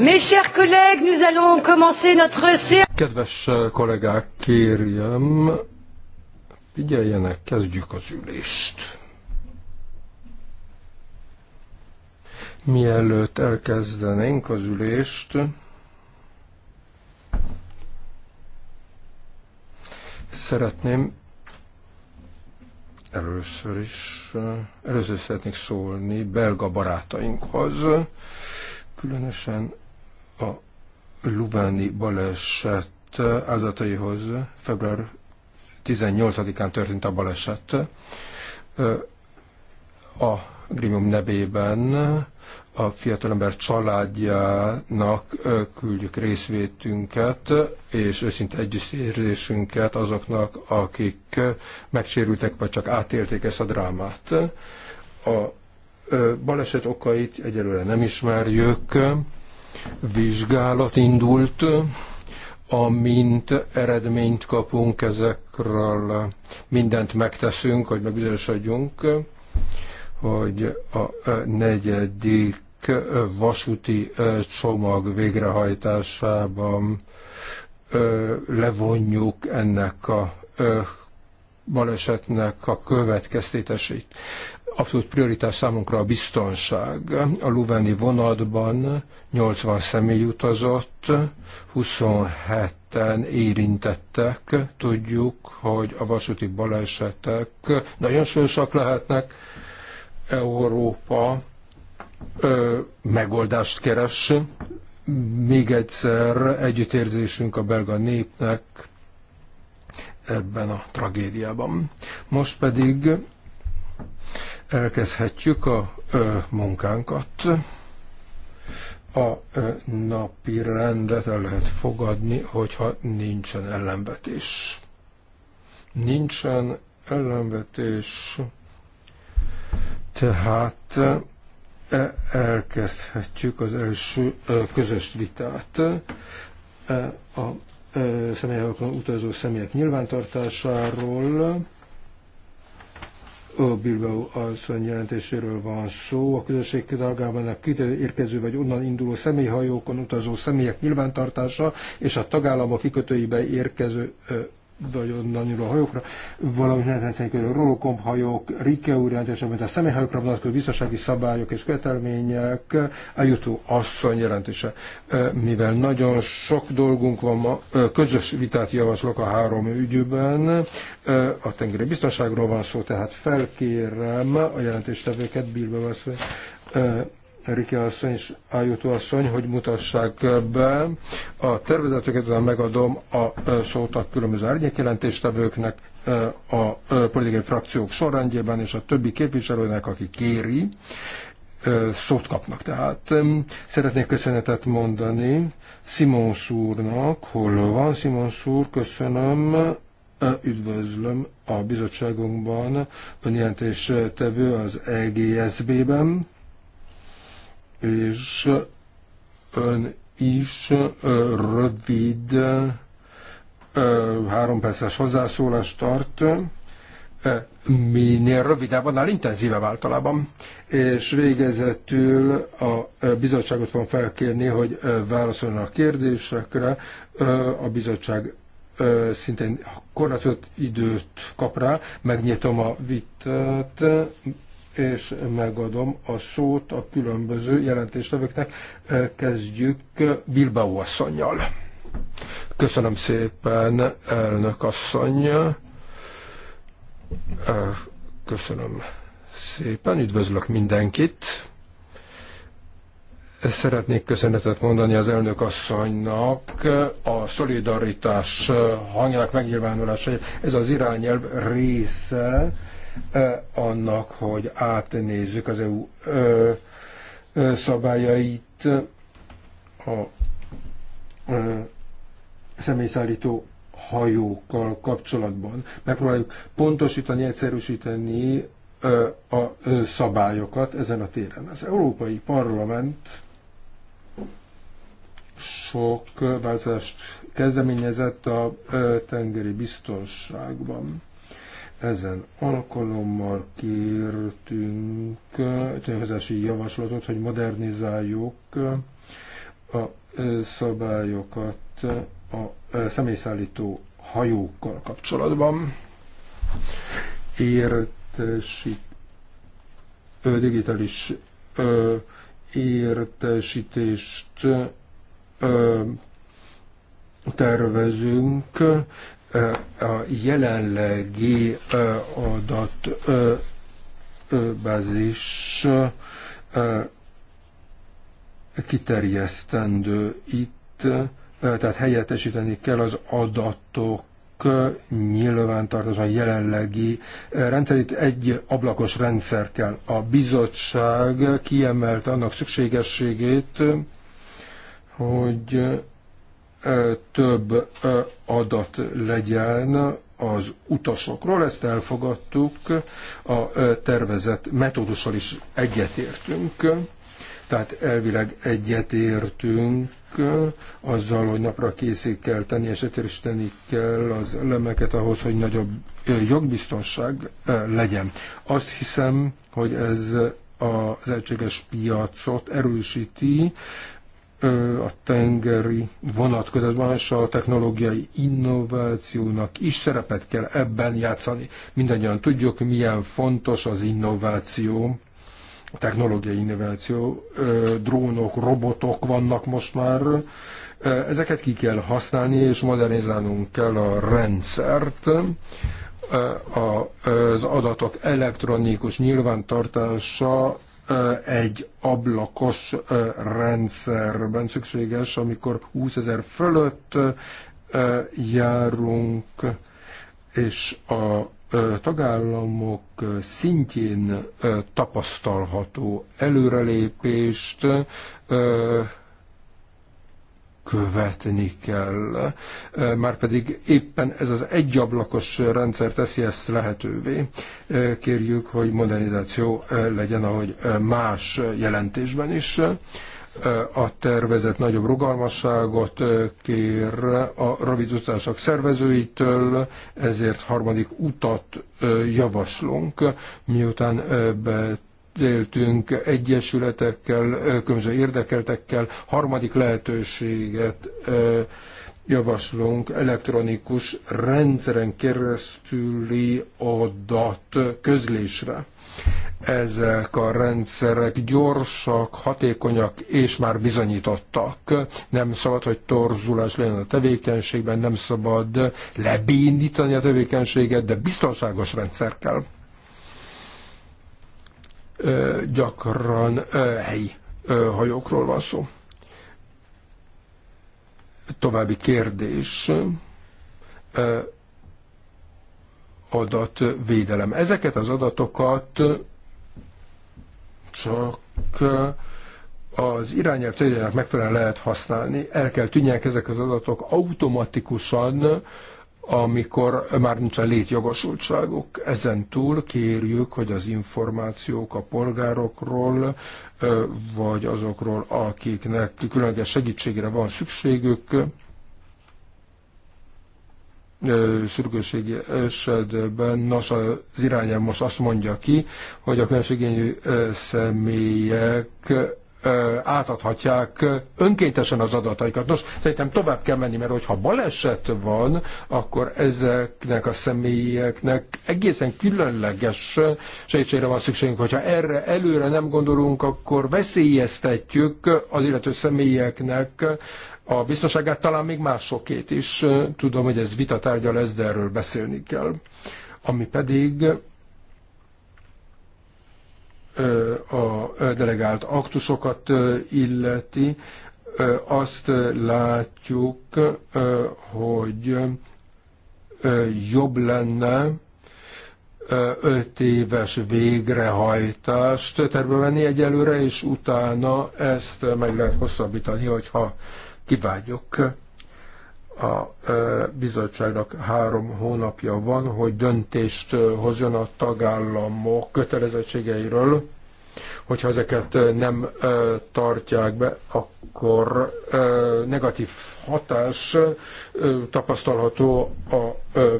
Mes chers collègues, nous allons commencer notre séance. Kedves eh, kollégák, kérjem, figyeljenek, kezdjük az ülést. Mielőtt elkezdenénk az ülést, szeretném először is, eh, először szeretnék szólni belga barátainkhoz, különösen a Lubáni baleset áldataihoz. február 18-án történt a baleset. A Grimium nevében a fiatalember családjának küldjük részvétünket és őszinte együttérzésünket azoknak, akik megsérültek vagy csak átélték ezt a drámát. A baleset okait egyelőre nem ismerjük, vizsgálat indult, amint eredményt kapunk ezekről, mindent megteszünk, hogy megbizonyosodjunk, hogy a e, negyedik e, vasúti e, csomag végrehajtásában levonjuk ennek a balesetnek a következtetését. Abszolút prioritás számunkra a biztonság. A Luveni vonatban 80 személy utazott, 27-en érintettek. Tudjuk, hogy a vasúti balesetek nagyon súlyosak lehetnek. Európa ö, megoldást keres. Még egyszer együttérzésünk a belga népnek ebben a tragédiában. Most pedig elkezdhetjük a munkánkat. A napi rendet el lehet fogadni, hogyha nincsen ellenvetés. Nincsen ellenvetés, tehát elkezdhetjük az első közös vitát a személyek utazó személyek nyilvántartásáról. Bilbao asszony jelentéséről van szó, a közösség a érkező vagy onnan induló személyhajókon utazó személyek nyilvántartása és a tagállamok kikötőibe érkező nagyon a hajókra, valamint 90 körül rolokom hajók, Rikeu jelentés, amit a személyhajókra vonatkozó biztonsági szabályok és kötelmények, a jutó asszony jelentése. Mivel nagyon sok dolgunk van ma, közös vitát javaslok a három ügyben, a tengeri biztonságról van szó, tehát felkérem a jelentéstevőket, Bilbe Riki asszony és Ájutó asszony, hogy mutassák be a tervezeteket, utána megadom a szót a különböző árnyékjelentéstevőknek, a politikai frakciók sorrendjében és a többi képviselőnek, aki kéri szót kapnak. Tehát szeretnék köszönetet mondani Simon úrnak, hol van Simon úr, köszönöm, üdvözlöm a bizottságunkban, a jelentés tevő az EGSB-ben, és ön is rövid három perces hozzászólást tart, minél rövidebb, annál intenzívebb általában, és végezetül a bizottságot van felkérni, hogy válaszoljon a kérdésekre. A bizottság szintén korlátozott időt kap rá, megnyitom a vitát, és megadom a szót a különböző jelentéstevőknek. Kezdjük Bilbao asszonynal. Köszönöm szépen, elnök asszony. Köszönöm szépen, üdvözlök mindenkit. Szeretnék köszönetet mondani az elnök asszonynak a szolidaritás hangjának megnyilvánulásáért. Ez az irányelv része annak, hogy átnézzük az EU szabályait a személyszállító hajókkal kapcsolatban. Megpróbáljuk pontosítani, egyszerűsíteni a szabályokat ezen a téren. Az Európai Parlament sok változást kezdeményezett a tengeri biztonságban. Ezen alkalommal kértünk törvényhozási javaslatot, hogy modernizáljuk a szabályokat a személyszállító hajókkal kapcsolatban. Értesít, digitális értesítést tervezünk a jelenlegi adatbázis kiterjesztendő itt, tehát helyettesíteni kell az adatok nyilvántartása jelenlegi rendszer. Itt egy ablakos rendszer kell. A bizottság kiemelte annak szükségességét, hogy több adat legyen az utasokról, ezt elfogadtuk, a tervezett metódussal is egyetértünk, tehát elvileg egyetértünk azzal, hogy napra készé kell tenni, és egyszerűsíteni kell az elemeket ahhoz, hogy nagyobb jogbiztonság legyen. Azt hiszem, hogy ez az egységes piacot erősíti, a tengeri vonatkozásban és a technológiai innovációnak is szerepet kell ebben játszani. Mindannyian tudjuk, milyen fontos az innováció, a technológiai innováció, drónok, robotok vannak most már, ezeket ki kell használni, és modernizálnunk kell a rendszert, az adatok elektronikus nyilvántartása egy ablakos rendszerben szükséges, amikor 20 ezer fölött járunk, és a tagállamok szintjén tapasztalható előrelépést követni kell. Márpedig éppen ez az egyablakos rendszer teszi ezt lehetővé. Kérjük, hogy modernizáció legyen, ahogy más jelentésben is a tervezet nagyobb rugalmasságot kér a utazások szervezőitől, ezért harmadik utat javaslunk, miután be beszéltünk egyesületekkel, különböző érdekeltekkel, harmadik lehetőséget javaslunk elektronikus rendszeren keresztüli adat közlésre. Ezek a rendszerek gyorsak, hatékonyak és már bizonyítottak. Nem szabad, hogy torzulás legyen a tevékenységben, nem szabad lebénítani a tevékenységet, de biztonságos rendszer kell gyakran helyi hajókról van szó. További kérdés adatvédelem. Ezeket az adatokat csak az irányelv céljának megfelelően lehet használni. El kell tűnjenek ezek az adatok automatikusan amikor már nincs a létjogosultságuk. Ezen túl kérjük, hogy az információk a polgárokról, vagy azokról, akiknek különleges segítségre van szükségük, sürgőségi esetben nos, az irányán most azt mondja ki, hogy a különös személyek átadhatják önkéntesen az adataikat. Nos, szerintem tovább kell menni, mert hogyha baleset van, akkor ezeknek a személyeknek egészen különleges segítségre van szükségünk. Hogyha erre előre nem gondolunk, akkor veszélyeztetjük az illető személyeknek a biztonságát, talán még másokét is. Tudom, hogy ez vitatárgya lesz, de erről beszélni kell. Ami pedig a delegált aktusokat illeti, azt látjuk, hogy jobb lenne öt éves végrehajtást terve venni egyelőre, és utána ezt meg lehet hosszabbítani, hogyha kivágyok a bizottságnak három hónapja van, hogy döntést hozjon a tagállamok kötelezettségeiről. Hogyha ezeket nem tartják be, akkor negatív hatás tapasztalható a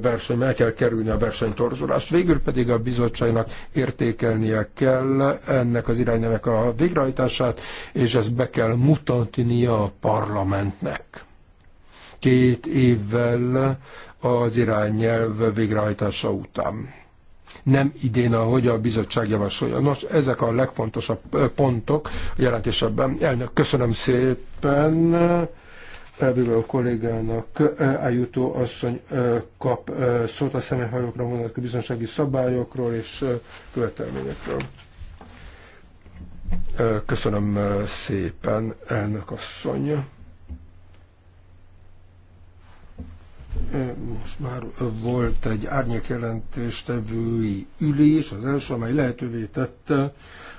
verseny. el kell kerülni a versenytorzulást. Végül pedig a bizottságnak értékelnie kell ennek az irányelvek a végrehajtását, és ezt be kell mutatnia a parlamentnek két évvel az irányelv végrehajtása után. Nem idén, ahogy a bizottság javasolja. Nos, ezek a legfontosabb pontok a jelentésebben. Elnök, köszönöm szépen. a kollégának eljutó eh, asszony eh, kap eh, szót a személyhajókra vonatkozó biztonsági szabályokról és követelményekről. Köszönöm szépen, elnök asszony. E, most már e, volt egy árnyékjelentéstevői ülés, az első, amely lehetővé tette,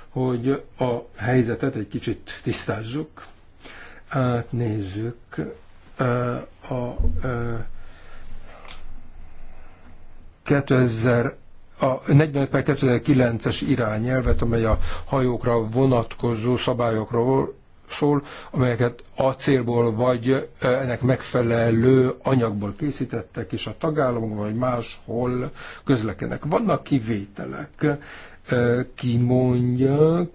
hogy a helyzetet egy kicsit tisztázzuk, átnézzük e, a, a 2000 a 45 2009-es irányelvet, amely a hajókra vonatkozó szabályokról szól, amelyeket acélból vagy ennek megfelelő anyagból készítettek, és a tagállamok vagy máshol közlekednek. Vannak kivételek, kimondják,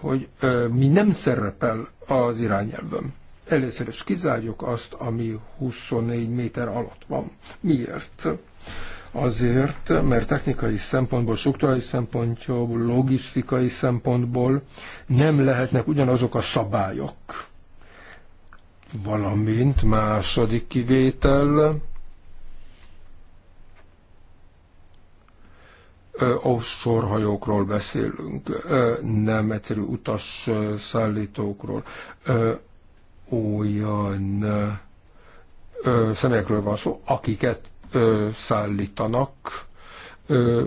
hogy mi nem szerepel az irányelvön. Először is kizárjuk azt, ami 24 méter alatt van. Miért? Azért, mert technikai szempontból, struktúrális szempontból, logisztikai szempontból nem lehetnek ugyanazok a szabályok. Valamint második kivétel, offshore hajókról beszélünk, nem egyszerű utas szállítókról, olyan személyekről van szó, akiket ö, szállítanak, ö,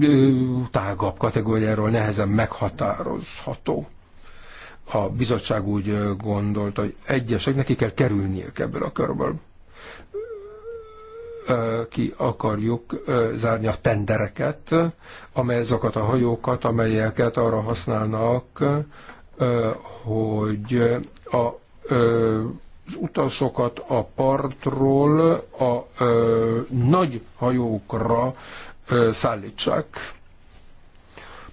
ö, tágabb kategóriáról nehezen meghatározható. A bizottság úgy gondolta, hogy egyeseknek ki kell kerülniük ebből a körből ki akarjuk zárni a tendereket, amely azokat a hajókat, amelyeket arra használnak, hogy a az utasokat a partról a ö, nagy hajókra ö, szállítsák.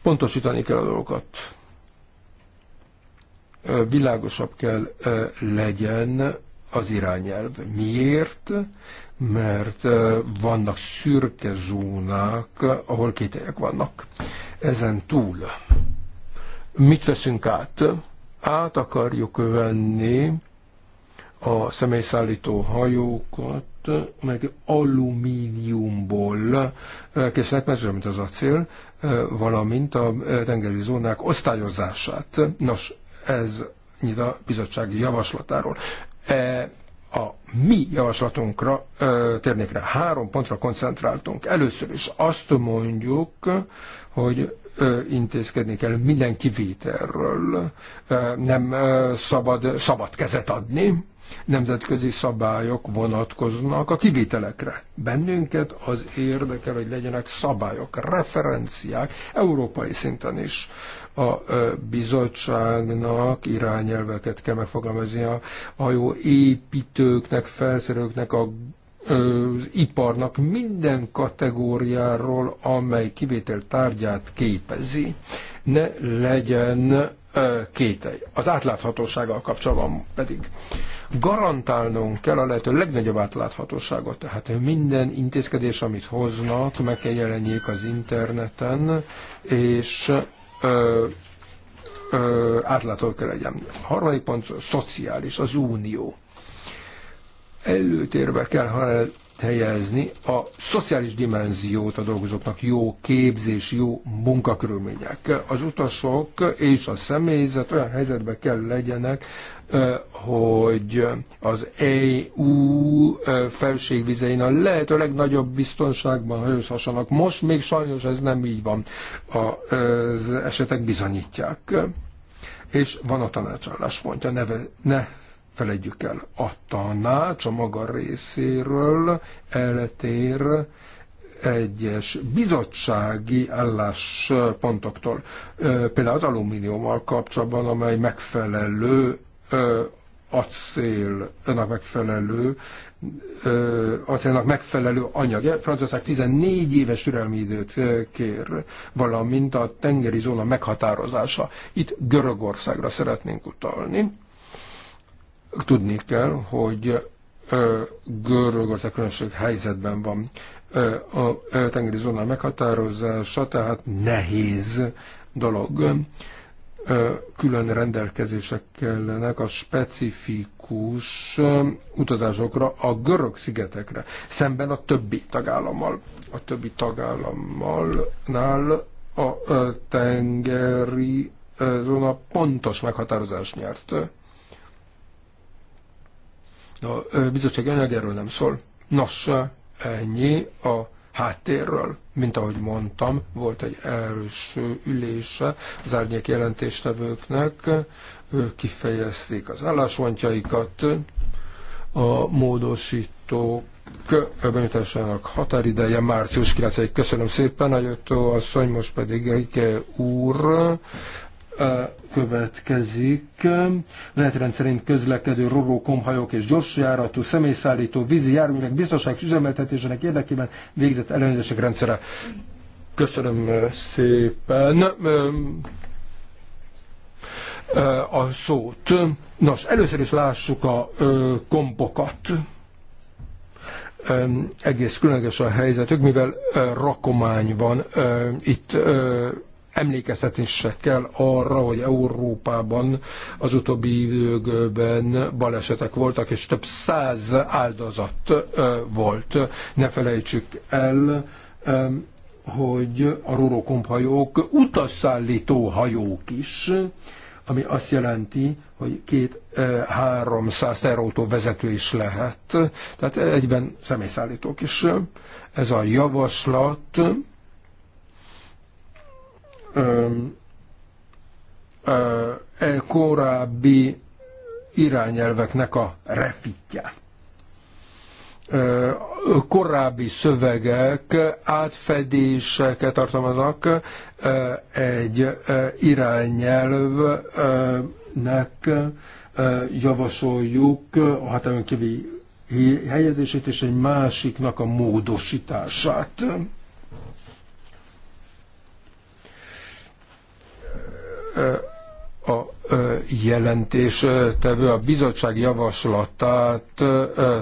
Pontosítani kell a dolgokat. Ö, világosabb kell ö, legyen az irányelv. Miért? Mert ö, vannak szürke zónák, ahol kételyek vannak. Ezen túl mit veszünk át? Át akarjuk venni a személyszállító hajókat meg alumíniumból eh, készülnek, mert mint az acél, eh, valamint a eh, tengeri zónák osztályozását. Nos, ez nyit a bizottsági javaslatáról. E, a mi javaslatunkra ö, térnék rá. Három pontra koncentráltunk. Először is azt mondjuk, hogy intézkedni kell minden kivételről. Nem szabad, szabad kezet adni. Nemzetközi szabályok vonatkoznak a kivételekre. Bennünket az érdekel, hogy legyenek szabályok, referenciák, európai szinten is a bizottságnak irányelveket kell megfogalmazni a jó építőknek, felszerelőknek, a az iparnak minden kategóriáról, amely kivétel tárgyát képezi, ne legyen kételj. Az átláthatósággal kapcsolatban pedig garantálnunk kell a lehető legnagyobb átláthatóságot, tehát minden intézkedés, amit hoznak, meg kell jelenjék az interneten, és ö, ö, átlátható kell legyen. A harmadik pont szociális, az unió előtérbe kell helyezni a szociális dimenziót a dolgozóknak, jó képzés, jó munkakörülmények. Az utasok és a személyzet olyan helyzetbe kell legyenek, hogy az EU felségvizein a lehető legnagyobb biztonságban hajózhassanak. Most még sajnos ez nem így van. Az esetek bizonyítják. És van a tanácsállás pontja, neve ne felejtjük el. A tanács a maga részéről eltér egyes bizottsági álláspontoktól. Például az alumíniummal kapcsolatban, amely megfelelő acélnak megfelelő acélnak megfelelő anyag. Franciaország 14 éves türelmi időt kér, valamint a tengeri zóna meghatározása. Itt Görögországra szeretnénk utalni Tudni kell, hogy Görögország különösség helyzetben van. A tengeri zóna meghatározása tehát nehéz dolog. Külön rendelkezések kellenek a specifikus utazásokra a görög szigetekre, szemben a többi tagállammal. A többi tagállammal nál a tengeri zóna pontos meghatározást nyert Na, bizottság energiáról nem szól. Nos, ennyi a háttérről. Mint ahogy mondtam, volt egy erős ülése az árnyék jelentéstevőknek, kifejezték az álláspontjaikat, a módosítók benyújtásának határideje március 9 -ig. Köszönöm szépen, a Jöttő asszony, most pedig Ike úr következik. Menetrend szerint közlekedő roró komhajok és gyorsjáratú személyszállító vízi járművek és üzemeltetésének érdekében végzett ellenőrzések rendszere. Köszönöm szépen a szót. Nos, először is lássuk a kompokat egész különleges a helyzetük, mivel rakomány van itt emlékeztetésre kell arra, hogy Európában az utóbbi időkben balesetek voltak, és több száz áldozat volt. Ne felejtsük el, hogy a rorokomphajók utasszállító hajók is, ami azt jelenti, hogy két-háromszáz terrautó vezető is lehet, tehát egyben személyszállítók is. Ez a javaslat E, korábbi irányelveknek a refitje. Korábbi szövegek átfedéseket tartalmaznak egy irányelvnek javasoljuk a határon helyezését és egy másiknak a módosítását. a jelentés tevő a bizottság javaslatát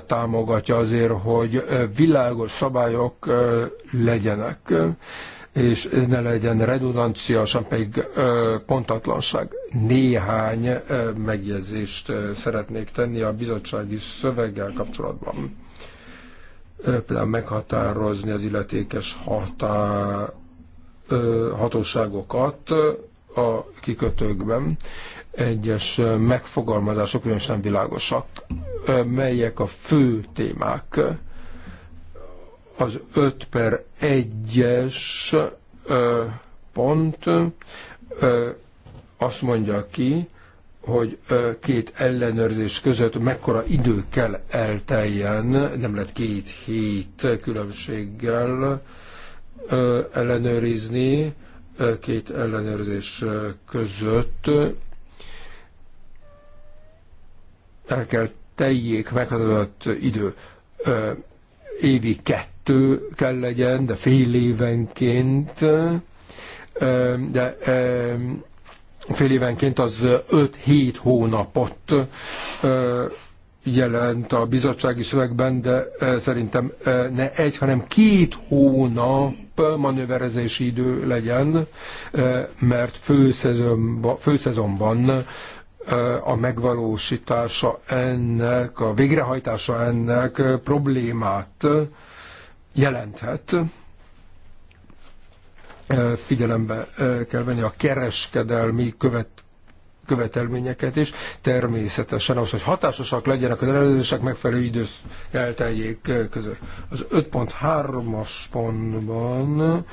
támogatja azért, hogy világos szabályok legyenek, és ne legyen redundancia, sem pedig pontatlanság. Néhány megjegyzést szeretnék tenni a bizottsági szöveggel kapcsolatban. Például meghatározni az illetékes hatá, hatóságokat, a kikötőkben. Egyes megfogalmazások különösen világosak, melyek a fő témák az 5 per 1-es pont azt mondja ki, hogy két ellenőrzés között mekkora idő kell elteljen, nem lehet két hét különbséggel ellenőrizni két ellenőrzés között el kell teljék meghatározott idő. Évi kettő kell legyen, de fél évenként, de fél évenként az 5-7 hónapot jelent a bizottsági szövegben, de szerintem ne egy, hanem két hónap manőverezési idő legyen, eh, mert főszezonban, főszezonban eh, a megvalósítása ennek, a végrehajtása ennek eh, problémát jelenthet. Figyelembe kell venni a kereskedelmi követ követelményeket is. Természetesen az, hogy hatásosak legyenek az előzések, megfelelő idősz elteljék között. Az 5.3-as pontban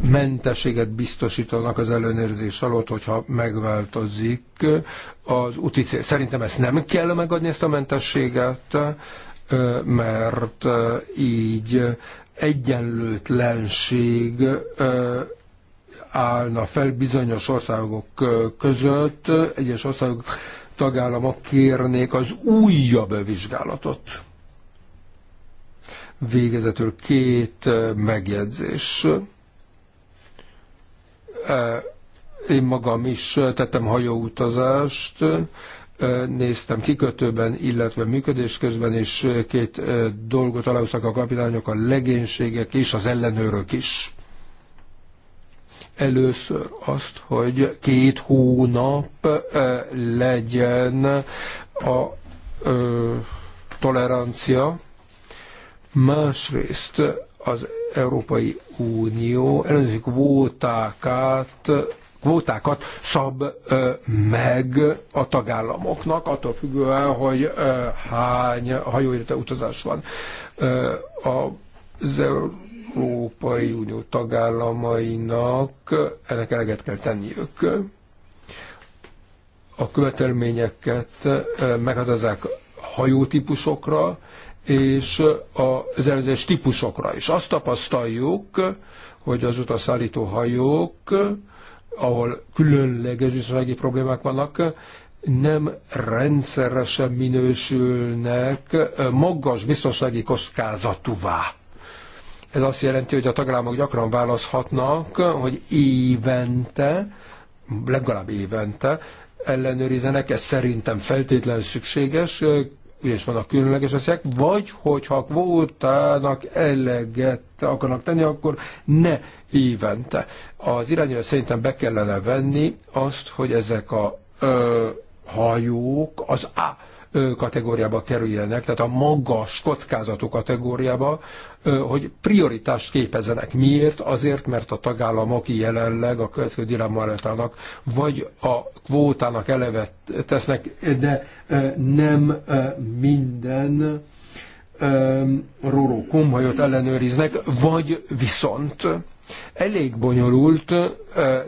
mentességet biztosítanak az ellenőrzés alatt, hogyha megváltozik az úti cél. Szerintem ezt nem kell megadni, ezt a mentességet, mert így egyenlőtlenség állna fel bizonyos országok között, egyes országok tagállamok kérnék az újabb vizsgálatot. Végezetül két megjegyzés. Én magam is tettem hajóutazást, néztem kikötőben, illetve működés közben, és két dolgot aláhoztak a kapitányok, a legénységek és az ellenőrök is először azt, hogy két hónap legyen a tolerancia, másrészt az Európai Unió ellenőrzik kvótákat, kvótákat szab meg a tagállamoknak, attól függően, hogy hány hajóérte utazás van. A az Európai Unió tagállamainak ennek eleget kell tenniük. A követelményeket eh, meghatározzák hajótípusokra, és az előzés típusokra is. Azt tapasztaljuk, hogy az utasszállító hajók, ahol különleges biztonsági problémák vannak, nem rendszeresen minősülnek magas biztonsági kockázatúvá. Ez azt jelenti, hogy a tagállamok gyakran választhatnak, hogy évente, legalább évente ellenőrizenek, ez szerintem feltétlenül szükséges, és vannak különleges eszek, vagy hogyha a kvótának eleget akarnak tenni, akkor ne évente. Az irányelv szerintem be kellene venni azt, hogy ezek a ö, hajók az A kategóriába kerüljenek, tehát a magas kockázatú kategóriába, hogy prioritást képezenek. Miért? Azért, mert a tagállamok jelenleg a következő dilemmaletának vagy a kvótának elevet tesznek, de nem minden róró komhajot ellenőriznek, vagy viszont elég bonyolult,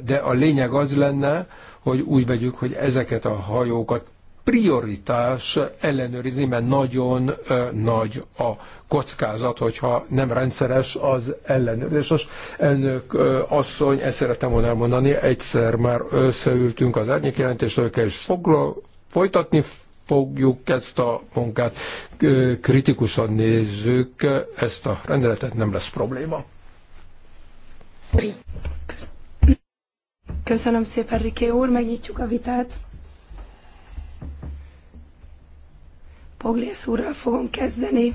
de a lényeg az lenne, hogy úgy vegyük, hogy ezeket a hajókat prioritás ellenőrizni, mert nagyon nagy a kockázat, hogyha nem rendszeres az ellenőrzés. Most elnök asszony, ezt szeretem volna elmondani, egyszer már összeültünk az árnyékjelentéstől, és foglal folytatni fogjuk ezt a munkát, kritikusan nézzük ezt a rendeletet, nem lesz probléma. Köszönöm szépen, Riké úr, megnyitjuk a vitát. Pogliesz úrral fogom kezdeni,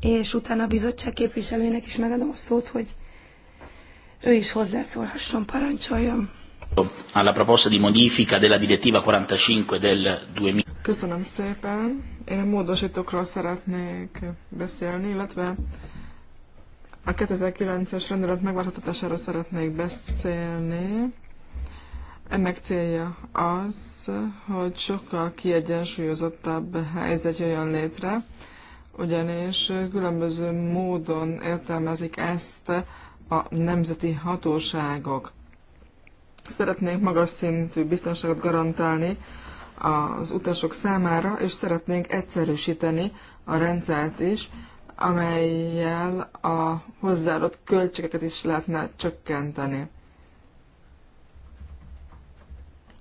és utána a bizottság képviselőjének is megadom a szót, hogy ő is hozzászólhasson, parancsoljon. Alla proposta di modifica della direttiva 45 del 2000. Köszönöm szépen. Én a módosítókról szeretnék beszélni, illetve a 2009-es rendelet megváltoztatására szeretnék beszélni. Ennek célja az, hogy sokkal kiegyensúlyozottabb helyzet jöjjön létre, ugyanis különböző módon értelmezik ezt a nemzeti hatóságok. Szeretnénk magas szintű biztonságot garantálni az utasok számára, és szeretnénk egyszerűsíteni a rendszert is, amelyel a hozzáadott költségeket is lehetne csökkenteni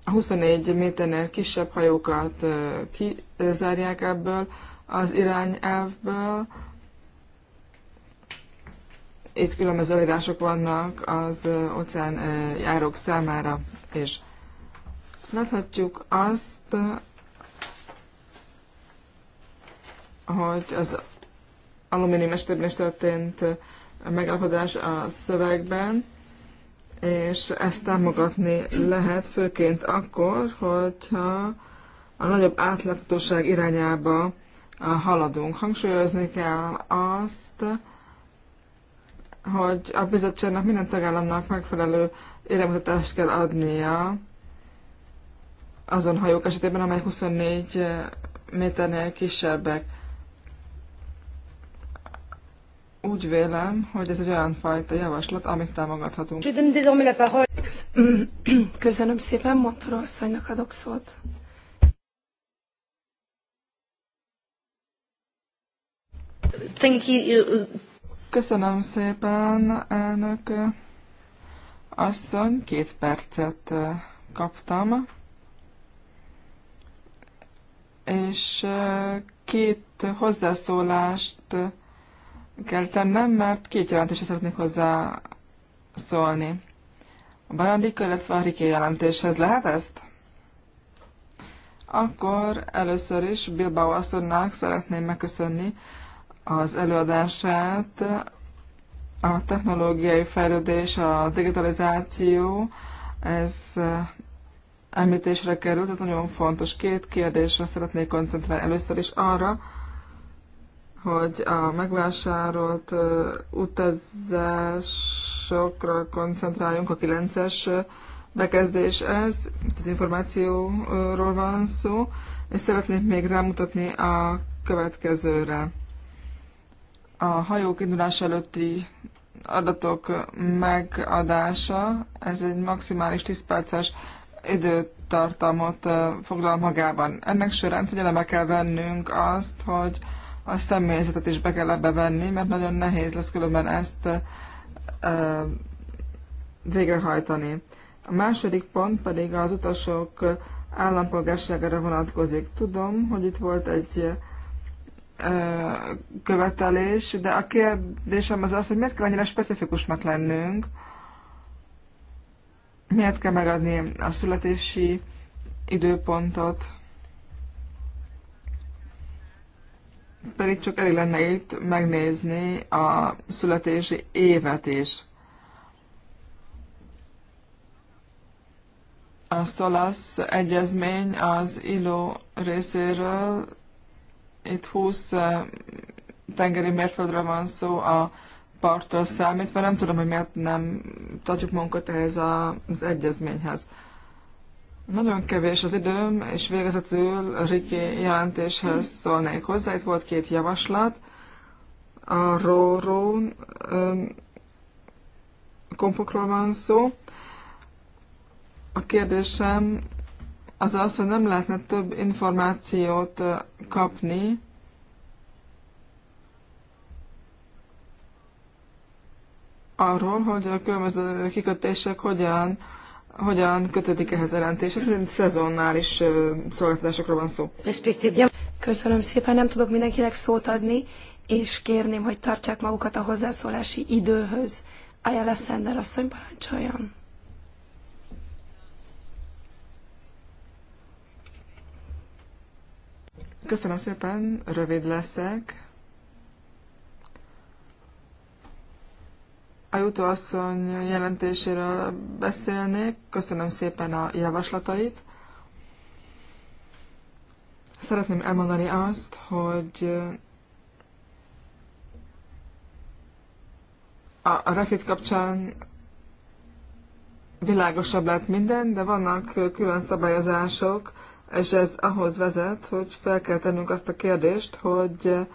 a 24 méternél kisebb hajókat kizárják ebből az irányelvből. Itt különböző írások vannak az óceán járók számára, és láthatjuk azt, hogy az alumínium estében is történt megállapodás a szövegben, és ezt támogatni lehet, főként akkor, hogyha a nagyobb átláthatóság irányába haladunk. Hangsúlyozni kell azt, hogy a bizottságnak minden tagállamnak megfelelő éremutatást kell adnia azon hajók esetében, amely 24 méternél kisebbek úgy vélem, hogy ez egy olyan fajta javaslat, amit támogathatunk. Köszönöm szépen, Montoro asszonynak adok szót. Thank you. Köszönöm szépen, elnök asszony. Két percet kaptam. És két hozzászólást kell tennem, mert két jelentésre szeretnék hozzá szólni. A Barandik, illetve a Riké jelentéshez lehet ezt? Akkor először is Bilbao asszonynak szeretném megköszönni az előadását, a technológiai fejlődés, a digitalizáció, ez eh, említésre került, ez nagyon fontos. Két kérdésre szeretnék koncentrálni. Először is arra, hogy a megvásárolt utazásokra koncentráljunk, a 9-es bekezdés ez, az információról van szó, és szeretnék még rámutatni a következőre. A hajók indulás előtti adatok megadása, ez egy maximális 10 perces időtartamot foglal magában. Ennek során figyelembe kell vennünk azt, hogy a személyzetet is be kell ebbe venni, mert nagyon nehéz lesz különben ezt ö, végrehajtani. A második pont pedig az utasok állampolgárságára vonatkozik. Tudom, hogy itt volt egy követelés, de a kérdésem az az, hogy miért kell annyira specifikusnak lennünk, miért kell megadni a születési időpontot, pedig csak elég lenne itt megnézni a születési évet is. A SZOLASZ egyezmény az ILO részéről, itt 20 tengeri mérföldre van szó a parttól számítva, nem tudom, hogy miért nem tartjuk magunkat ehhez az egyezményhez. Nagyon kevés az időm, és végezetül a Riki jelentéshez szólnék hozzá. Itt volt két javaslat. A Róró kompokról van szó. A kérdésem az az, hogy nem lehetne több információt kapni, arról, hogy a különböző kikötések hogyan hogyan kötődik ehhez a jelentés. Ez egy szezonális szolgáltatásokról van szó. Köszönöm szépen, nem tudok mindenkinek szót adni, és kérném, hogy tartsák magukat a hozzászólási időhöz. Ajala Szender asszony parancsoljon. Köszönöm szépen, rövid leszek. a jutóasszony jelentéséről beszélnék. Köszönöm szépen a javaslatait. Szeretném elmondani azt, hogy a, a refit kapcsán világosabb lett minden, de vannak külön szabályozások, és ez ahhoz vezet, hogy fel kell tennünk azt a kérdést, hogy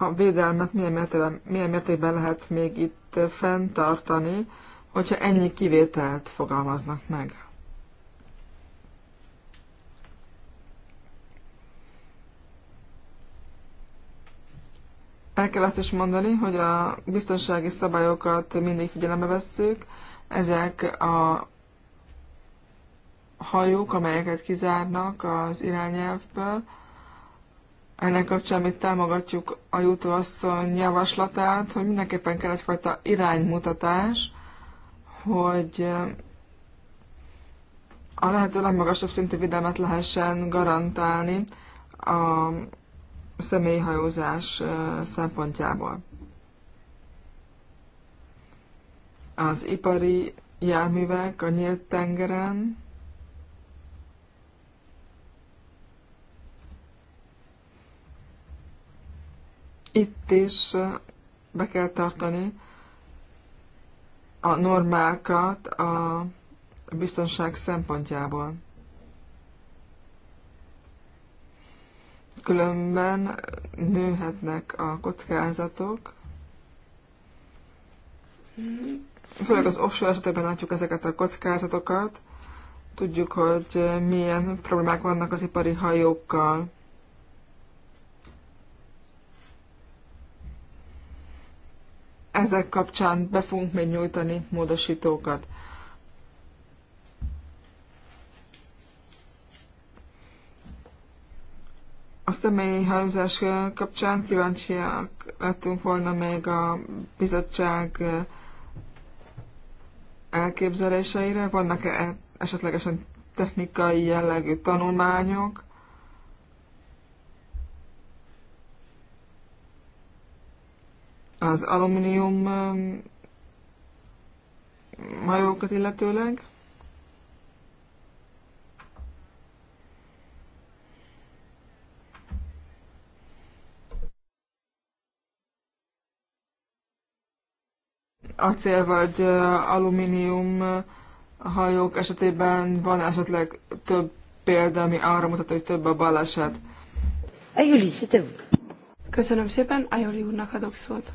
a védelmet milyen mértékben, milyen mértékben lehet még itt fenntartani, hogyha ennyi kivételt fogalmaznak meg. El kell azt is mondani, hogy a biztonsági szabályokat mindig figyelembe vesszük. Ezek a hajók, amelyeket kizárnak az irányelvből, ennek kapcsán mi támogatjuk a jutóasszony javaslatát, hogy mindenképpen kell egyfajta iránymutatás, hogy eh, a lehető legmagasabb szintű videmet lehessen garantálni a személyhajózás eh, szempontjából. Az ipari járművek a nyílt tengeren, itt is be kell tartani a normákat a biztonság szempontjából. Különben nőhetnek a kockázatok. Főleg az offshore esetében látjuk ezeket a kockázatokat. Tudjuk, hogy milyen problémák vannak az ipari hajókkal. ezek kapcsán be fogunk még nyújtani módosítókat. A személyi hajózás kapcsán kíváncsiak lettünk volna még a bizottság elképzeléseire. Vannak-e esetlegesen technikai jellegű tanulmányok? az alumínium um, hajókat illetőleg. acél vagy uh, alumínium uh, hajók esetében van esetleg több példa, ami arra mutat, hogy több a baleset. Ajuli, Köszönöm szépen, Ajuli úrnak adok szót.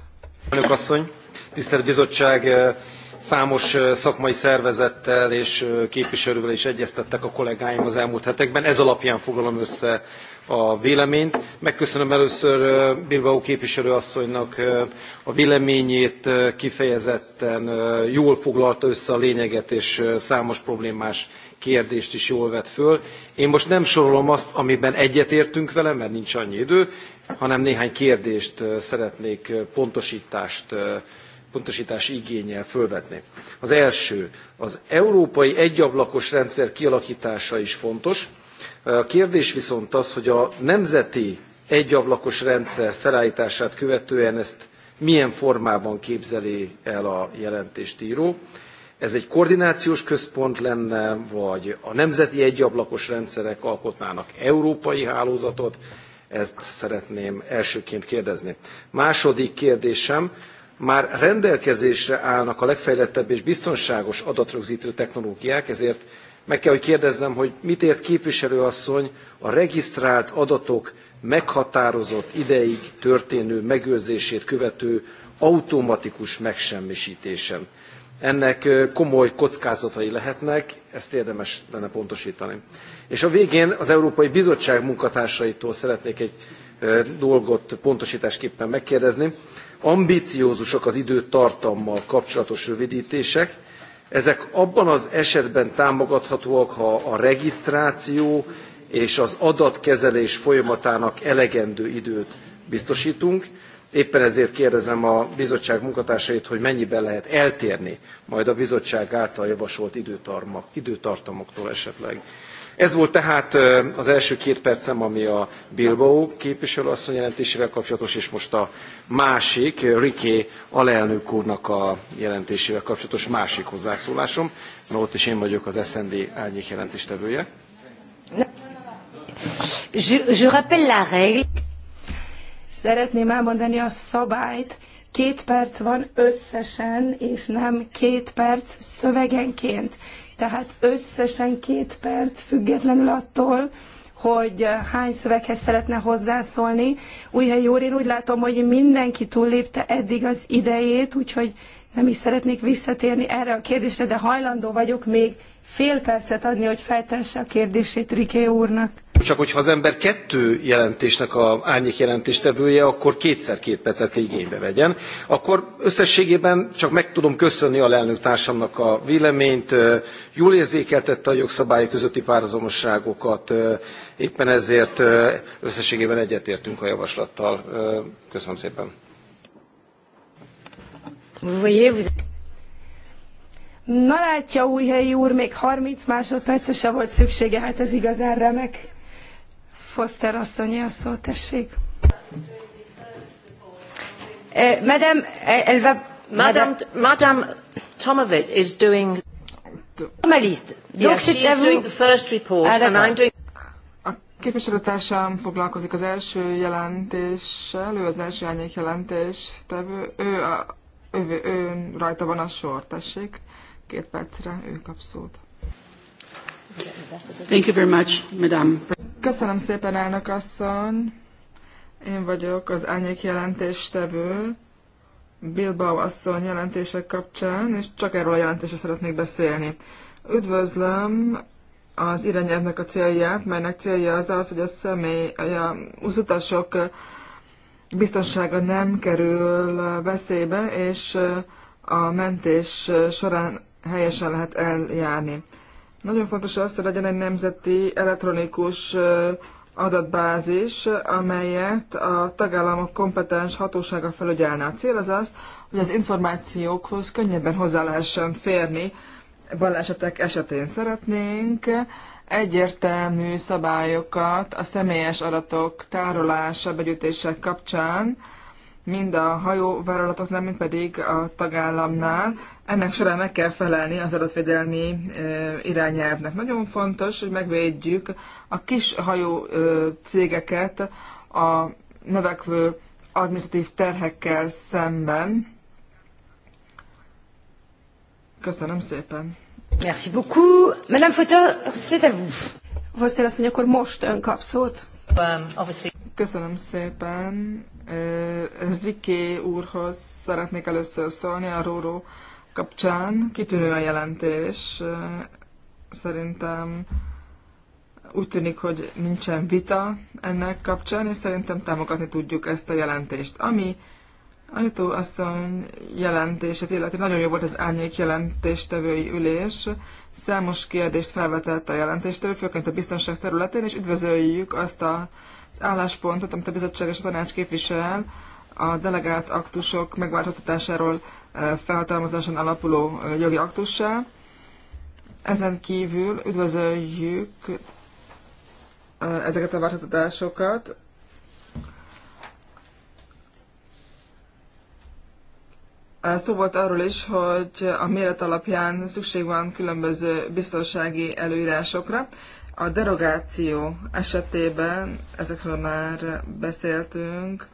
Elnök asszony, tisztelt bizottság, eh, számos eh, szakmai szervezettel és eh, képviselővel is egyeztettek a kollégáim az elmúlt hetekben. Ez alapján foglalom össze a véleményt. Megköszönöm először Bilbao képviselő asszonynak a véleményét, kifejezetten jól foglalta össze a lényeget, és számos problémás kérdést is jól vett föl. Én most nem sorolom azt, amiben egyetértünk vele, mert nincs annyi idő, hanem néhány kérdést szeretnék pontosítást, pontosítási igényel fölvetni. Az első, az európai egyablakos rendszer kialakítása is fontos. A kérdés viszont az, hogy a nemzeti egyablakos rendszer felállítását követően ezt milyen formában képzeli el a jelentéstíró. Ez egy koordinációs központ lenne, vagy a nemzeti egyablakos rendszerek alkotnának európai hálózatot, ezt szeretném elsőként kérdezni. Második kérdésem, már rendelkezésre állnak a legfejlettebb és biztonságos adatrögzítő technológiák, ezért meg kell, hogy kérdezzem, hogy mit ért képviselőasszony a regisztrált adatok meghatározott ideig történő megőrzését követő automatikus megsemmisítésen. Ennek komoly kockázatai lehetnek, ezt érdemes lenne pontosítani. És a végén az Európai Bizottság munkatársaitól szeretnék egy dolgot pontosításképpen megkérdezni. Ambiciózusak az időtartammal kapcsolatos rövidítések, ezek abban az esetben támogathatóak, ha a regisztráció és az adatkezelés folyamatának elegendő időt biztosítunk. Éppen ezért kérdezem a bizottság munkatársait, hogy mennyiben lehet eltérni majd a bizottság által javasolt időtartamoktól esetleg. Ez volt tehát az első két percem, ami a Bilbao képviselőasszony jelentésével kapcsolatos, és most a másik, Riké alelnök úrnak a jelentésével kapcsolatos másik hozzászólásom, mert ott is én vagyok az SND árnyék jelentéstevője. Je, je rappelle la règle. Szeretném elmondani a szabályt. Két perc van összesen, és nem két perc szövegenként tehát összesen két perc függetlenül attól, hogy hány szöveghez szeretne hozzászólni. Újhely úr, én úgy látom, hogy mindenki túllépte eddig az idejét, úgyhogy nem is szeretnék visszatérni erre a kérdésre, de hajlandó vagyok még fél percet adni, hogy feltesse a kérdését Riké úrnak. Csak hogyha az ember kettő jelentésnek a árnyék jelentéstevője, akkor kétszer két percet kell igénybe vegyen. Akkor összességében csak meg tudom köszönni a lelnök társamnak a véleményt, jól érzékeltette a jogszabályok közötti párhuzamosságokat, éppen ezért összességében egyetértünk a javaslattal. Köszönöm szépen. Na látja, újhelyi úr, még 30 másodpercre se volt szüksége, hát ez igazán remek. Foster asszonyi a szó, tessék. Eh, madam, eh, eh madam, madam Tomovic is doing... Journalist. Yes, she is doing the first report and I'm doing... A képviselőtársam foglalkozik az első jelentéssel, ő az első árnyék jelentés tevő, ő, a, ő, ő, ő, rajta van a sor, tessék. Két percre ő kap szót. Thank you very much, madam. Köszönöm szépen, elnök asszony. Én vagyok az elnyék jelentéstevő Bilbao asszony jelentések kapcsán, és csak erről a jelentésről szeretnék beszélni. Üdvözlöm az irányelvnek a célját, melynek célja az az, hogy a személy, az utasok biztonsága nem kerül veszélybe, és a mentés során helyesen lehet eljárni. Nagyon fontos az, hogy legyen egy nemzeti elektronikus adatbázis, amelyet a tagállamok kompetens hatósága felügyelne. A cél az az, hogy az információkhoz könnyebben hozzá lehessen férni balesetek esetén. Szeretnénk egyértelmű szabályokat a személyes adatok tárolása, begyűjtések kapcsán, mind a hajóvállalatoknál, mind pedig a tagállamnál. Ennek során meg kell felelni az adatvédelmi irányelvnek. Nagyon fontos, hogy megvédjük a kis hajó cégeket a növekvő administratív terhekkel szemben. Köszönöm szépen. Merci beaucoup. Madame Fauteur, c'est à vous. Hoztél azt, hogy akkor most ön kap szót. Um, Köszönöm szépen Riké úrhoz szeretnék először szólni a Róró kapcsán. Kitűnő a jelentés. Szerintem úgy tűnik, hogy nincsen vita ennek kapcsán, és szerintem támogatni tudjuk ezt a jelentést. Ami a asszony jelentését illetve nagyon jó volt az árnyék jelentéstevői ülés. Számos kérdést felvetett a jelentéstevő, főként a biztonság területén, és üdvözöljük azt az álláspontot, amit a bizottság és a tanács képvisel a delegált aktusok megváltoztatásáról eh, felhatalmazáson alapuló eh, jogi aktussá. Ezen kívül üdvözöljük eh, ezeket a változtatásokat, Szó volt arról is, hogy a méret alapján szükség van különböző biztonsági előírásokra. A derogáció esetében ezekről már beszéltünk.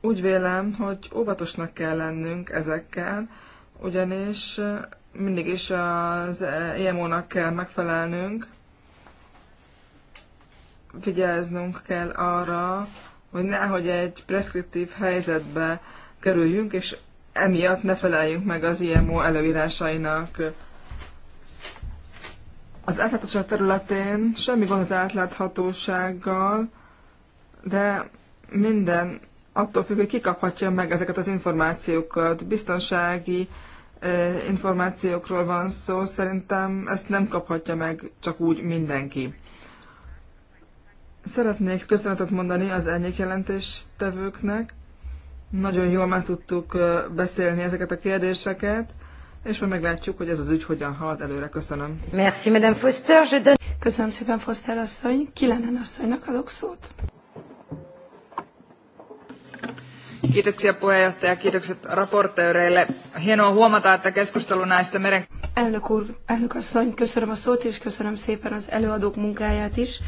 Úgy vélem, hogy óvatosnak kell lennünk ezekkel, ugyanis mindig is az emo nak kell megfelelnünk, vigyáznunk kell arra, hogy nehogy egy preszkriptív helyzetbe kerüljünk, és emiatt ne feleljünk meg az IMO előírásainak. Az átláthatóság területén semmi gond az átláthatósággal, de minden attól függ, hogy kikaphatja meg ezeket az információkat. Biztonsági információkról van szó, szerintem ezt nem kaphatja meg csak úgy mindenki. Szeretnék köszönetet mondani az tevőknek. Nagyon jól meg tudtuk beszélni ezeket a kérdéseket, és majd meglátjuk, hogy ez az ügy hogyan halad előre. Köszönöm. Merci, Madame Foster. Je don... Köszönöm szépen, Foster asszony. Kilenen asszonynak adok szót. Kiitoksia puheenjohtaja, kiitokset raportööreille. Hienoa huomata, että keskustelu näistä meren... Elnök úr, elnök asszony, köszönöm a szót, és köszönöm szépen az előadók munkáját is.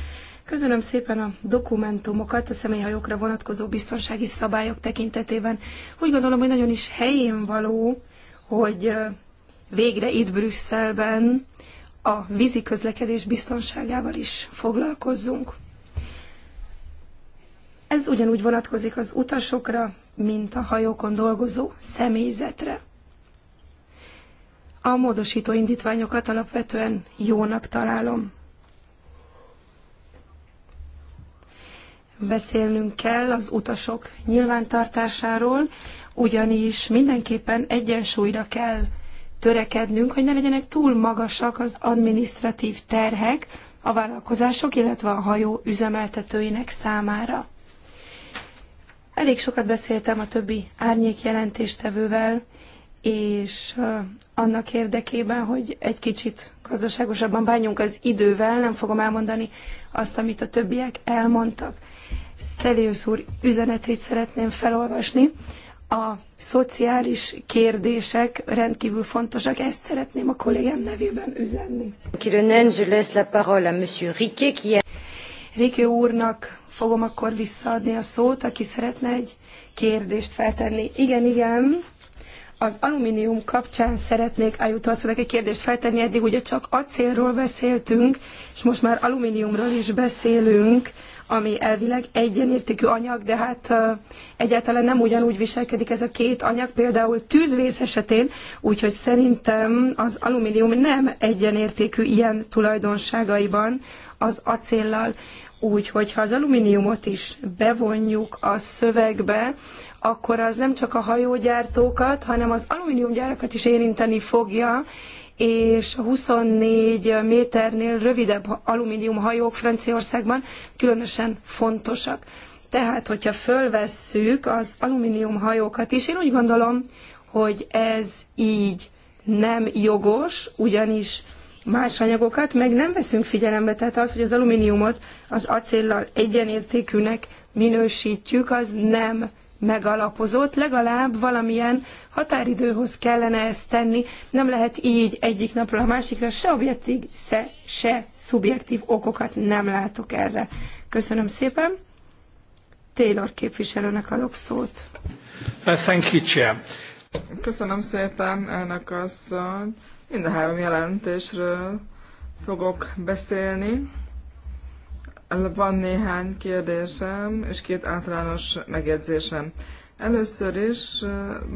Köszönöm szépen a dokumentumokat a személyhajókra vonatkozó biztonsági szabályok tekintetében. Úgy gondolom, hogy nagyon is helyén való, hogy végre itt Brüsszelben a vízi közlekedés biztonságával is foglalkozzunk. Ez ugyanúgy vonatkozik az utasokra, mint a hajókon dolgozó személyzetre. A módosító indítványokat alapvetően jónak találom. beszélnünk kell az utasok nyilvántartásáról, ugyanis mindenképpen egyensúlyra kell törekednünk, hogy ne legyenek túl magasak az administratív terhek a vállalkozások, illetve a hajó üzemeltetőinek számára. Elég sokat beszéltem a többi árnyék jelentéstevővel, és annak érdekében, hogy egy kicsit gazdaságosabban bánjunk az idővel, nem fogom elmondani azt, amit a többiek elmondtak. Stelius úr üzenetét szeretném felolvasni. A szociális kérdések rendkívül fontosak, ezt szeretném a kollégám nevében üzenni. Kilonen, úrnak fogom akkor visszaadni a szót, aki szeretne egy kérdést feltenni. Igen, igen. Az alumínium kapcsán szeretnék Ajutószónak egy kérdést feltenni, eddig ugye csak acélról beszéltünk, és most már alumíniumról is beszélünk ami elvileg egyenértékű anyag, de hát egyáltalán nem ugyanúgy viselkedik ez a két anyag, például tűzvész esetén, úgyhogy szerintem az alumínium nem egyenértékű ilyen tulajdonságaiban az acéllal. Úgyhogy ha az alumíniumot is bevonjuk a szövegbe, akkor az nem csak a hajógyártókat, hanem az alumíniumgyárakat is érinteni fogja, és a 24 méternél rövidebb alumíniumhajók Franciaországban különösen fontosak. Tehát, hogyha fölvesszük az alumíniumhajókat is, én úgy gondolom, hogy ez így nem jogos, ugyanis más anyagokat meg nem veszünk figyelembe. Tehát az, hogy az alumíniumot az acéllal egyenértékűnek minősítjük, az nem megalapozott, legalább valamilyen határidőhoz kellene ezt tenni. Nem lehet így egyik napról a másikra, se objektív, se, se szubjektív okokat nem látok erre. Köszönöm szépen. Taylor képviselőnek adok szót. Uh, thank you, Chair. Köszönöm szépen, elnök asszony. Mind a három jelentésről fogok beszélni. Van néhány kérdésem és két általános megjegyzésem. Először is,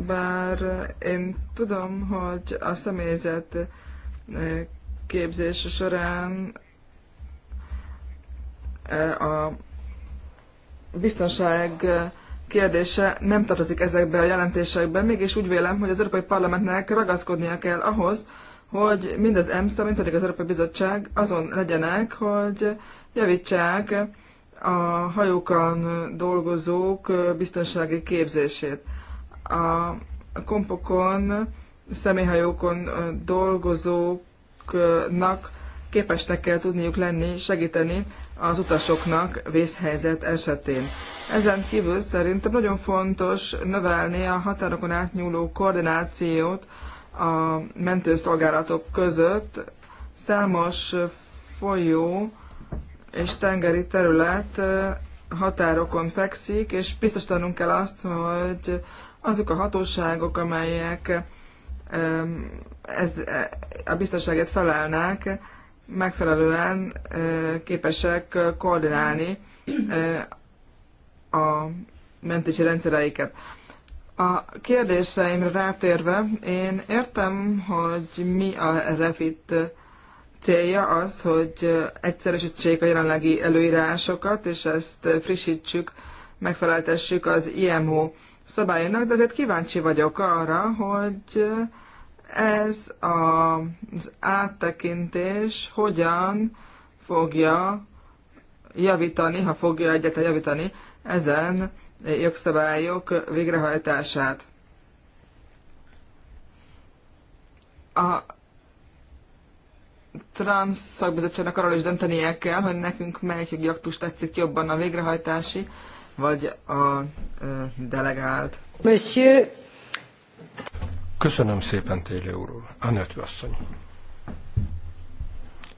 bár én tudom, hogy a személyzet eh, képzése során eh, a biztonság eh, kérdése nem tartozik ezekbe a jelentésekbe, mégis úgy vélem, hogy az Európai Parlamentnek ragaszkodnia kell ahhoz, hogy mind az EMSZ, mind pedig az Európai Bizottság azon legyenek, hogy javítsák a hajókon dolgozók biztonsági képzését. A kompokon, személyhajókon dolgozóknak képesnek kell tudniuk lenni, segíteni az utasoknak vészhelyzet esetén. Ezen kívül szerintem nagyon fontos növelni a határokon átnyúló koordinációt a mentőszolgálatok között. Számos folyó és tengeri terület határokon fekszik, és biztosítanunk kell azt, hogy azok a hatóságok, amelyek ez, e, a biztonságért felelnek, megfelelően képesek koordinálni a mentési rendszereiket. A kérdéseimre rátérve, én értem, hogy mi a refit célja az, hogy egyszerűsítsék a jelenlegi előírásokat, és ezt frissítsük, megfeleltessük az IMO szabályoknak, de azért kíváncsi vagyok arra, hogy ez az áttekintés hogyan fogja javítani, ha fogja egyáltalán javítani ezen jogszabályok végrehajtását. A trans szakbizottságnak arról is döntenie kell, hogy nekünk melyik jogi aktus tetszik jobban a végrehajtási, vagy a ö, delegált. Monsieur. Köszönöm szépen, Téli úr, a nőtő asszony.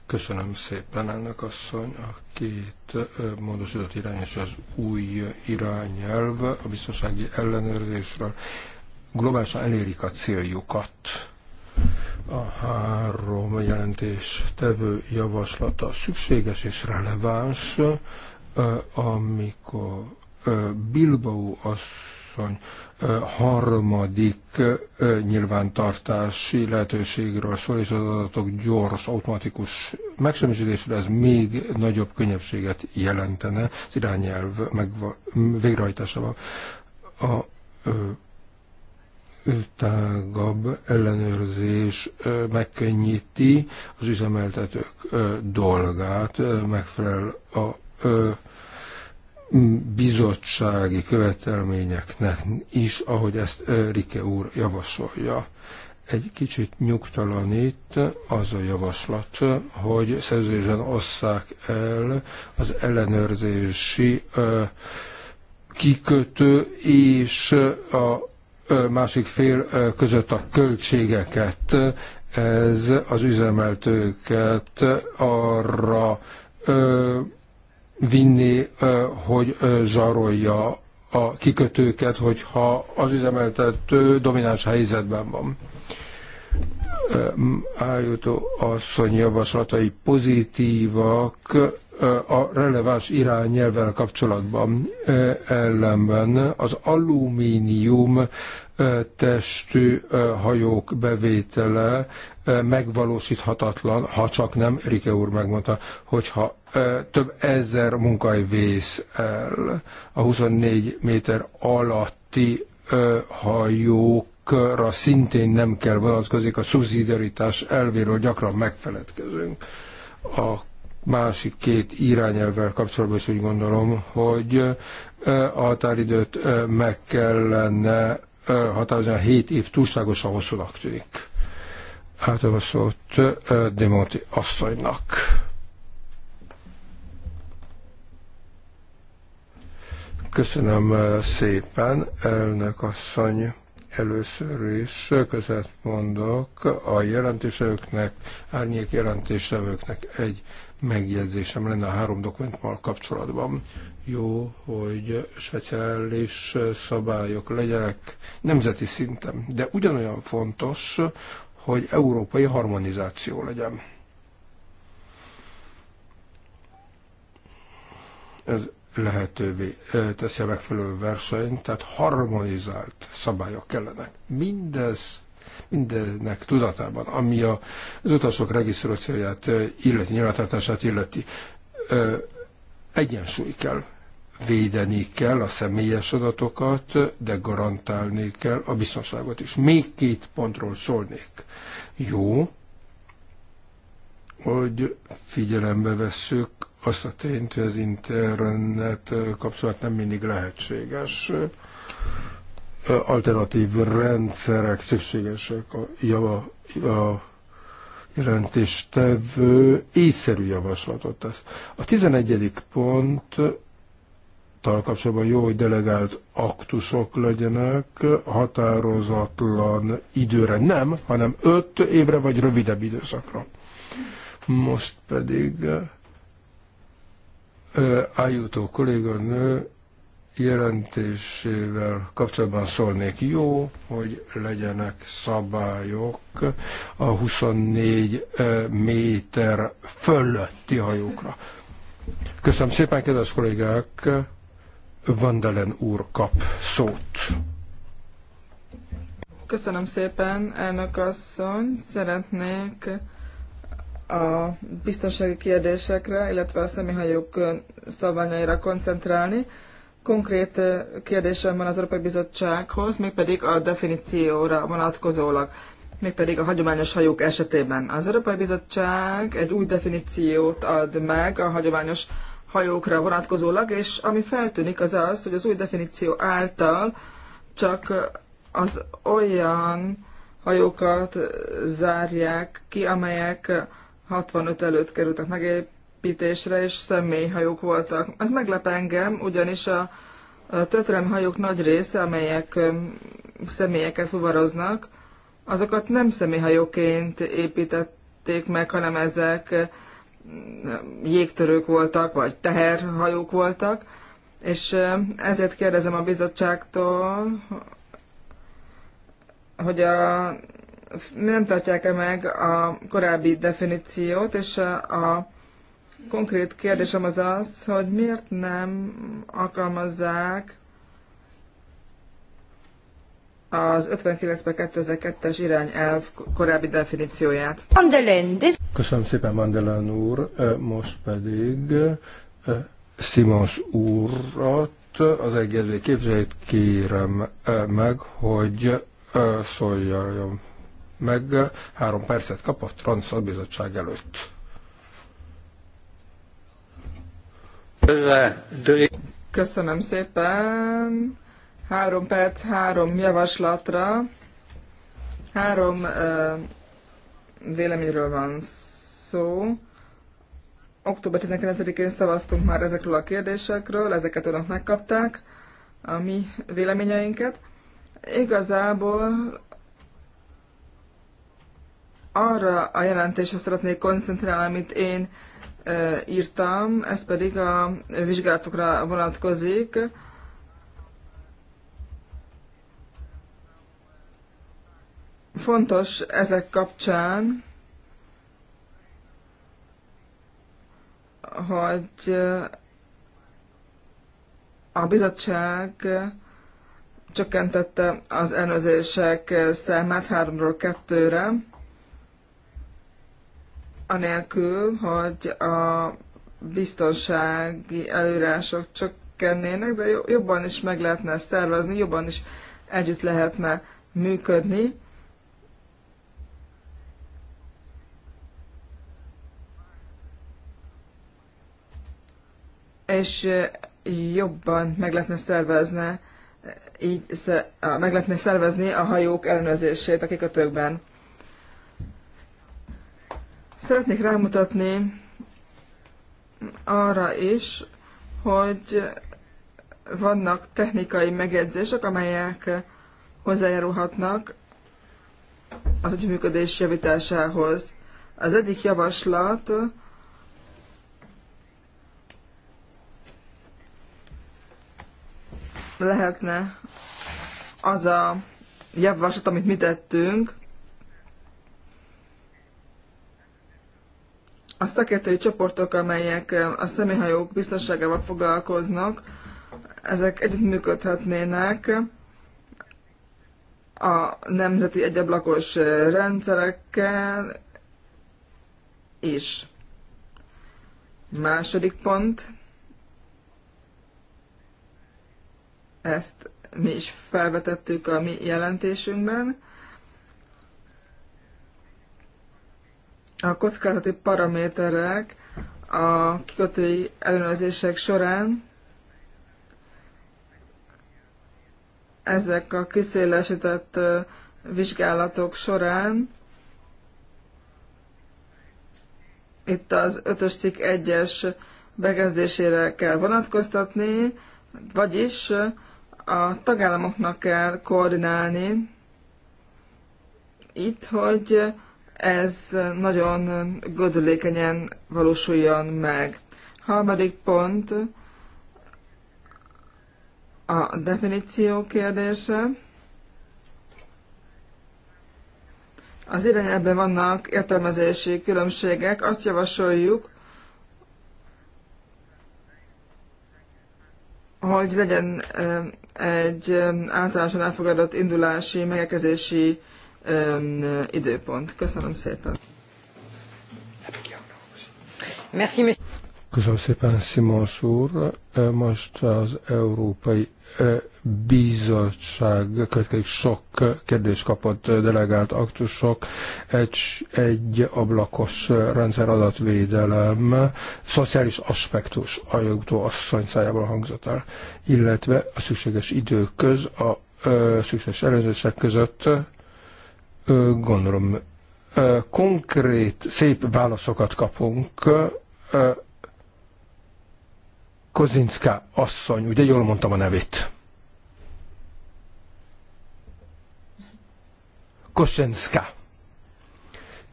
Köszönöm szépen, elnök asszony, a két módosított irány és az új irányelv a biztonsági ellenőrzésről globálisan elérik a céljukat a három jelentés tevő javaslata szükséges és releváns, amikor Bilbao asszony harmadik nyilvántartási lehetőségről szól, és az adatok gyors, automatikus megsemmisítésre ez még nagyobb könnyebbséget jelentene az irányelv megva- végrehajtásában. A tágabb ellenőrzés megkönnyíti az üzemeltetők dolgát, megfelel a bizottsági követelményeknek is, ahogy ezt Rike úr javasolja. Egy kicsit nyugtalanít az a javaslat, hogy szerződésen osszák el az ellenőrzési kikötő és a másik fél között a költségeket. Ez az üzemeltőket arra vinni, hogy zsarolja a kikötőket, hogyha az üzemeltető domináns helyzetben van. Ájutó asszony javaslatai pozitívak, a releváns irányelvvel kapcsolatban ellenben az alumínium testű hajók bevétele megvalósíthatatlan, ha csak nem, Rike úr megmondta, hogyha több ezer munkai vész el a 24 méter alatti hajókra szintén nem kell vonatkozik a szubszidiaritás elvéről gyakran megfeledkezünk. A másik két irányelvvel kapcsolatban is úgy gondolom, hogy a határidőt meg kellene határozni, a 7 év túlságosan hosszúnak tűnik. Átadom a szót Demonti asszonynak. Köszönöm szépen, elnök asszony. Először is között mondok a jelentésevőknek, árnyék jelentésevőknek egy megjegyzésem lenne a három dokumentummal kapcsolatban. Jó, hogy speciális szabályok legyenek nemzeti szinten, de ugyanolyan fontos, hogy európai harmonizáció legyen. Ez lehetővé teszi a megfelelő versenyt, tehát harmonizált szabályok kellenek. Mindez mindennek tudatában, ami az utasok regisztrációját illeti, nyilvántartását illeti, egyensúly kell. Védeni kell a személyes adatokat, de garantálni kell a biztonságot is. Még két pontról szólnék. Jó, hogy figyelembe vesszük azt a tényt, hogy az internet kapcsolat nem mindig lehetséges. Alternatív rendszerek szükségesek a, java, a jelentéstevő észszerű javaslatot tesz. A 11. pont tal kapcsolatban jó, hogy delegált aktusok legyenek, határozatlan időre nem, hanem öt évre vagy rövidebb időszakra. Most pedig Ájútó kolléganő jelentésével kapcsolatban szólnék. Jó, hogy legyenek szabályok a 24 méter fölötti hajókra. Köszönöm szépen, kedves kollégák! vandelen úr kap szót. Köszönöm szépen, elnök asszony. Szeretnék a biztonsági kérdésekre, illetve a személyhajók szabványaira koncentrálni. Konkrét kérdésem van az Európai Bizottsághoz, mégpedig a definícióra vonatkozólag, mégpedig a hagyományos hajók esetében. Az Európai Bizottság egy új definíciót ad meg a hagyományos hajókra vonatkozólag, és ami feltűnik az az, hogy az új definíció által csak az olyan hajókat zárják ki, amelyek 65 előtt kerültek megépítésre, és személyhajók voltak. Ez meglep engem, ugyanis a, a történelmi hajók nagy része, amelyek személyeket fuvaroznak, azokat nem személyhajóként építették meg, hanem ezek jégtörők voltak, vagy teherhajók voltak, és ezért kérdezem a bizottságtól, hogy a nem tartják-e meg a korábbi definíciót, és a konkrét kérdésem az az, hogy miért nem alkalmazzák az 59-2002-es irányelv korábbi definícióját. Köszönöm szépen, Mandelán úr. Most pedig Simons úrat, az egyedül képzelőt kérem meg, hogy szóljon meg három percet kap a Transzal Bizottság előtt. Köszönöm szépen. Három perc, három javaslatra, három uh, véleményről van szó. Október 19-én szavaztunk már ezekről a kérdésekről, ezeket önök megkapták, a mi véleményeinket. Igazából arra a jelentésre szeretnék koncentrálni, amit én írtam, ez pedig a vizsgálatokra vonatkozik. Fontos ezek kapcsán, hogy a bizottság csökkentette az elnözések számát háromról kettőre, anélkül, hogy a biztonsági előrások csökkennének, de jobban is meg lehetne szervezni, jobban is együtt lehetne működni. És eh, jobban meg lehetne szervezni, így meg lehetne szervezni a hajók ellenőrzését a kikötőkben. Szeretnék rámutatni arra is, hogy vannak technikai megjegyzések, amelyek hozzájárulhatnak az együttműködés javításához. Az egyik javaslat lehetne az a javaslat, amit mi tettünk, A szakértői csoportok, amelyek eh, a személyhajók biztonságával foglalkoznak, ezek együttműködhetnének a nemzeti egyablakos eh, rendszerekkel is. Második pont, ezt mi is felvetettük a mi jelentésünkben, a kockázati paraméterek a kikötői ellenőrzések során ezek a kiszélesített vizsgálatok során itt az 5-ös cikk egyes bekezdésére kell vonatkoztatni, vagyis a tagállamoknak kell koordinálni itt, hogy ez nagyon gödülékenyen valósuljon meg. Harmadik pont a definíció kérdése. Az irányában vannak értelmezési különbségek. Azt javasoljuk, hogy legyen egy általánosan elfogadott indulási, megekezési időpont. Köszönöm szépen. Köszönöm szépen, Simons úr. Most az Európai Bizottság következik sok kérdést kapott delegált aktusok, egy, egy ablakos rendszer adatvédelem, szociális aspektus a jogtó asszony szájából hangzott el, illetve a szükséges időköz, a szükséges előzések között Gondolom, konkrét, szép válaszokat kapunk. Kozinská asszony, ugye jól mondtam a nevét? Kosenszka.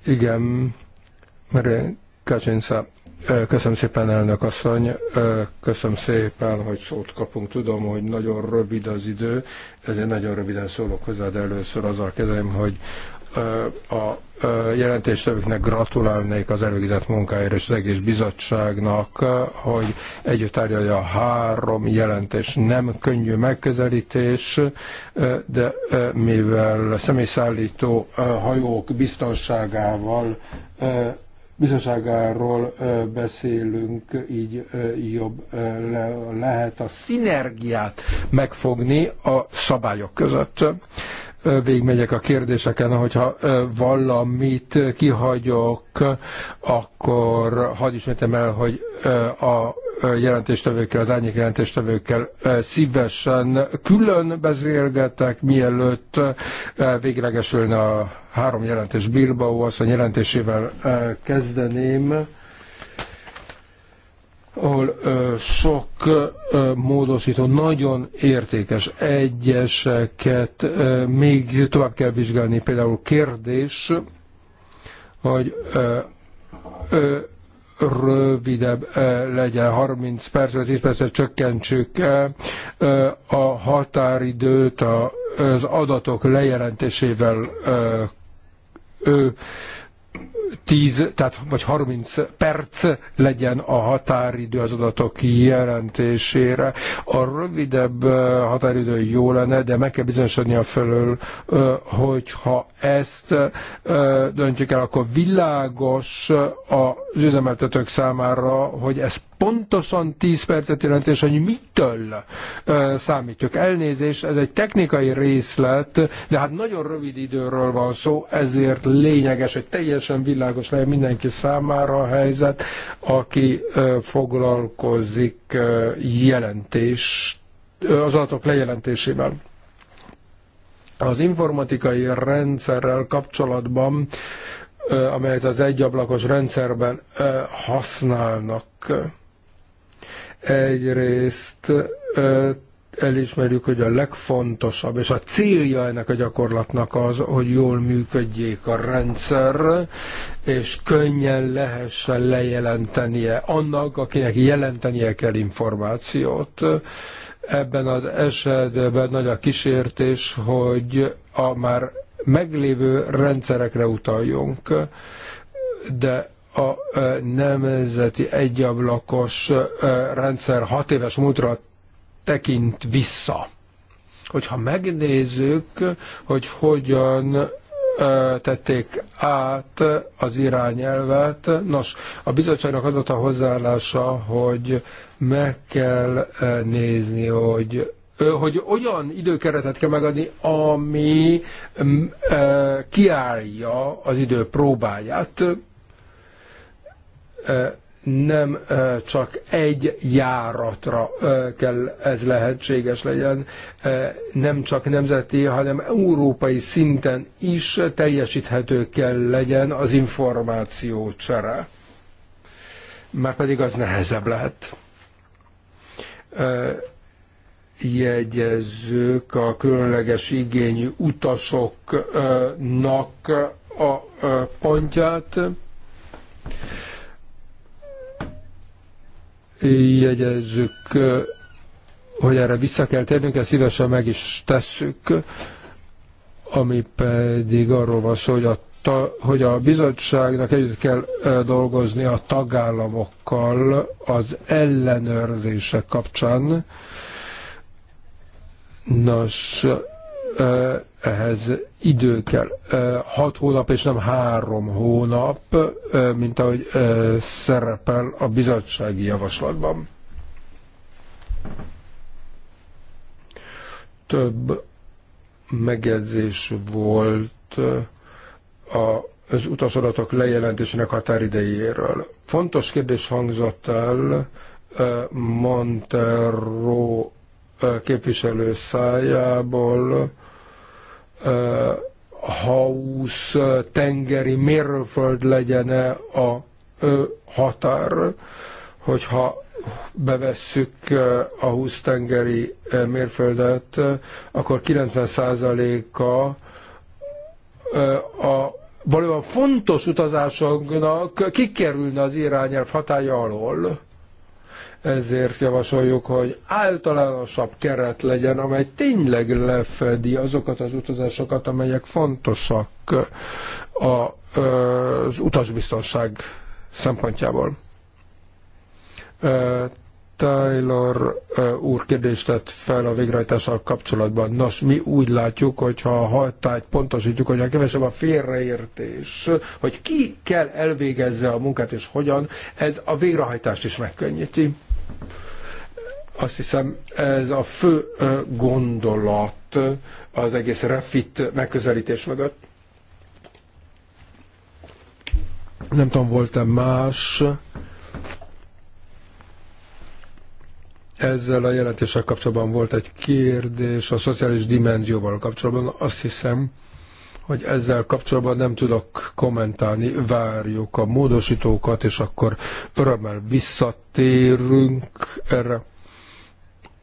Igen, mert Kaczynszka Köszönöm szépen, elnök asszony. Köszönöm szépen, hogy szót kapunk. Tudom, hogy nagyon rövid az idő, ezért nagyon röviden szólok hozzá, de először azzal kezelem, hogy a jelentéstevőknek gratulálnék az elvégzett munkáért és az egész bizottságnak, hogy együtt tárgyalja a három jelentés. Nem könnyű megközelítés, de mivel személyszállító hajók biztonságával biztonságáról beszélünk, így jobb lehet a szinergiát megfogni a szabályok között végigmegyek a kérdéseken, hogyha valamit kihagyok, akkor hadd ismétem el, hogy a jelentéstevőkkel, az árnyék jelentéstevőkkel szívesen külön beszélgetek, mielőtt véglegesülne a három jelentés Bilbao a jelentésével kezdeném ahol ö, sok ö, módosító nagyon értékes, egyeseket ö, még tovább kell vizsgálni. Például kérdés, hogy ö, ö, rövidebb ö, legyen, 30 perc, 10 percet csökkentsük ö, a határidőt a, az adatok lejelentésével ö, ö, 10, tehát vagy 30 perc legyen a határidő az adatok jelentésére. A rövidebb határidő jó lenne, de meg kell bizonyosodni a felől, hogyha ezt döntjük el, akkor világos az üzemeltetők számára, hogy ez pontosan 10 percet jelent, és hogy mitől számítjuk. Elnézés, ez egy technikai részlet, de hát nagyon rövid időről van szó, ezért lényeges, hogy teljesen világos legyen mindenki számára a helyzet, aki foglalkozik jelentés, az adatok lejelentésével. Az informatikai rendszerrel kapcsolatban, amelyet az egyablakos rendszerben használnak, egyrészt elismerjük, hogy a legfontosabb és a célja ennek a gyakorlatnak az, hogy jól működjék a rendszer, és könnyen lehessen lejelentenie annak, akinek jelentenie kell információt. Ebben az esetben nagy a kísértés, hogy a már meglévő rendszerekre utaljunk, de a nemzeti egyablakos rendszer hat éves múltra tekint vissza. Hogyha megnézzük, hogy hogyan tették át az irányelvet. Nos, a bizottságnak adott a hozzáállása, hogy meg kell nézni, hogy hogy olyan időkeretet kell megadni, ami kiállja az idő próbáját nem csak egy járatra kell ez lehetséges legyen, nem csak nemzeti, hanem európai szinten is teljesíthető kell legyen az információ csere. pedig az nehezebb lehet jegyezők a különleges igényű utasoknak a pontját jegyezzük, hogy erre vissza kell térnünk, ezt szívesen meg is tesszük, ami pedig arról van szó, hogy a, ta, hogy a bizottságnak együtt kell dolgozni a tagállamokkal az ellenőrzése kapcsán. Nos, ehhez idő kell. Hat hónap és nem három hónap, mint ahogy szerepel a bizottsági javaslatban. Több megjegyzés volt az utasadatok lejelentésének határidejéről. Fontos kérdés hangzott el Montero képviselő szájából, Haus tengeri mérföld legyen -e a határ, hogyha bevesszük a 20 tengeri mérföldet, akkor 90%-a a valóban fontos utazásoknak kikerülne az irányelv hatája alól ezért javasoljuk, hogy általánosabb keret legyen, amely tényleg lefedi azokat az utazásokat, amelyek fontosak az utasbiztonság szempontjából. Taylor úr kérdést tett fel a végrehajtással kapcsolatban. Nos, mi úgy látjuk, hogy ha a hatályt pontosítjuk, hogy a kevesebb a félreértés, hogy ki kell elvégezze a munkát és hogyan, ez a végrehajtást is megkönnyíti. Azt hiszem, ez a fő gondolat az egész refit megközelítés mögött. Nem tudom, volt-e más ezzel a jelentéssel kapcsolatban volt egy kérdés a szociális dimenzióval kapcsolatban. Azt hiszem, hogy ezzel kapcsolatban nem tudok kommentálni, várjuk a módosítókat, és akkor örömmel visszatérünk erre.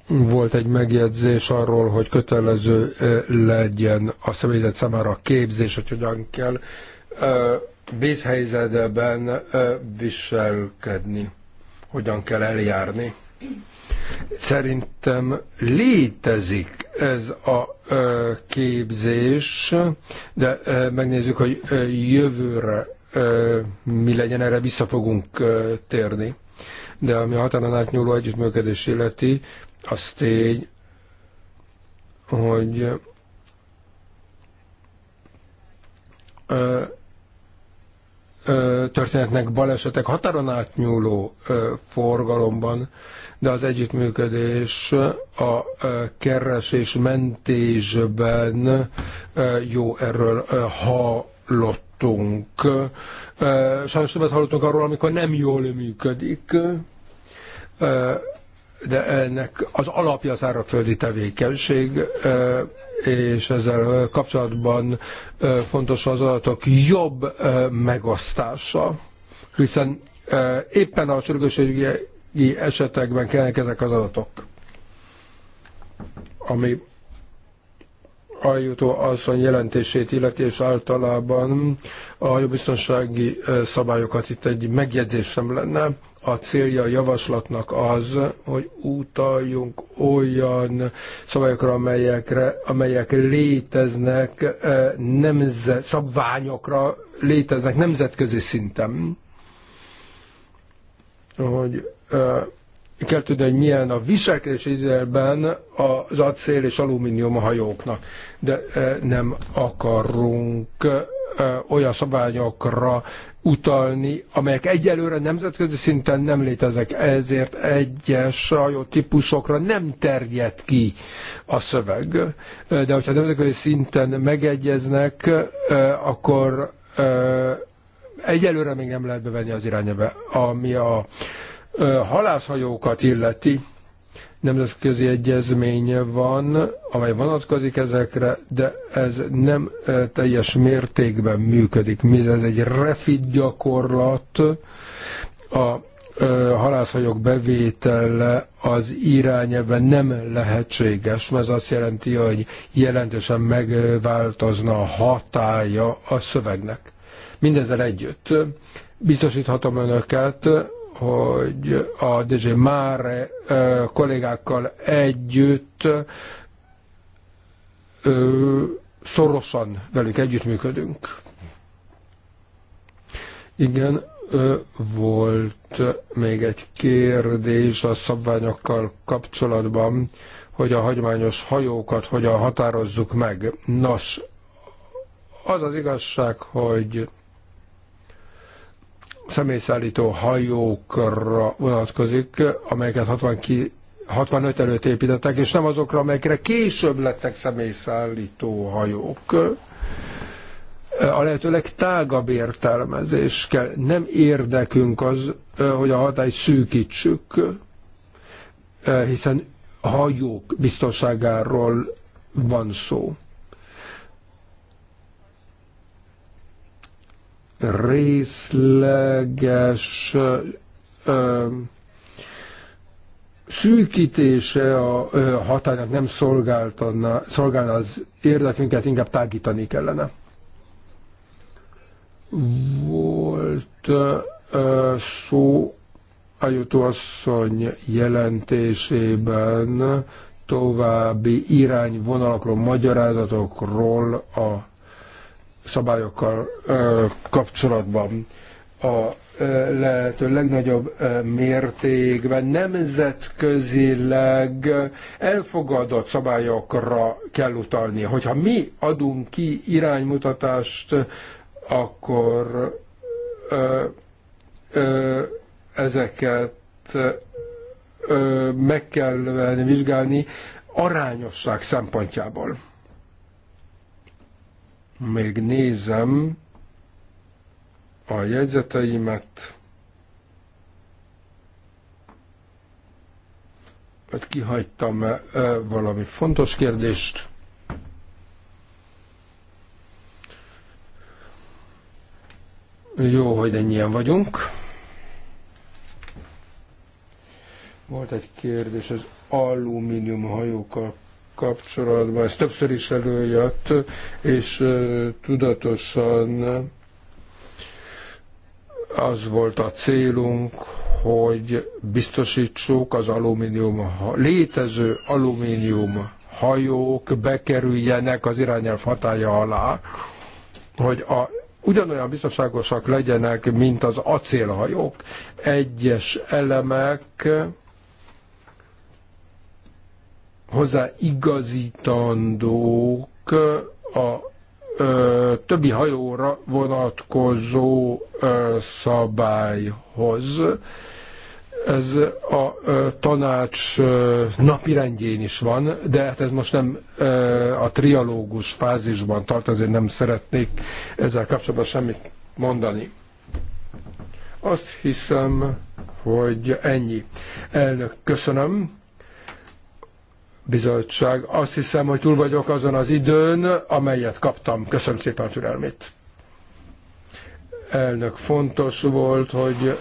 Volt egy megjegyzés arról, hogy kötelező eh, legyen a személyzet számára a képzés, hogy hogyan kell eh, vízhelyzetben eh, viselkedni, hogyan kell eljárni. Szerintem létezik ez a képzés, de megnézzük, hogy jövőre mi legyen, erre vissza fogunk térni. De ami a határon átnyúló együttműködés illeti, az tény, hogy történetnek balesetek határon átnyúló forgalomban, de az együttműködés a keresés mentésben jó erről hallottunk. Sajnos többet hallottunk arról, amikor nem jól működik de ennek az alapja az tevékenység, és ezzel kapcsolatban fontos az adatok jobb megosztása, hiszen éppen a sürgősségi esetekben kellnek ezek az adatok, ami jutó asszony jelentését illeti, és általában a jobb biztonsági szabályokat itt egy megjegyzésem lenne a célja a javaslatnak az, hogy utaljunk olyan szabályokra, amelyekre, amelyek léteznek, eh, nemzet, szabványokra léteznek nemzetközi szinten. Hogy eh, kell tudni, hogy milyen a viselkedés időben az acél és alumínium a hajóknak. De e, nem akarunk e, olyan szabályokra utalni, amelyek egyelőre nemzetközi szinten nem léteznek, ezért egyes hajó típusokra nem terjed ki a szöveg. E, de hogyha nemzetközi szinten megegyeznek, akkor egyelőre még nem lehet bevenni az irányába, ami a halászhajókat illeti, nemzetközi egyezménye van, amely vonatkozik ezekre, de ez nem teljes mértékben működik. Mi ez egy refit gyakorlat, a halászhajók bevétele az irányában nem lehetséges, mert ez azt jelenti, hogy jelentősen megváltozna a hatája a szövegnek. Mindezzel együtt biztosíthatom önöket, hogy a DJ Máre kollégákkal együtt szorosan velük együttműködünk. Igen, volt még egy kérdés a szabványokkal kapcsolatban, hogy a hagyományos hajókat hogyan határozzuk meg. Nos, az az igazság, hogy személyszállító hajókra vonatkozik, amelyeket 65 előtt építettek, és nem azokra, amelyekre később lettek személyszállító hajók. A lehető legtágabb értelmezés kell. Nem érdekünk az, hogy a hatályt szűkítsük, hiszen hajók biztonságáról van szó. részleges ö, szűkítése a ö, hatának nem szolgálna, az érdekünket, inkább tágítani kellene. Volt ö, szó a asszony jelentésében további irányvonalakról, magyarázatokról a szabályokkal kapcsolatban a lehető legnagyobb mértékben nemzetközileg elfogadott szabályokra kell utalni. Hogyha mi adunk ki iránymutatást, akkor ö, ö, ezeket ö, meg kell vizsgálni arányosság szempontjából. Még nézem a jegyzeteimet, hogy kihagytam-e valami fontos kérdést. Jó, hogy ennyien vagyunk. Volt egy kérdés az alumínium hajókkal kapcsolatban, ez többször is előjött, és tudatosan az volt a célunk, hogy biztosítsuk az alumínium, létező alumínium hajók bekerüljenek az irányelv hatája alá, hogy a, ugyanolyan biztonságosak legyenek, mint az acélhajók. Egyes elemek Hozzá igazítandók a ö, többi hajóra vonatkozó ö, szabályhoz. Ez a ö, tanács ö, napirendjén is van, de hát ez most nem ö, a trialógus fázisban tart, azért nem szeretnék ezzel kapcsolatban semmit mondani. Azt hiszem, hogy ennyi. Elnök, köszönöm bizottság. Azt hiszem, hogy túl vagyok azon az időn, amelyet kaptam. Köszönöm szépen a türelmét. Elnök, fontos volt, hogy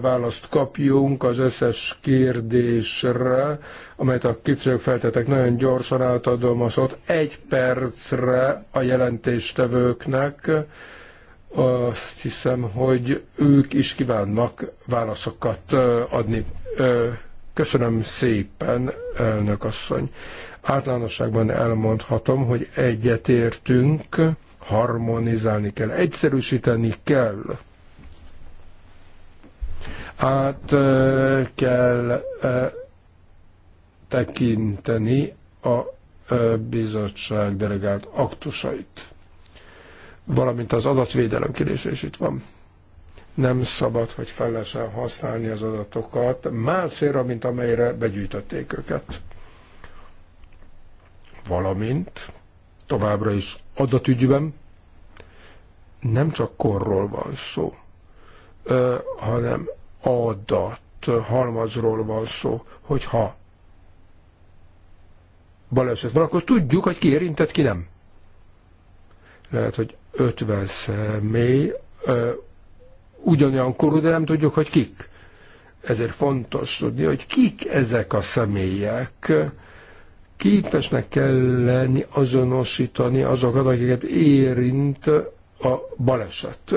választ kapjunk az összes kérdésre, amelyet a képviselők feltettek. Nagyon gyorsan átadom a szót egy percre a jelentéstevőknek. Azt hiszem, hogy ők is kívánnak válaszokat adni. Köszönöm szépen, elnök asszony. Általánosságban elmondhatom, hogy egyetértünk, harmonizálni kell, egyszerűsíteni kell. Át kell tekinteni a bizottság delegált aktusait, valamint az adatvédelem kérdése is itt van nem szabad, hogy felesen használni az adatokat más célra, mint amelyre begyűjtötték őket. Valamint továbbra is adatügyben nem csak korról van szó, hanem adat halmazról van szó, hogyha baleset van, akkor tudjuk, hogy ki érintett, ki nem. Lehet, hogy 50 személy ugyanolyan korú, de nem tudjuk, hogy kik. Ezért fontos tudni, hogy kik ezek a személyek, képesnek kell lenni azonosítani azokat, akiket érint a baleset,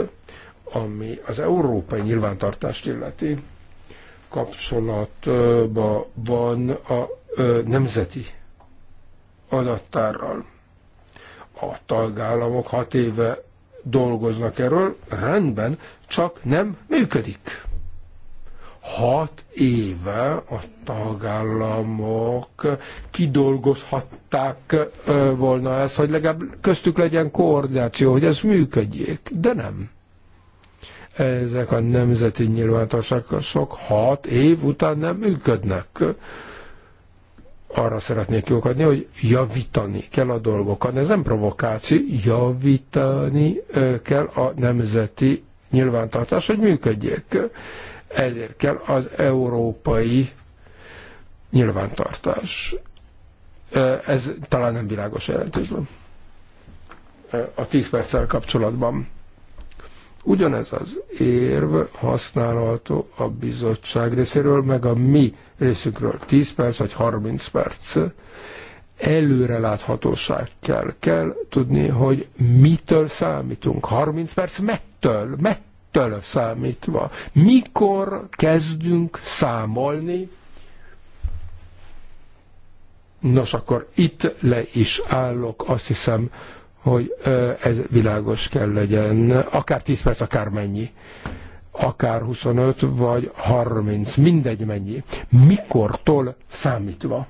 ami az európai nyilvántartást illeti kapcsolatban van a nemzeti adattárral. A tagállamok hat éve dolgoznak erről, rendben, csak nem működik. Hat éve a tagállamok kidolgozhatták volna ezt, hogy legalább köztük legyen koordináció, hogy ez működjék, de nem ezek a nemzeti nyilvántartások hat év után nem működnek. Arra szeretnék jókadni, hogy javítani kell a dolgokat. Ez nem provokáció, javítani kell a nemzeti nyilvántartás, hogy működjék. Ezért kell az európai nyilvántartás. Ez talán nem világos jelentésben. A 10 perccel kapcsolatban. Ugyanez az érv használható a bizottság részéről, meg a mi részünkről. 10 perc vagy 30 perc előreláthatóság kell. Kell tudni, hogy mitől számítunk. 30 perc mettől, mettől számítva. Mikor kezdünk számolni? Nos, akkor itt le is állok, azt hiszem, hogy ez világos kell legyen, akár 10 perc, akár mennyi, akár 25 vagy 30, mindegy mennyi, mikortól számítva.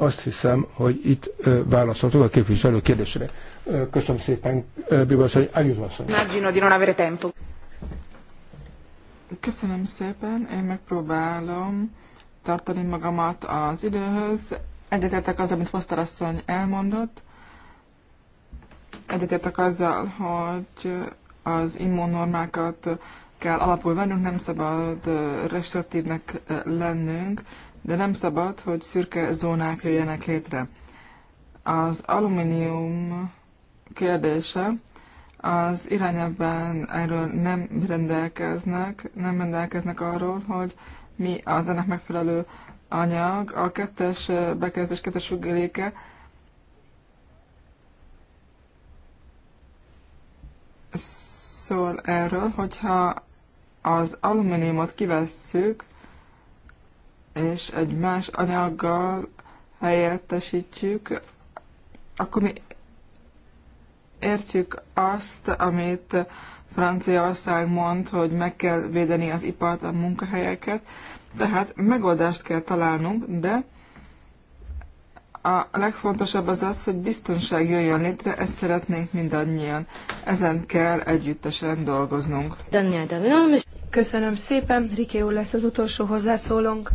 Azt hiszem, hogy itt válaszoltuk a képviselő kérdésre. Köszönöm szépen, Bibasszony, Ágyúz Vasszony. Köszönöm szépen, én megpróbálom tartani magamat az időhöz. Egyetértek az, amit Foster asszony elmondott. Egyetértek azzal, hogy az immunnormákat kell alapul vennünk, nem szabad restriktívnek lennünk, de nem szabad, hogy szürke zónák jöjjenek létre. Az alumínium kérdése az irányában erről nem rendelkeznek, nem rendelkeznek arról, hogy mi az ennek megfelelő anyag. A kettes bekezdés, kettes függeléke szól erről, hogyha az alumíniumot kivesszük és egy más anyaggal helyettesítjük, akkor mi értjük azt, amit Franciaország mond, hogy meg kell védeni az ipart, a munkahelyeket, tehát megoldást kell találnunk, de a legfontosabb az az, hogy biztonság jöjjön létre, ezt szeretnénk mindannyian. Ezen kell együttesen dolgoznunk. Köszönöm szépen, Rikéó lesz az utolsó hozzászólónk.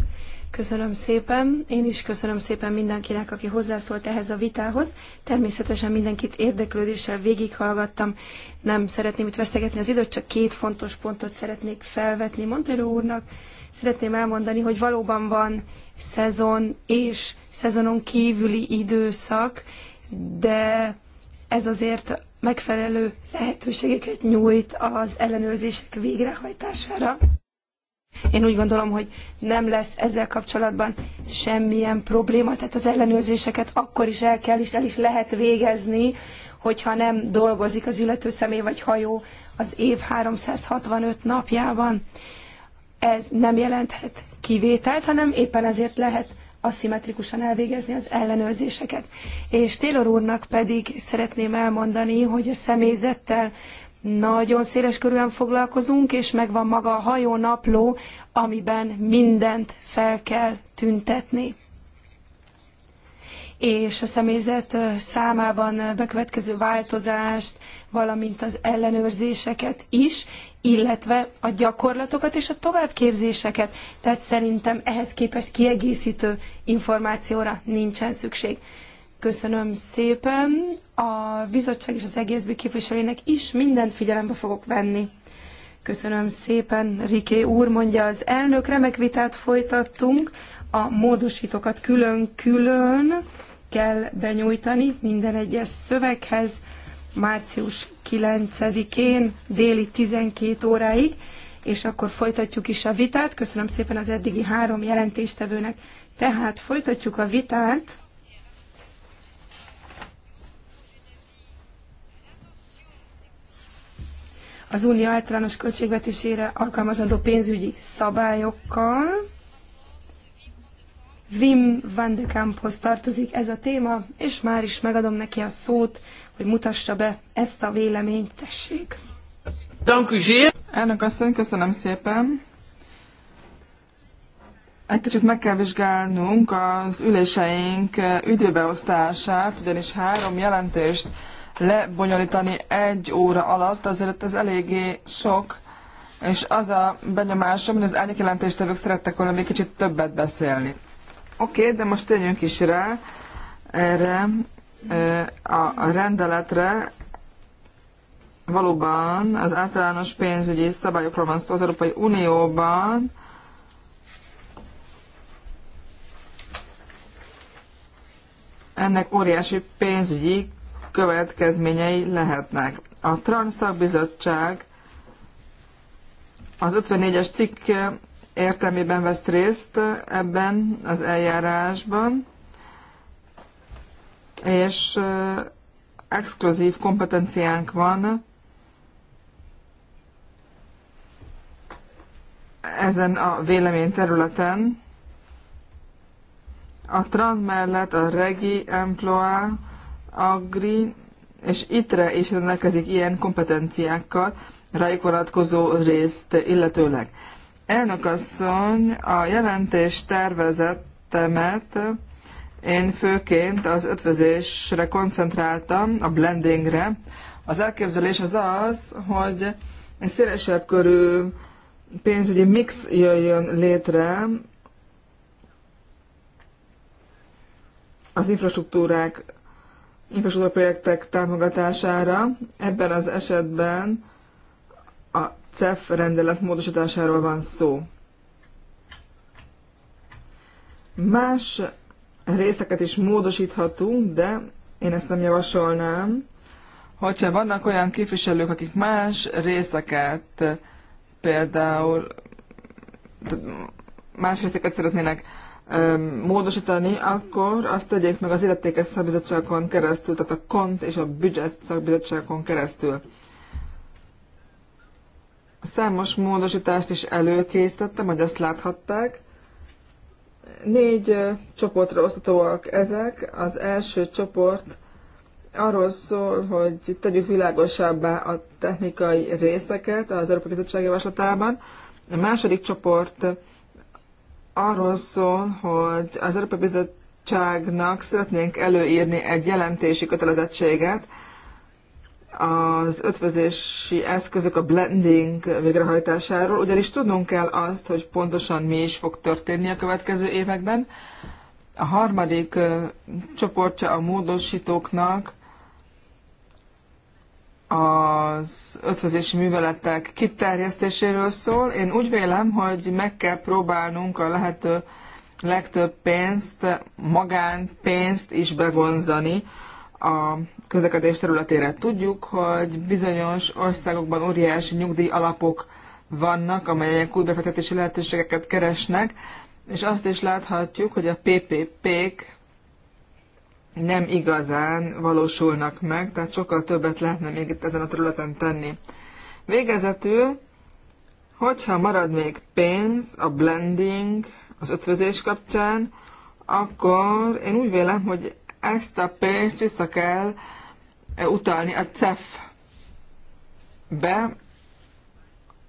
Köszönöm szépen. Én is köszönöm szépen mindenkinek, aki hozzászólt ehhez a vitához. Természetesen mindenkit érdeklődéssel végighallgattam. Nem szeretném itt vesztegetni az időt, csak két fontos pontot szeretnék felvetni Montero úrnak. Szeretném elmondani, hogy valóban van szezon és szezonon kívüli időszak, de ez azért megfelelő lehetőségeket nyújt az ellenőrzések végrehajtására. Én úgy gondolom, hogy nem lesz ezzel kapcsolatban semmilyen probléma, tehát az ellenőrzéseket akkor is el kell, és el is lehet végezni, hogyha nem dolgozik az illető személy vagy hajó az év 365 napjában. Ez nem jelenthet kivételt, hanem éppen ezért lehet aszimmetrikusan elvégezni az ellenőrzéseket. És Taylor úrnak pedig szeretném elmondani, hogy a személyzettel nagyon széles körűen foglalkozunk, és megvan maga a hajónapló, amiben mindent fel kell tüntetni és a személyzet számában bekövetkező változást, valamint az ellenőrzéseket is, illetve a gyakorlatokat és a továbbképzéseket. Tehát szerintem ehhez képest kiegészítő információra nincsen szükség. Köszönöm szépen. A bizottság és az egész képviselőnek is minden figyelembe fogok venni. Köszönöm szépen, Riké úr, mondja az elnök. Remek vitát folytattunk. A módosítókat külön-külön kell benyújtani minden egyes szöveghez március 9-én déli 12 óráig, és akkor folytatjuk is a vitát. Köszönöm szépen az eddigi három jelentéstevőnek. Tehát folytatjuk a vitát az unió általános költségvetésére alkalmazandó pénzügyi szabályokkal. Wim van de Kamphoz tartozik ez a téma, és már is megadom neki a szót, hogy mutassa be ezt a véleményt, tessék. Elnök asszony, köszönöm szépen. Egy kicsit meg kell vizsgálnunk az üléseink időbeosztását, eh, ugyanis három jelentést lebonyolítani egy óra alatt, azért ez eléggé sok, és az a benyomásom, hogy az elnök jelentéstevők szerettek volna még kicsit többet beszélni. Oké, okay, de most tegyünk is rá erre a rendeletre. Valóban az általános pénzügyi szabályokról van szó az Európai Unióban, ennek óriási pénzügyi következményei lehetnek. A Transzakbizottság az 54-es cikk értelmében vesz részt ebben az eljárásban, és exkluzív kompetenciánk van ezen a vélemény területen. A trans mellett a regi emploi Agri és ITRE is rendelkezik ilyen kompetenciákkal, rájuk vonatkozó részt illetőleg. Elnök asszony, a jelentés tervezettemet én főként az ötvözésre koncentráltam, a blendingre. Az elképzelés az az, hogy egy szélesebb körű pénzügyi mix jöjjön létre az infrastruktúrák infrastruktúra projektek támogatására. Ebben az esetben a CEF rendelet módosításáról van szó. Más részeket is módosíthatunk, de én ezt nem javasolnám. Hogyha vannak olyan képviselők, akik más részeket, például más részeket szeretnének módosítani, akkor azt tegyék meg az illetékes szakbizottságon keresztül, tehát a kont és a budget szakbizottságon keresztül. Számos módosítást is előkészítettem, hogy azt láthatták. Négy csoportra osztatóak ezek. Az első csoport arról szól, hogy tegyük világosabbá a technikai részeket az Európai Bizottság javaslatában. A második csoport arról szól, hogy az Európai Bizottságnak szeretnénk előírni egy jelentési kötelezettséget az ötvözési eszközök a blending végrehajtásáról, ugyanis tudnunk kell azt, hogy pontosan mi is fog történni a következő években. A harmadik csoportja a módosítóknak az ötvözési műveletek kiterjesztéséről szól. Én úgy vélem, hogy meg kell próbálnunk a lehető legtöbb pénzt, magánpénzt is bevonzani a közlekedés területére. Tudjuk, hogy bizonyos országokban óriási nyugdíj alapok vannak, amelyek új befektetési lehetőségeket keresnek, és azt is láthatjuk, hogy a PPP-k nem igazán valósulnak meg, tehát sokkal többet lehetne még itt ezen a területen tenni. Végezetül, hogyha marad még pénz a blending, az ötvözés kapcsán, akkor én úgy vélem, hogy ezt a pénzt vissza kell eh, utalni a CEF-be.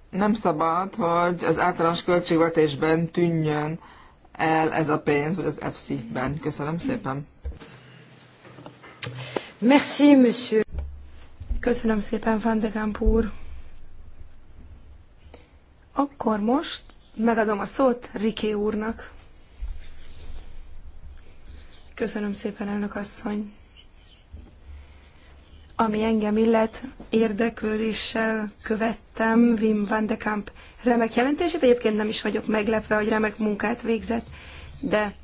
Nem szabad, hogy az általános költségvetésben tűnjön el ez a pénz, vagy az FC-ben. Köszönöm szépen! Merci, monsieur. Köszönöm szépen, Van úr. Akkor most megadom a szót Riké úrnak. Köszönöm szépen, elnök asszony. Ami engem illet, érdeklődéssel követtem Wim van de Kamp remek jelentését. Egyébként nem is vagyok meglepve, hogy remek munkát végzett, de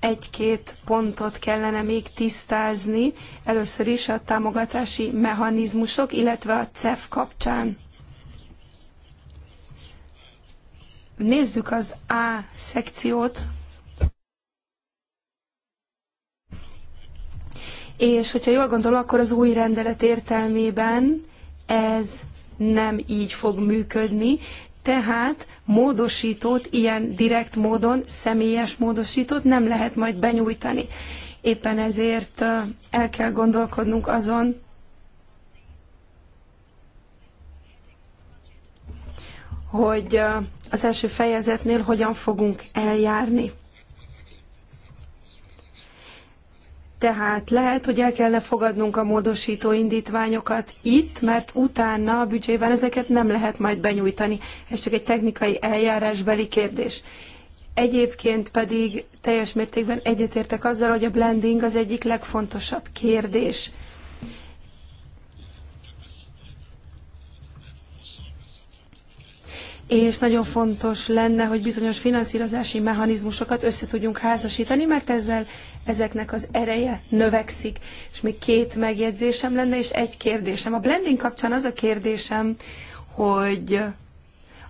egy-két pontot kellene még tisztázni, először is a támogatási mechanizmusok, illetve a CEF kapcsán. Nézzük az A szekciót. És hogyha jól gondolom, akkor az új rendelet értelmében ez nem így fog működni, tehát módosítót ilyen direkt módon, személyes módosítót nem lehet majd benyújtani. Éppen ezért el kell gondolkodnunk azon, hogy az első fejezetnél hogyan fogunk eljárni. Tehát lehet, hogy el kellene fogadnunk a módosító indítványokat itt, mert utána a büdzsében ezeket nem lehet majd benyújtani. Ez csak egy technikai eljárásbeli kérdés. Egyébként pedig teljes mértékben egyetértek azzal, hogy a blending az egyik legfontosabb kérdés és nagyon fontos lenne, hogy bizonyos finanszírozási mechanizmusokat össze tudjunk házasítani, mert ezzel ezeknek az ereje növekszik. És még két megjegyzésem lenne, és egy kérdésem. A blending kapcsán az a kérdésem, hogy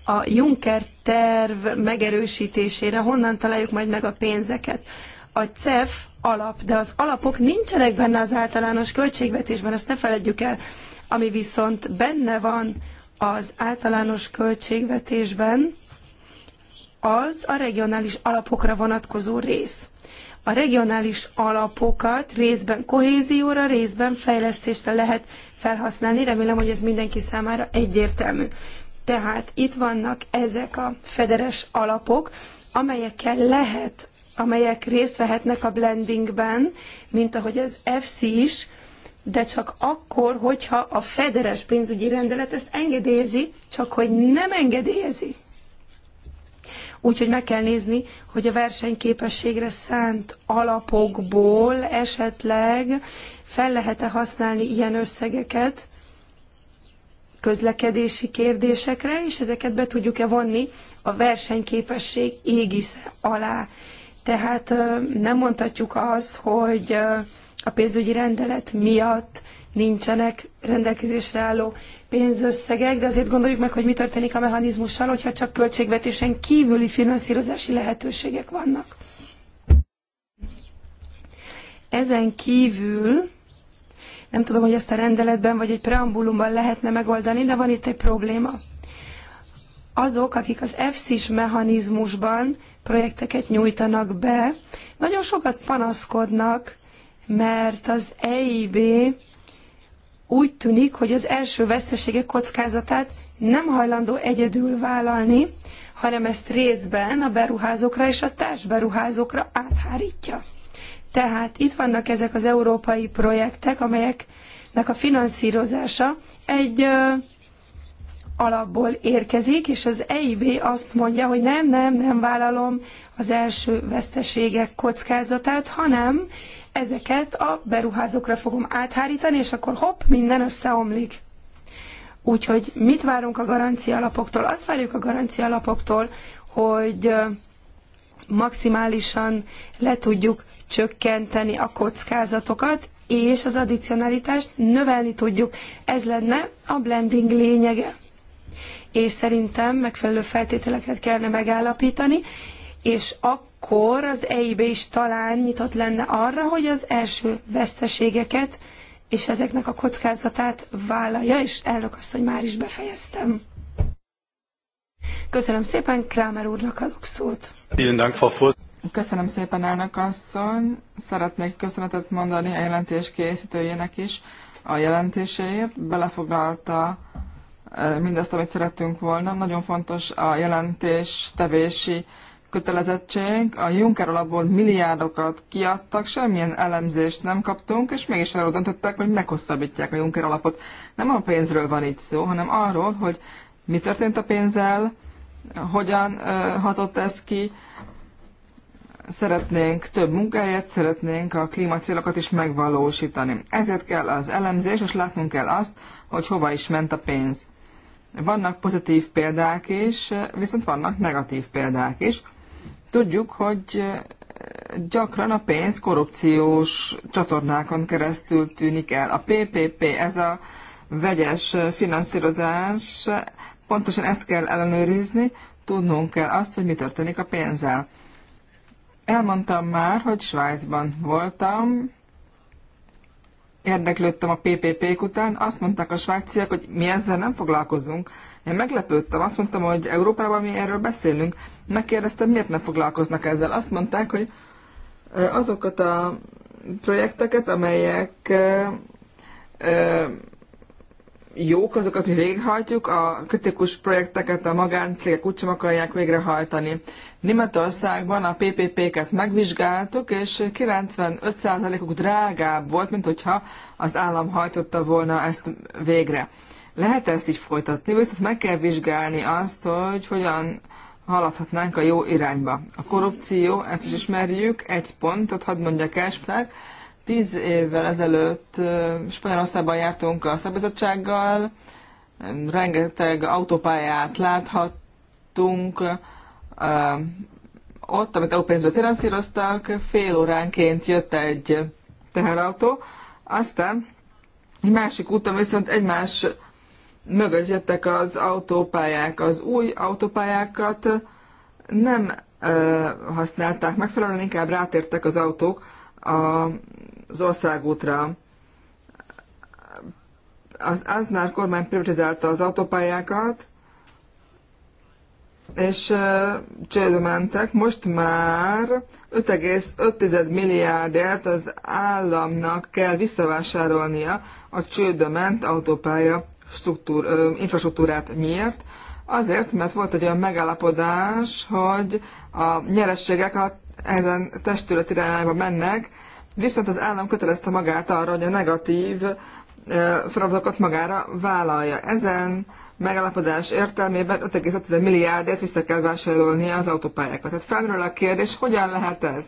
a Juncker terv megerősítésére honnan találjuk majd meg a pénzeket. A CEF alap, de az alapok nincsenek benne az általános költségvetésben, ezt ne feledjük el. Ami viszont benne van az általános költségvetésben, az a regionális alapokra vonatkozó rész. A regionális alapokat részben kohézióra, részben fejlesztésre lehet felhasználni. Remélem, hogy ez mindenki számára egyértelmű. Tehát itt vannak ezek a federes alapok, amelyekkel lehet, amelyek részt vehetnek a blendingben, mint ahogy az FC is, de csak akkor, hogyha a federes pénzügyi rendelet ezt engedélyezi, csak hogy nem engedélyezi. Úgyhogy meg kell nézni, hogy a versenyképességre szánt alapokból esetleg fel lehet-e használni ilyen összegeket közlekedési kérdésekre, és ezeket be tudjuk-e vonni a versenyképesség égisze alá. Tehát nem mondhatjuk azt, hogy a pénzügyi rendelet miatt nincsenek rendelkezésre álló pénzösszegek, de azért gondoljuk meg, hogy mi történik a mechanizmussal, hogyha csak költségvetésen kívüli finanszírozási lehetőségek vannak. Ezen kívül nem tudom, hogy ezt a rendeletben vagy egy preambulumban lehetne megoldani, de van itt egy probléma. Azok, akik az EFSIS mechanizmusban projekteket nyújtanak be, nagyon sokat panaszkodnak mert az EIB úgy tűnik, hogy az első veszteségek kockázatát nem hajlandó egyedül vállalni, hanem ezt részben a beruházókra és a társberuházókra áthárítja. Tehát itt vannak ezek az európai projektek, amelyeknek a finanszírozása egy alapból érkezik, és az EIB azt mondja, hogy nem, nem, nem vállalom az első veszteségek kockázatát, hanem ezeket a beruházókra fogom áthárítani, és akkor hopp, minden összeomlik. Úgyhogy mit várunk a garancia alapoktól? Azt várjuk a garancia alapoktól, hogy maximálisan le tudjuk csökkenteni a kockázatokat, és az addicionalitást növelni tudjuk. Ez lenne a blending lényege és szerintem megfelelő feltételeket kellene megállapítani, és akkor az EIB is talán nyitott lenne arra, hogy az első veszteségeket és ezeknek a kockázatát vállalja, és elnök azt, hogy már is befejeztem. Köszönöm szépen, Krámer úrnak adok szót. Köszönöm szépen, elnök asszony. Szeretnék köszönetet mondani a jelentés készítőjének is a jelentéséért. Belefoglalta mindazt, amit szerettünk volna. Nagyon fontos a jelentés tevési kötelezettség. A Juncker alapból milliárdokat kiadtak, semmilyen elemzést nem kaptunk, és mégis arról döntöttek, hogy meghosszabbítják a Juncker alapot. Nem a pénzről van itt szó, hanem arról, hogy mi történt a pénzzel, hogyan hatott ez ki, szeretnénk több munkahelyet, szeretnénk a klímacélokat is megvalósítani. Ezért kell az elemzés, és látnunk kell azt, hogy hova is ment a pénz. Vannak pozitív példák is, viszont vannak negatív példák is. Tudjuk, hogy eh, gyakran a pénz korrupciós csatornákon keresztül tűnik el. A PPP, ez a vegyes finanszírozás, pontosan ezt kell ellenőrizni, tudnunk kell azt, hogy mi történik a pénzzel. Elmondtam már, hogy Svájcban voltam, érdeklődtem a PPP-k után, azt mondták a svájciak, hogy mi ezzel nem foglalkozunk. Én meglepődtem, azt mondtam, hogy Európában mi erről beszélünk. Megkérdeztem, miért nem foglalkoznak ezzel. Azt mondták, hogy azokat a projekteket, amelyek jók, azokat mi végrehajtjuk, a kritikus projekteket a magáncégek úgysem akarják végrehajtani. Németországban a PPP-ket megvizsgáltuk, és 95%-uk drágább volt, mint hogyha az állam hajtotta volna ezt végre. Lehet ezt így folytatni, viszont meg kell vizsgálni azt, hogy hogyan haladhatnánk a jó irányba. A korrupció, ezt is ismerjük, egy pontot hadd mondjak el, Tíz évvel ezelőtt Spanyolországban jártunk a szabizottsággal, rengeteg autópályát láthattunk, ott, amit EU pénzből finanszíroztak, fél óránként jött egy teherautó, aztán egy másik úton viszont egymás mögött jöttek az autópályák. Az új autópályákat nem ö, használták megfelelően, inkább rátértek az autók a az országútra. Az Aznár kormány privatizálta az autópályákat, és csődbe mentek. Most már 5,5 milliárdért az államnak kell visszavásárolnia a csődbe ment autópálya struktúr, ö, infrastruktúrát. Miért? Azért, mert volt egy olyan megállapodás, hogy a nyerességek a ezen testület irányába mennek, viszont az állam kötelezte magát arra, hogy a negatív feladatokat magára vállalja. Ezen megállapodás értelmében 5,6 milliárdért vissza kell vásárolni az autópályákat. Tehát felmerül a kérdés, hogyan lehet ez?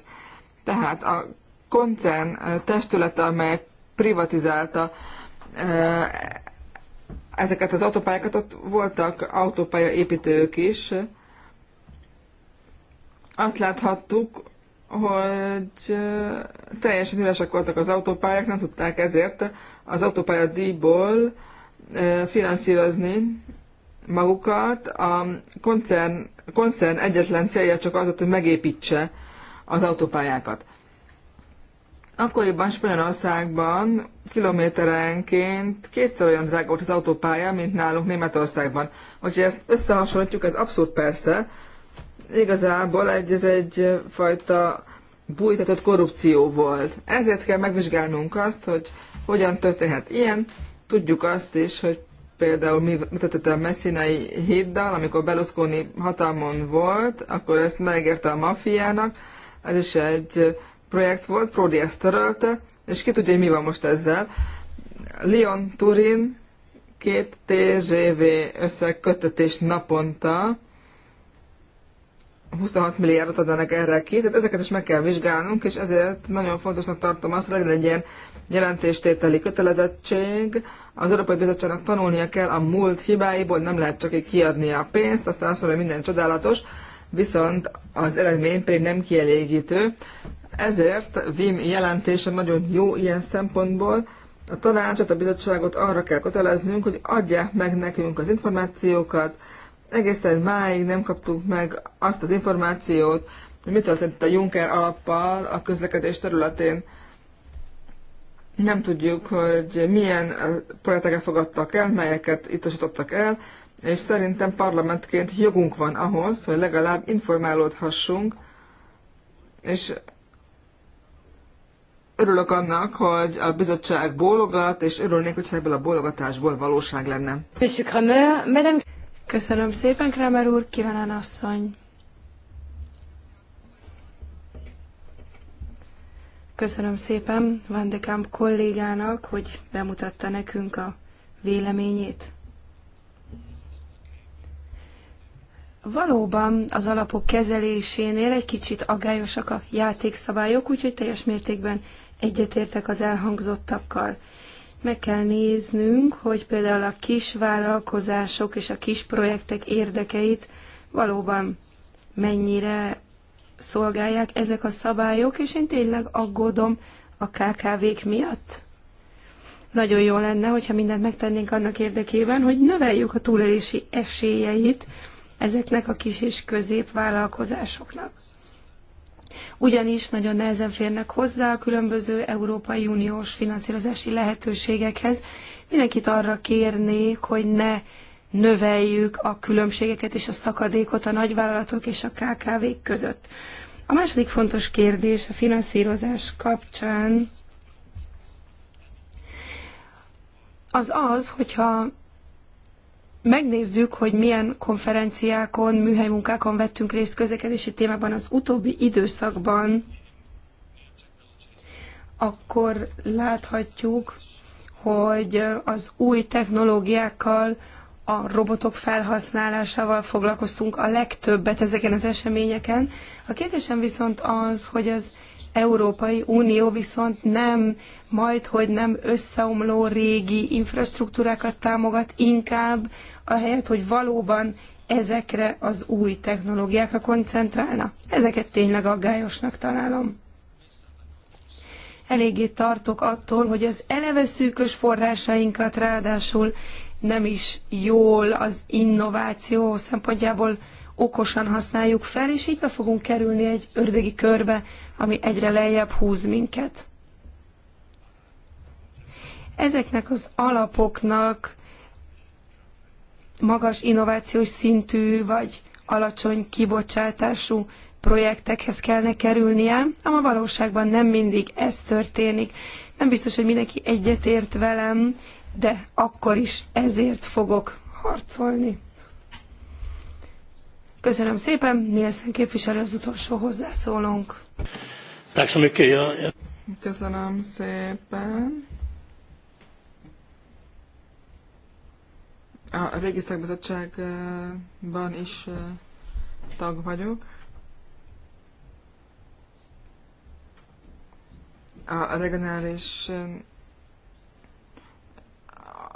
Tehát a koncern testülete, amely privatizálta ezeket az autópályákat, ott voltak autópálya építők is. Azt láthattuk, hogy teljesen üresek voltak az autópályák, nem tudták ezért az autópálya díjból finanszírozni magukat. A koncern, a koncern egyetlen célja csak az, hogy megépítse az autópályákat. Akkoriban Spanyolországban kilométerenként kétszer olyan drága volt az autópálya, mint nálunk Németországban. Hogyha ezt összehasonlítjuk, ez abszolút persze, igazából egy, ez egyfajta bújtatott korrupció volt. Ezért kell megvizsgálnunk azt, hogy hogyan történhet ilyen. Tudjuk azt is, hogy például mi mutatott a messzinai híddal, amikor Berlusconi hatalmon volt, akkor ezt megérte a maffiának. Ez is egy projekt volt, Prodi ezt törölte, és ki tudja, hogy mi van most ezzel. Lyon Turin két TGV összeköttetés naponta, 26 milliárdot adnának erre ki, tehát ezeket is meg kell vizsgálnunk, és ezért nagyon fontosnak tartom azt, hogy legyen egy ilyen jelentéstételi kötelezettség. Az Európai Bizottságnak tanulnia kell a múlt hibáiból, nem lehet csak kiadni a pénzt, aztán azt mondja, hogy minden csodálatos, viszont az eredmény pedig nem kielégítő. Ezért Vim jelentése nagyon jó ilyen szempontból. A tanácsot, a bizottságot arra kell köteleznünk, hogy adják meg nekünk az információkat, egészen máig nem kaptuk meg azt az információt, hogy mi történt a Juncker alappal a közlekedés területén. Nem tudjuk, hogy milyen projekteket fogadtak el, melyeket ittosítottak el, és szerintem parlamentként jogunk van ahhoz, hogy legalább informálódhassunk, és örülök annak, hogy a bizottság bólogat, és örülnék, hogyha ebből a bólogatásból valóság lenne. Monsieur Kramer, Madame... Köszönöm szépen, Kramer úr, Kirenen asszony. Köszönöm szépen Van de Kamp kollégának, hogy bemutatta nekünk a véleményét. Valóban az alapok kezelésénél egy kicsit agályosak a játékszabályok, úgyhogy teljes mértékben egyetértek az elhangzottakkal. Meg kell néznünk, hogy például a kis vállalkozások és a kis projektek érdekeit valóban mennyire szolgálják ezek a szabályok, és én tényleg aggódom a KKV-k miatt. Nagyon jó lenne, hogyha mindent megtennénk annak érdekében, hogy növeljük a túlélési esélyeit ezeknek a kis és középvállalkozásoknak ugyanis nagyon nehezen férnek hozzá a különböző Európai Uniós finanszírozási lehetőségekhez. Mindenkit arra kérnék, hogy ne növeljük a különbségeket és a szakadékot a nagyvállalatok és a KKV-k között. A második fontos kérdés a finanszírozás kapcsán az az, hogyha megnézzük, hogy milyen konferenciákon, műhelymunkákon vettünk részt közlekedési témában az utóbbi időszakban, akkor láthatjuk, hogy az új technológiákkal, a robotok felhasználásával foglalkoztunk a legtöbbet ezeken az eseményeken. A kérdésem viszont az, hogy az Európai Unió viszont nem, majd hogy nem összeomló régi infrastruktúrákat támogat, inkább ahelyett, hogy valóban ezekre az új technológiákra koncentrálna. Ezeket tényleg aggályosnak találom. Eléggé tartok attól, hogy az eleve szűkös forrásainkat ráadásul nem is jól az innováció szempontjából okosan használjuk fel, és így be fogunk kerülni egy ördögi körbe, ami egyre lejjebb húz minket. Ezeknek az alapoknak magas innovációs szintű vagy alacsony kibocsátású projektekhez kellene kerülnie, ám a valóságban nem mindig ez történik. Nem biztos, hogy mindenki egyetért velem, de akkor is ezért fogok harcolni. Köszönöm szépen, Nielsen képviselő az utolsó hozzászólónk. Köszönöm szépen. A régi szakbizottságban is tag vagyok. A regionális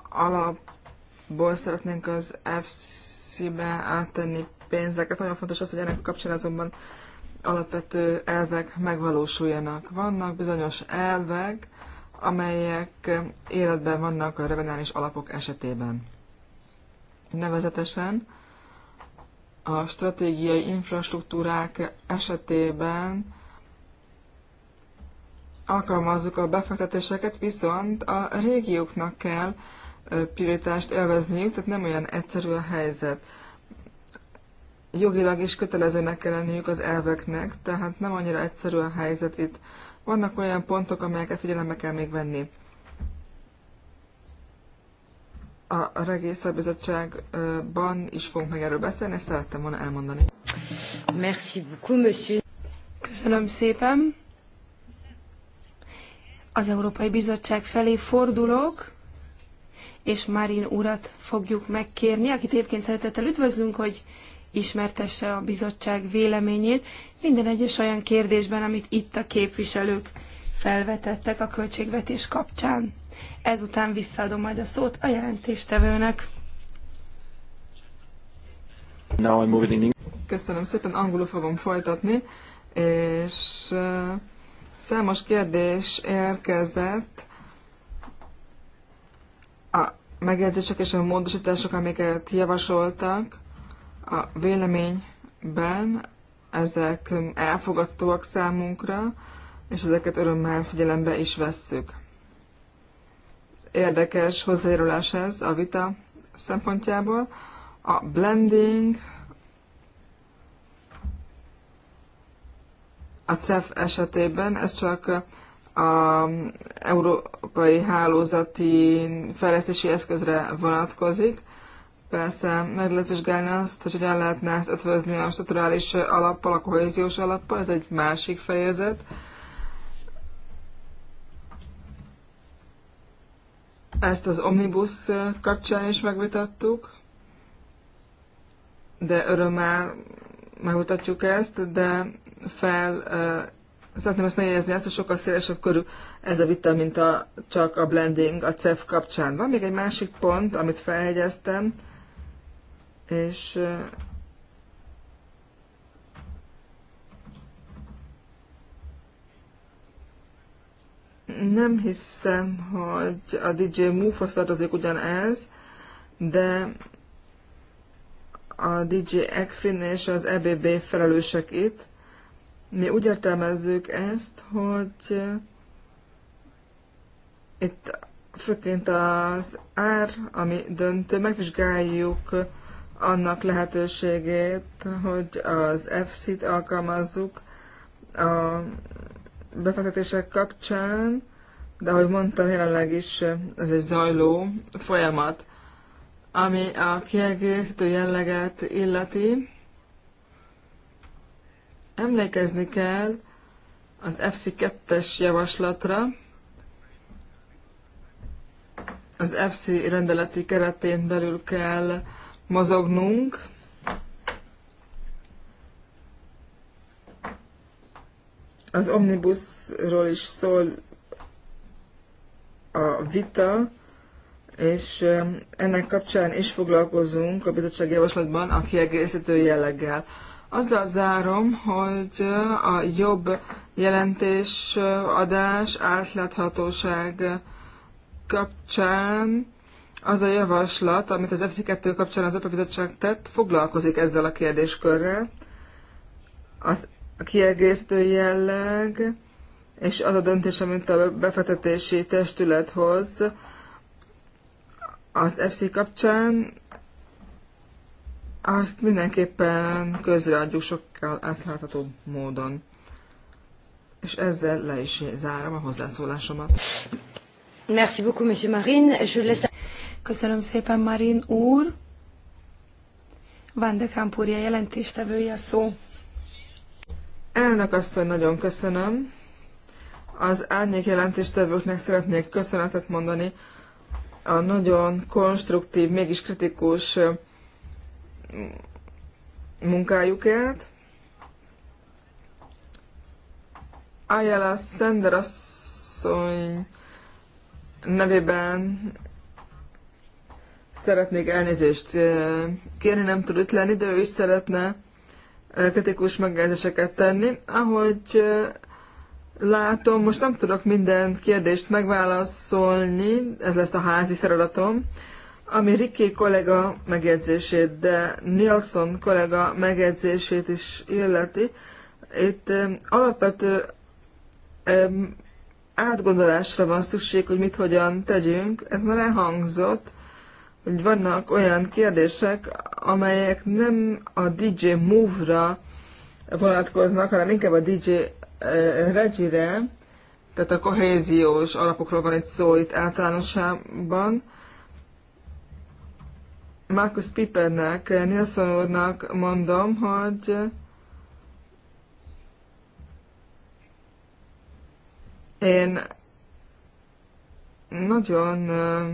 alapból szeretnénk az FC-be áttenni pénzeket. Nagyon fontos az, hogy ennek kapcsán azonban alapvető elvek megvalósuljanak. Vannak bizonyos elvek, amelyek életben vannak a regionális alapok esetében. Nevezetesen a stratégiai infrastruktúrák esetében alkalmazzuk a befektetéseket, viszont a régióknak kell prioritást élvezniük, tehát nem olyan egyszerű a helyzet jogilag is kötelezőnek kell lenniük az elveknek, tehát nem annyira egyszerű a helyzet itt. Vannak olyan pontok, amelyeket figyelembe kell még venni. A Regészszerbizottságban is fogunk meg erről beszélni, ezt szerettem volna elmondani. Merci beaucoup, monsieur. Köszönöm szépen. Az Európai Bizottság felé fordulok és Marin urat fogjuk megkérni, akit egyébként szeretettel üdvözlünk, hogy ismertesse a bizottság véleményét minden egyes olyan kérdésben, amit itt a képviselők felvetettek a költségvetés kapcsán. Ezután visszaadom majd a szót a jelentéstevőnek. Köszönöm szépen, angolul fogom folytatni, és számos kérdés érkezett a megjegyzések és a módosítások, amiket javasoltak a véleményben ezek elfogadhatóak számunkra, és ezeket örömmel figyelembe is vesszük. Érdekes hozzájárulás ez a vita szempontjából. A blending, a CEF esetében ez csak a európai hálózati fejlesztési eszközre vonatkozik, persze meg lehet vizsgálni azt, hogy hogyan lehetne ezt ötvözni a strukturális alappal, a kohéziós alappal, ez egy másik fejezet. Ezt az omnibus kapcsán is megvitattuk, de örömmel megmutatjuk ezt, de fel szeretném ezt megjegyezni, azt, hogy sokkal szélesebb körül ez a vita, mint a, csak a blending, a CEF kapcsán. Van még egy másik pont, amit felhegyeztem, és nem hiszem, hogy a DJ Move-hoz tartozik ugyanez, de a DJ Ekfin és az EBB felelősek itt. Mi úgy értelmezzük ezt, hogy itt főként az ár, ami döntő, megvizsgáljuk annak lehetőségét, hogy az EFSZ-t alkalmazzuk a befektetések kapcsán, de ahogy mondtam, jelenleg is ez egy zajló folyamat, ami a kiegészítő jelleget illeti. Emlékezni kell az FC2-es javaslatra, az FC rendeleti keretén belül kell mozognunk. Az omnibusról is szól a vita, és um, ennek kapcsán is foglalkozunk a bizottság javaslatban a kiegészítő jelleggel. Azzal zárom, hogy uh, a jobb jelentés, uh, adás, átláthatóság kapcsán az a javaslat, amit az FC2 kapcsán az Epebizottság tett, foglalkozik ezzel a kérdéskörrel. Az a kiegészítő jelleg, és az a döntés, amit a befektetési testület hoz az FC kapcsán, azt mindenképpen közreadjuk sokkal átláthatóbb módon. És ezzel le is zárom a hozzászólásomat. Merci beaucoup, Monsieur Marine. Je laisse... Köszönöm szépen, Marin úr. Van de Kampúria jelentéstevője a szó. Elnök asszony, nagyon köszönöm. Az árnyék jelentéstevőknek szeretnék köszönetet mondani a nagyon konstruktív, mégis kritikus munkájukért. Ayala Sender asszony nevében szeretnék elnézést kérni, nem tud itt lenni, de ő is szeretne kritikus megjegyzéseket tenni. Ahogy látom, most nem tudok minden kérdést megválaszolni, ez lesz a házi feladatom, ami Ricky kollega megjegyzését, de Nilsson kollega megjegyzését is illeti. Itt alapvető átgondolásra van szükség, hogy mit hogyan tegyünk. Ez már elhangzott hogy vannak olyan kérdések, amelyek nem a DJ Move-ra vonatkoznak, hanem inkább a DJ eh, Regire, tehát a kohéziós alapokról van egy szó itt általánosában. Markus Pipernek, Nilsson úrnak mondom, hogy én nagyon eh,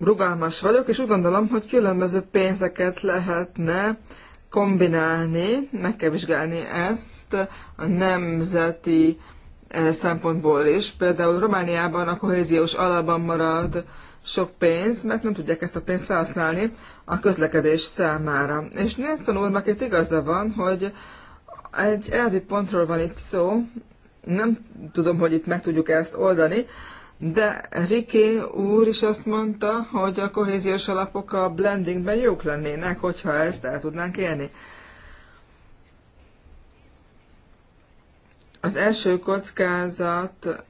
rugalmas vagyok, és úgy gondolom, hogy különböző pénzeket lehetne kombinálni, meg kell vizsgálni ezt a nemzeti eh, szempontból is. Például Romániában a kohéziós alapban marad sok pénz, mert nem tudják ezt a pénzt felhasználni a közlekedés számára. És Nelson úrnak itt igaza van, hogy egy elvi pontról van itt szó, nem tudom, hogy itt meg tudjuk ezt oldani, de Riki úr is azt mondta, hogy a kohéziós alapok a blendingben jók lennének, hogyha ezt el tudnánk élni. Az első kockázat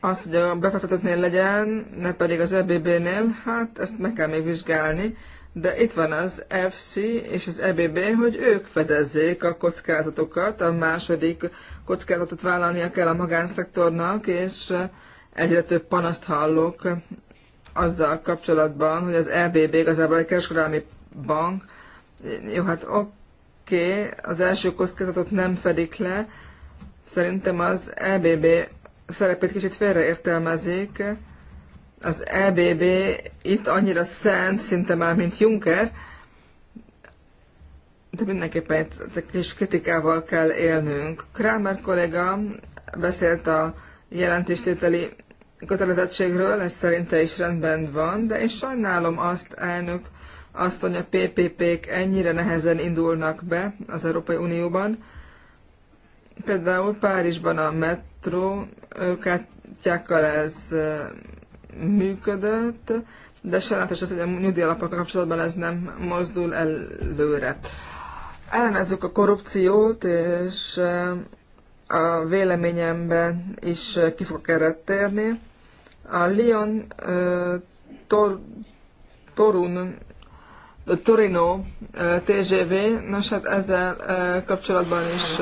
az, hogy a befektetőknél legyen, ne pedig az EBB-nél, hát ezt meg kell még vizsgálni de itt van az FC és az EBB, hogy ők fedezzék a kockázatokat, a második kockázatot vállalnia kell a magánszektornak, és egyre több panaszt hallok azzal kapcsolatban, hogy az EBB igazából egy kereskedelmi bank, jó, hát oké, okay, az első kockázatot nem fedik le, szerintem az EBB szerepét kicsit félreértelmezik, az EBB itt annyira szent, szinte már, mint Juncker, de mindenképpen itt kis kritikával kell élnünk. Kramer kollega beszélt a jelentéstételi kötelezettségről, ez szerinte is rendben van, de én sajnálom azt, elnök, azt, hogy a PPP-k ennyire nehezen indulnak be az Európai Unióban. Például Párizsban a metró kártyákkal ez működött, de sajnálatos az, hogy a nyugdíjalapokkal kapcsolatban ez nem mozdul előre. Ellenezzük a korrupciót, és eh, a véleményemben is ki fogok erre térni. A Lyon eh, Tor, Torun Torino eh, TGV, nos hát ezzel kapcsolatban is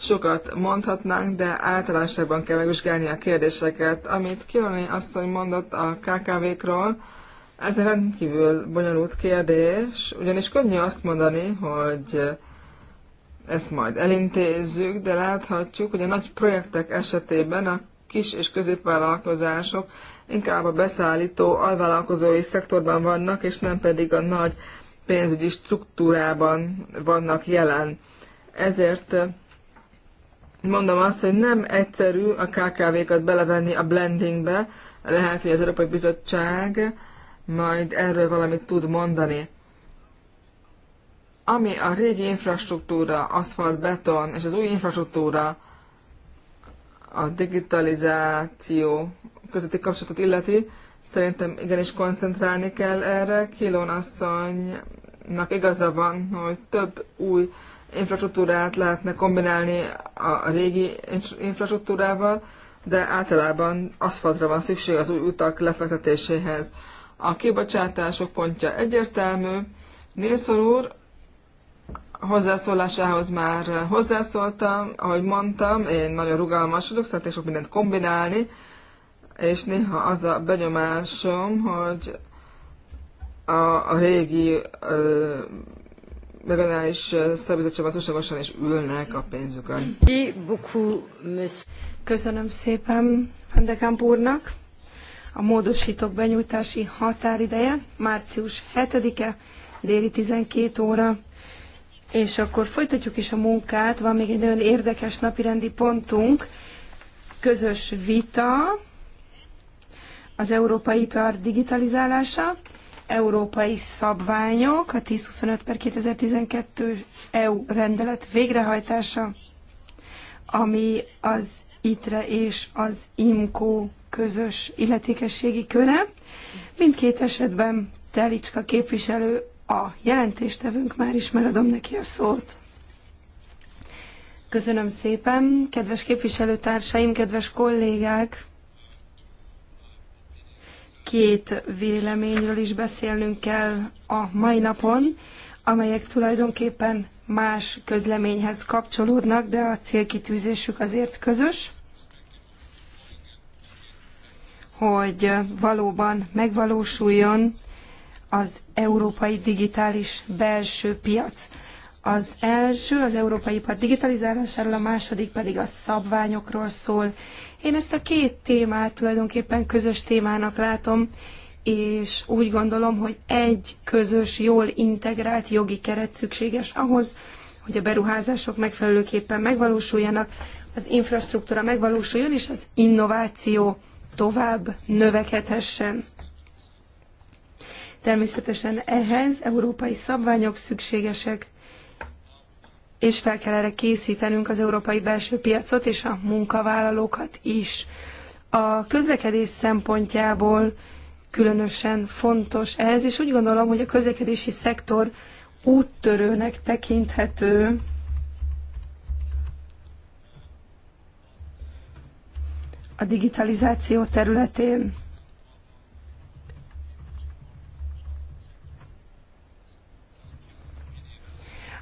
sokat mondhatnánk, de általánosságban kell megvizsgálni a kérdéseket. Amit Kironi asszony mondott a KKV-król, ez egy rendkívül bonyolult kérdés, ugyanis könnyű azt mondani, hogy ezt majd elintézzük, de láthatjuk, hogy a nagy projektek esetében a kis és középvállalkozások inkább a beszállító, alvállalkozói szektorban vannak, és nem pedig a nagy pénzügyi struktúrában vannak jelen. Ezért mondom azt, hogy nem egyszerű a KKV-kat belevenni a blendingbe, lehet, hogy az Európai Bizottság majd erről valamit tud mondani. Ami a régi infrastruktúra, aszfalt, beton és az új infrastruktúra, a digitalizáció közötti kapcsolatot illeti, szerintem igenis koncentrálni kell erre. Kilón asszonynak igaza van, hogy több új infrastruktúrát lehetne kombinálni a régi infrastruktúrával, de általában aszfaltra van szükség az új utak lefektetéséhez. A kibocsátások pontja egyértelmű. Nélszor úr hozzászólásához már hozzászóltam, ahogy mondtam, én nagyon rugalmas vagyok, szeretnék sok mindent kombinálni, és néha az a benyomásom, hogy a, a régi ö, bevelális szabizottságban túlságosan és ülnek a pénzükön. Köszönöm szépen Fendekamp úrnak. A módosítók benyújtási határideje március 7-e, déli 12 óra. És akkor folytatjuk is a munkát. Van még egy nagyon érdekes napirendi pontunk. Közös vita, az európai ipar digitalizálása, európai szabványok, a 1025 per 2012 EU rendelet végrehajtása, ami az ITRE és az IMCO közös illetékességi köre. Mindkét esetben Telicska képviselő a jelentéstevünk, már is megadom neki a szót. Köszönöm szépen, kedves képviselőtársaim, kedves kollégák! két véleményről is beszélnünk kell a mai napon, amelyek tulajdonképpen más közleményhez kapcsolódnak, de a célkitűzésük azért közös, hogy valóban megvalósuljon az európai digitális belső piac. Az első az európai ipar digitalizálásáról, a második pedig a szabványokról szól, én ezt a két témát tulajdonképpen közös témának látom, és úgy gondolom, hogy egy közös, jól integrált jogi keret szükséges ahhoz, hogy a beruházások megfelelőképpen megvalósuljanak, az infrastruktúra megvalósuljon, és az innováció tovább növekedhessen. Természetesen ehhez európai szabványok szükségesek, és fel kell erre készítenünk az európai belső piacot és a munkavállalókat is. A közlekedés szempontjából különösen fontos ez, és úgy gondolom, hogy a közlekedési szektor úttörőnek tekinthető a digitalizáció területén.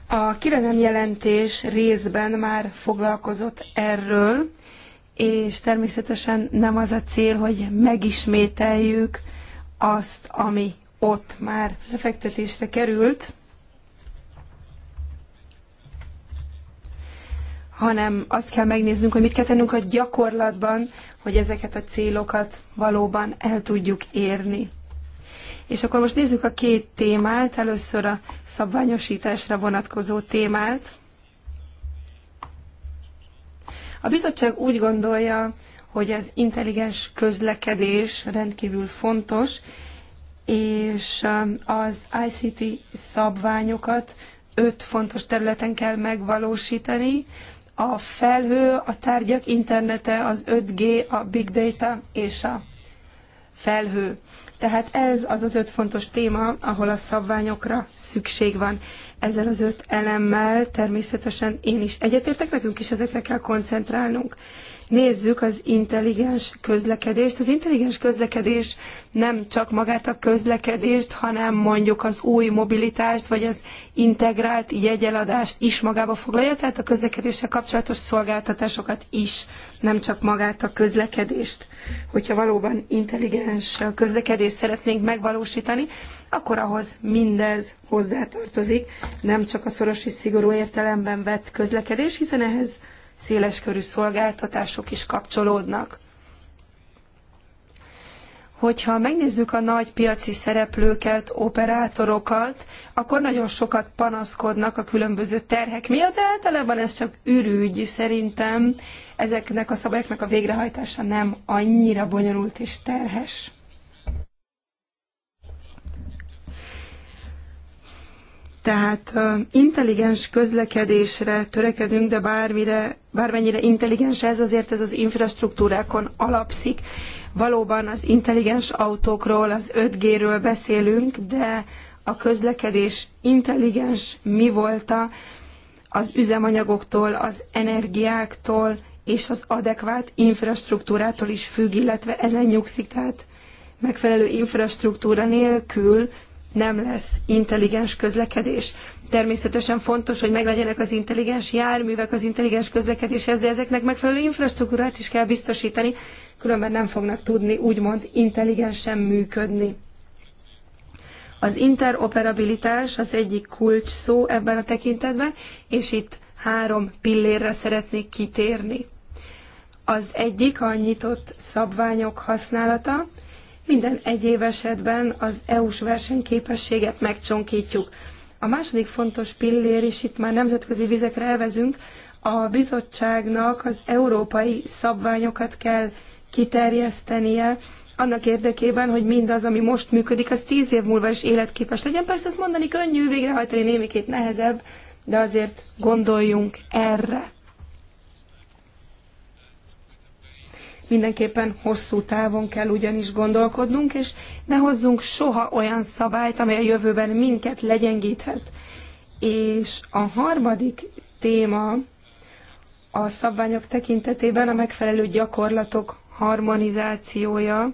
A kirelem jelentés részben már foglalkozott erről, és természetesen nem az a cél, hogy megismételjük azt, ami ott már lefektetésre került, hanem azt kell megnéznünk, hogy mit kell tennünk a gyakorlatban, hogy ezeket a célokat valóban el tudjuk érni. És akkor most nézzük a két témát. Először a szabványosításra vonatkozó témát. A bizottság úgy gondolja, hogy az intelligens közlekedés rendkívül fontos, és az ICT szabványokat öt fontos területen kell megvalósítani. A felhő, a tárgyak internete, az 5G, a big data és a felhő. Tehát ez az az öt fontos téma, ahol a szabványokra szükség van. Ezzel az öt elemmel természetesen én is egyetértek, nekünk is ezekre kell koncentrálnunk. Nézzük az intelligens közlekedést. Az intelligens közlekedés nem csak magát a közlekedést, hanem mondjuk az új mobilitást, vagy az integrált jegyeladást is magába foglalja, tehát a közlekedéssel kapcsolatos szolgáltatásokat is, nem csak magát a közlekedést. Hogyha valóban intelligens közlekedést szeretnénk megvalósítani, akkor ahhoz mindez hozzátartozik, nem csak a szoros és szigorú értelemben vett közlekedés, hiszen ehhez széleskörű szolgáltatások is kapcsolódnak. Hogyha megnézzük a nagy piaci szereplőket, operátorokat, akkor nagyon sokat panaszkodnak a különböző terhek miatt, de általában ez csak ürügy szerintem. Ezeknek a szabályoknak a végrehajtása nem annyira bonyolult és terhes. Tehát intelligens közlekedésre törekedünk, de bármire, bármennyire intelligens ez, azért ez az infrastruktúrákon alapszik. Valóban az intelligens autókról, az 5G-ről beszélünk, de a közlekedés intelligens mi volta az üzemanyagoktól, az energiáktól és az adekvát infrastruktúrától is függ, illetve ezen nyugszik, tehát megfelelő infrastruktúra nélkül nem lesz intelligens közlekedés. Természetesen fontos, hogy meglegyenek az intelligens járművek az intelligens közlekedéshez, de ezeknek megfelelő infrastruktúrát is kell biztosítani, különben nem fognak tudni úgymond intelligensen működni. Az interoperabilitás az egyik kulcs szó ebben a tekintetben, és itt három pillérre szeretnék kitérni. Az egyik a nyitott szabványok használata, minden egyéb esetben az EU-s versenyképességet megcsonkítjuk. A második fontos pillér és itt már nemzetközi vizekre elvezünk, a bizottságnak az európai szabványokat kell kiterjesztenie, annak érdekében, hogy mindaz, ami most működik, az tíz év múlva is életképes legyen. Persze ezt mondani könnyű, végrehajtani némiképp nehezebb, de azért gondoljunk erre. Mindenképpen hosszú távon kell ugyanis gondolkodnunk, és ne hozzunk soha olyan szabályt, amely a jövőben minket legyengíthet. És a harmadik téma a szabványok tekintetében a megfelelő gyakorlatok harmonizációja,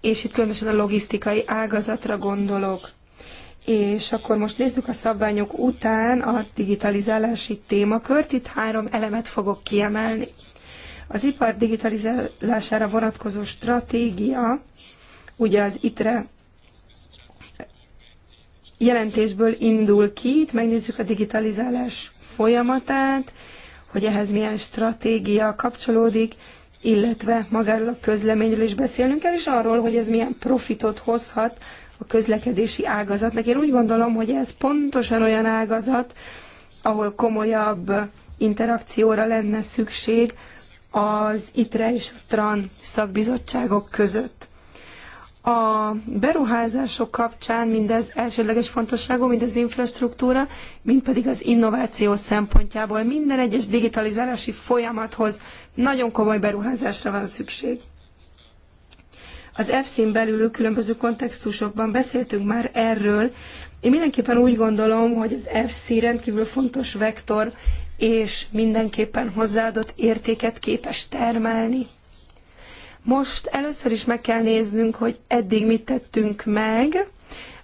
és itt különösen a logisztikai ágazatra gondolok. És akkor most nézzük a szabványok után a digitalizálási témakört. Itt három elemet fogok kiemelni. Az ipar digitalizálására vonatkozó stratégia, ugye az ITRE jelentésből indul ki, itt megnézzük a digitalizálás folyamatát, hogy ehhez milyen stratégia kapcsolódik, illetve magáról a közleményről is beszélnünk el, és arról, hogy ez milyen profitot hozhat a közlekedési ágazatnak. Én úgy gondolom, hogy ez pontosan olyan ágazat, ahol komolyabb interakcióra lenne szükség az ITRE és a TRAN szakbizottságok között. A beruházások kapcsán mind az elsődleges fontosságú, mind az infrastruktúra, mind pedig az innováció szempontjából minden egyes digitalizálási folyamathoz nagyon komoly beruházásra van szükség. Az EFSZ-n belül különböző kontextusokban beszéltünk már erről. Én mindenképpen úgy gondolom, hogy az EFSZ rendkívül fontos vektor és mindenképpen hozzáadott értéket képes termelni. Most először is meg kell néznünk, hogy eddig mit tettünk meg.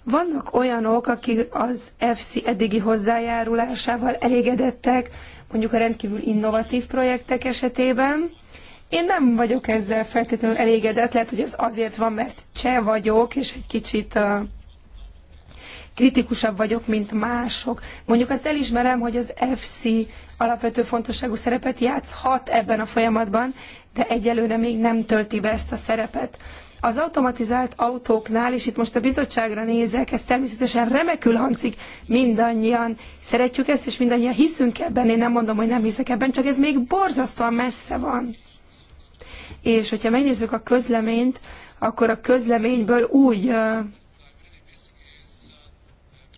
Vannak olyanok, akik az FC eddigi hozzájárulásával elégedettek, mondjuk a rendkívül innovatív projektek esetében. Én nem vagyok ezzel feltétlenül elégedett, lehet, hogy ez azért van, mert cseh vagyok, és egy kicsit uh, kritikusabb vagyok, mint mások. Mondjuk azt elismerem, hogy az FC alapvető fontosságú szerepet játszhat ebben a folyamatban, de egyelőre még nem tölti be ezt a szerepet. Az automatizált autóknál, és itt most a bizottságra nézek, ez természetesen remekül hangzik, mindannyian szeretjük ezt, és mindannyian hiszünk ebben, én nem mondom, hogy nem hiszek ebben, csak ez még borzasztóan messze van. És hogyha megnézzük a közleményt, akkor a közleményből úgy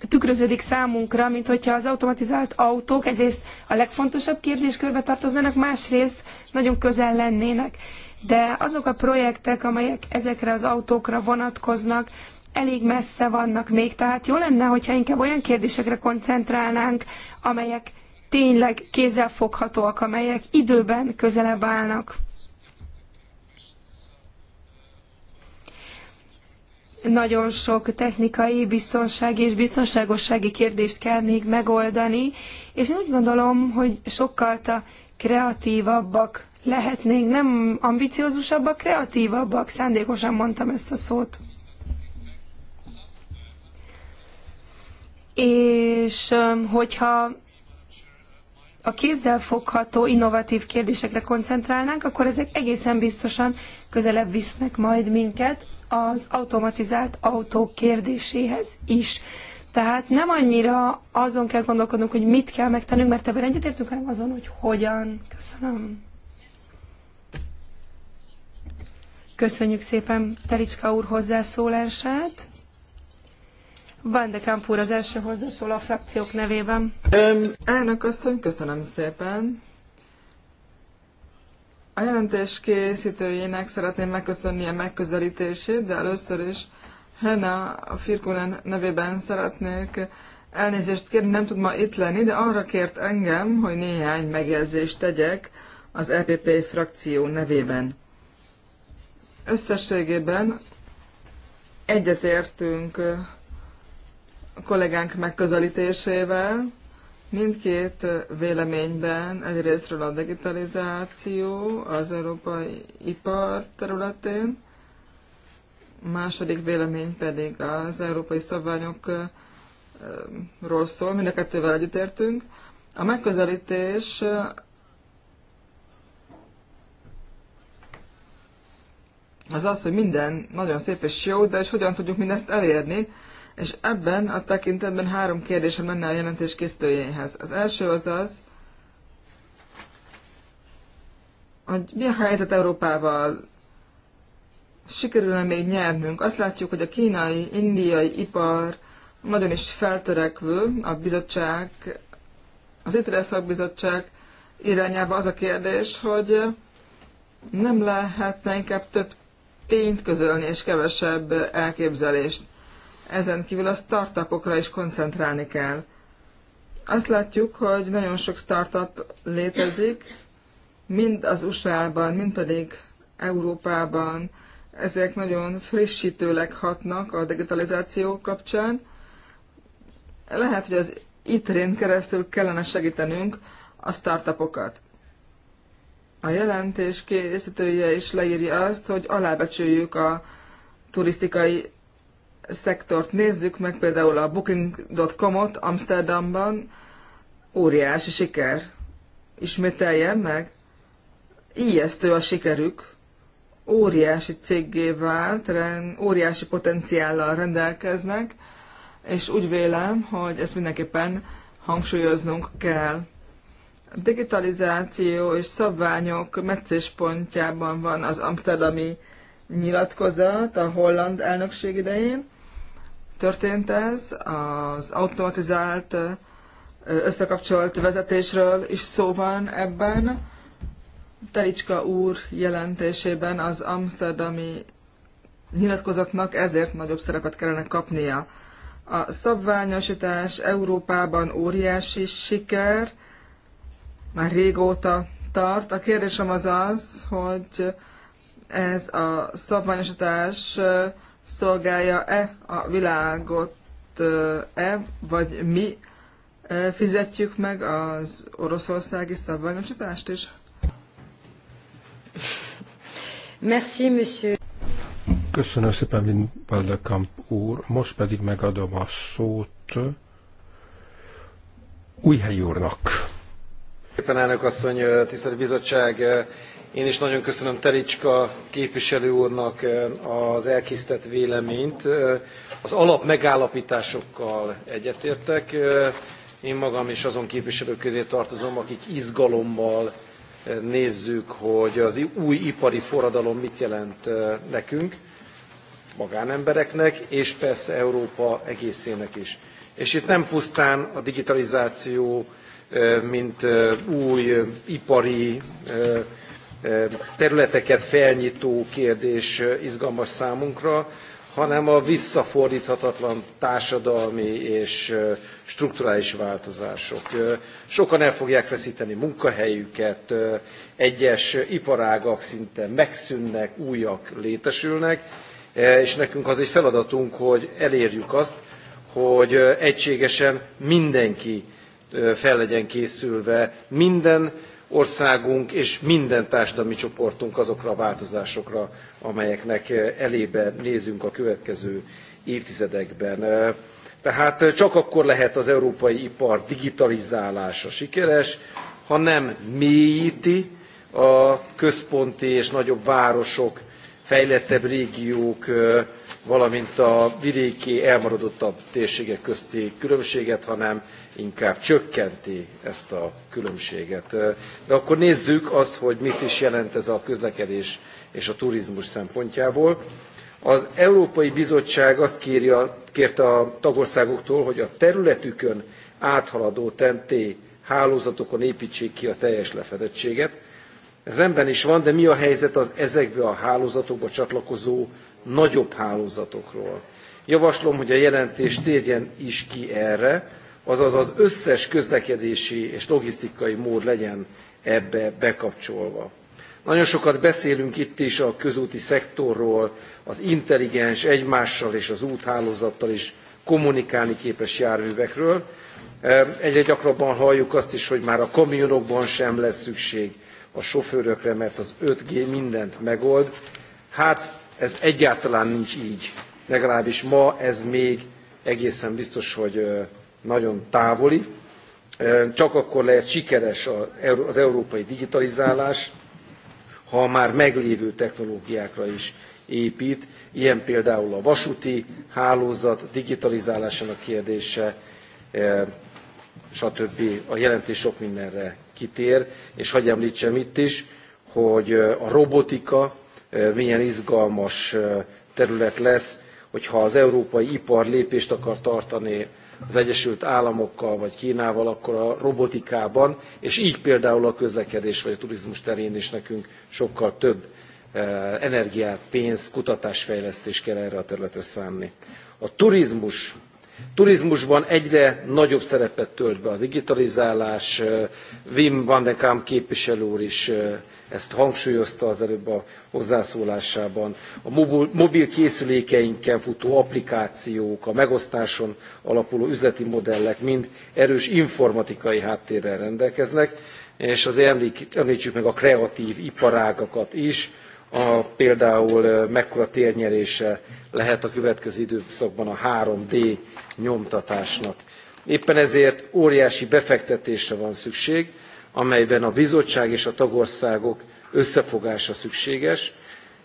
tükröződik számunkra, mint hogyha az automatizált autók egyrészt a legfontosabb kérdéskörbe tartoznának, másrészt nagyon közel lennének. De azok a projektek, amelyek ezekre az autókra vonatkoznak, elég messze vannak még, tehát jó lenne, hogyha inkább olyan kérdésekre koncentrálnánk, amelyek tényleg kézzelfoghatóak, amelyek időben közelebb állnak nagyon sok technikai, biztonsági és biztonságossági kérdést kell még megoldani, és én úgy gondolom, hogy sokkal a kreatívabbak lehetnénk, nem ambiciózusabbak, kreatívabbak, szándékosan mondtam ezt a szót. És hogyha a kézzelfogható, innovatív kérdésekre koncentrálnánk, akkor ezek egészen biztosan közelebb visznek majd minket az automatizált autók kérdéséhez is. Tehát nem annyira azon kell gondolkodnunk, hogy mit kell megtennünk, mert ebben egyetértünk, hanem azon, hogy hogyan. Köszönöm. Köszönjük szépen Telicska úr hozzászólását. Van de Kamp az első hozzászól a frakciók nevében. Elnök asszony, köszönöm szépen. A jelentés készítőjének szeretném megköszönni a megközelítését, de először is Hena a Firkulen nevében szeretnék elnézést kérni, nem tud ma itt lenni, de arra kért engem, hogy néhány megjegyzést tegyek az EPP frakció nevében. Összességében egyetértünk a kollégánk megközelítésével, Mindkét véleményben egyrésztről a digitalizáció az európai ipar területén, második vélemény pedig az európai szabványokról szól, mind a kettővel együttértünk. A megközelítés az az, hogy minden nagyon szép és jó, de hogy hogyan tudjuk mindezt elérni, és ebben a tekintetben három kérdésem lenne a jelentés készítőjéhez. Az első az az, hogy mi a helyzet Európával? sikerül még nyernünk? Azt látjuk, hogy a kínai, indiai ipar nagyon is feltörekvő, a bizottság, az ITRE szakbizottság irányába az a kérdés, hogy nem lehetne inkább több tényt közölni és kevesebb elképzelést ezen kívül a startupokra is koncentrálni kell. Azt látjuk, hogy nagyon sok startup létezik, mind az USA-ban, mind pedig Európában. Ezek nagyon frissítőleg hatnak a digitalizáció kapcsán. Lehet, hogy az ITRIN keresztül kellene segítenünk a startupokat. A jelentés készítője is leírja azt, hogy alábecsüljük a turisztikai szektort nézzük meg, például a Booking.com-ot Amsterdamban, óriási siker. Ismételjen meg, ijesztő a sikerük, óriási céggé vált, óriási potenciállal rendelkeznek, és úgy vélem, hogy ezt mindenképpen hangsúlyoznunk kell. A digitalizáció és szabványok meccéspontjában van az amsterdami nyilatkozat a holland elnökség idején, történt ez, az automatizált összekapcsolt vezetésről is szó van ebben. Telicska úr jelentésében az amsterdami nyilatkozatnak ezért nagyobb szerepet kellene kapnia. A szabványosítás Európában óriási siker, már régóta tart. A kérdésem az az, hogy ez a szabványosítás szolgálja-e a világot-e, vagy mi fizetjük meg az oroszországi szabványosítást is? Merci, monsieur. Köszönöm szépen, Vindelkamp úr. Most pedig megadom a szót Újhely úrnak. Szépen elnök asszony, tisztelt bizottság, én is nagyon köszönöm Tericska képviselő úrnak eh, az elkészített véleményt. Eh, az alap megállapításokkal egyetértek. Eh, én magam is azon képviselők közé tartozom, akik izgalommal nézzük, hogy az új ipari forradalom mit jelent nekünk, magánembereknek, és persze Európa egészének is. És itt nem pusztán a digitalizáció, mint új ipari területeket felnyitó kérdés izgalmas számunkra, hanem a visszafordíthatatlan társadalmi és strukturális változások. Sokan el fogják veszíteni munkahelyüket, egyes iparágak szinte megszűnnek, újak létesülnek, és nekünk az egy feladatunk, hogy elérjük azt, hogy egységesen mindenki fel legyen készülve minden országunk és minden társadalmi csoportunk azokra a változásokra, amelyeknek eh, elébe nézünk a következő évtizedekben. Eh, tehát eh, csak akkor lehet az európai ipar digitalizálása sikeres, ha nem mélyíti a központi és nagyobb városok, fejlettebb régiók, valamint a vidéki elmaradottabb térségek közti különbséget, hanem inkább csökkenti ezt a különbséget. De akkor nézzük azt, hogy mit is jelent ez a közlekedés és a turizmus szempontjából. Az Európai Bizottság azt kérja, kérte a tagországoktól, hogy a területükön áthaladó TNT hálózatokon építsék ki a teljes lefedettséget. Ez rendben is van, de mi a helyzet az ezekbe a hálózatokba csatlakozó nagyobb hálózatokról? Javaslom, hogy a jelentés térjen is ki erre, azaz az összes közlekedési és logisztikai mód legyen ebbe bekapcsolva. Nagyon sokat beszélünk itt is a közúti szektorról, az intelligens, egymással és az úthálózattal is kommunikálni képes járművekről. Eh, egyre gyakrabban halljuk azt is, hogy már a kamionokban sem lesz szükség a sofőrökre, mert az 5G mindent megold. Hát ez egyáltalán nincs így. Legalábbis ma ez még egészen biztos, hogy eh, nagyon távoli. Csak akkor lehet sikeres az európai digitalizálás, ha a már meglévő technológiákra is épít, ilyen például a vasúti hálózat digitalizálásának kérdése, stb. A jelentés sok mindenre kitér, és hagyj említsem itt is, hogy a robotika milyen izgalmas terület lesz, hogyha az európai ipar lépést akar tartani az Egyesült Államokkal vagy Kínával, akkor a robotikában, és így például a közlekedés vagy a turizmus terén is nekünk sokkal több eh, energiát, pénzt, kutatásfejlesztés kell erre a területre szánni. A turizmus Turizmusban egyre nagyobb szerepet tölt be a digitalizálás, eh, Wim van de Kamp képviselő úr is eh, ezt hangsúlyozta az előbb a hozzászólásában, a mobil, mobil készülékeinken futó applikációk, a megosztáson alapuló üzleti modellek mind erős informatikai háttérrel rendelkeznek, és azért említsük meg a kreatív iparágakat is, a, például mekkora térnyerése lehet a következő időszakban a 3D nyomtatásnak. Éppen ezért óriási befektetésre van szükség, amelyben a bizottság és a tagországok összefogása szükséges,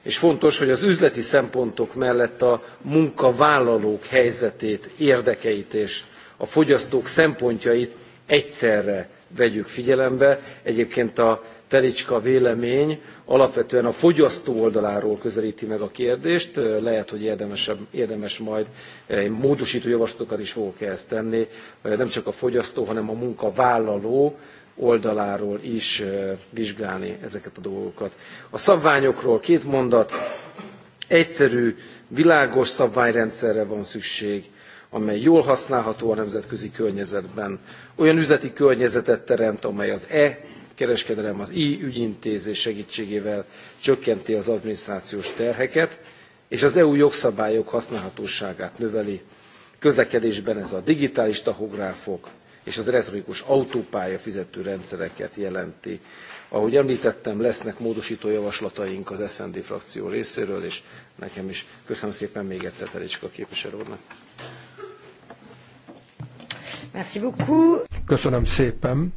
és fontos, hogy az üzleti szempontok mellett a munkavállalók helyzetét, érdekeit és a fogyasztók szempontjait egyszerre vegyük figyelembe. Egyébként a Telicska vélemény alapvetően a fogyasztó oldaláról közelíti meg a kérdést, lehet, hogy érdemes majd eh, módosító javaslatokat is fogok ehhez tenni, eh, nem csak a fogyasztó, hanem a munkavállaló oldaláról is vizsgálni ezeket a dolgokat. A szabványokról két mondat. Egyszerű, világos szabványrendszerre van szükség, amely jól használható a nemzetközi környezetben. Olyan üzleti környezetet teremt, amely az e kereskedelem az i ügyintézés segítségével csökkenti az adminisztrációs terheket, és az EU jogszabályok használhatóságát növeli. Közlekedésben ez a digitális tahográfok, és az elektronikus autópálya fizető rendszereket jelenti. Ahogy említettem, lesznek módosító javaslataink az SND frakció részéről, és nekem is köszönöm szépen még egyszer Telicska képviselő úrnak. Merci beaucoup. Köszönöm szépen.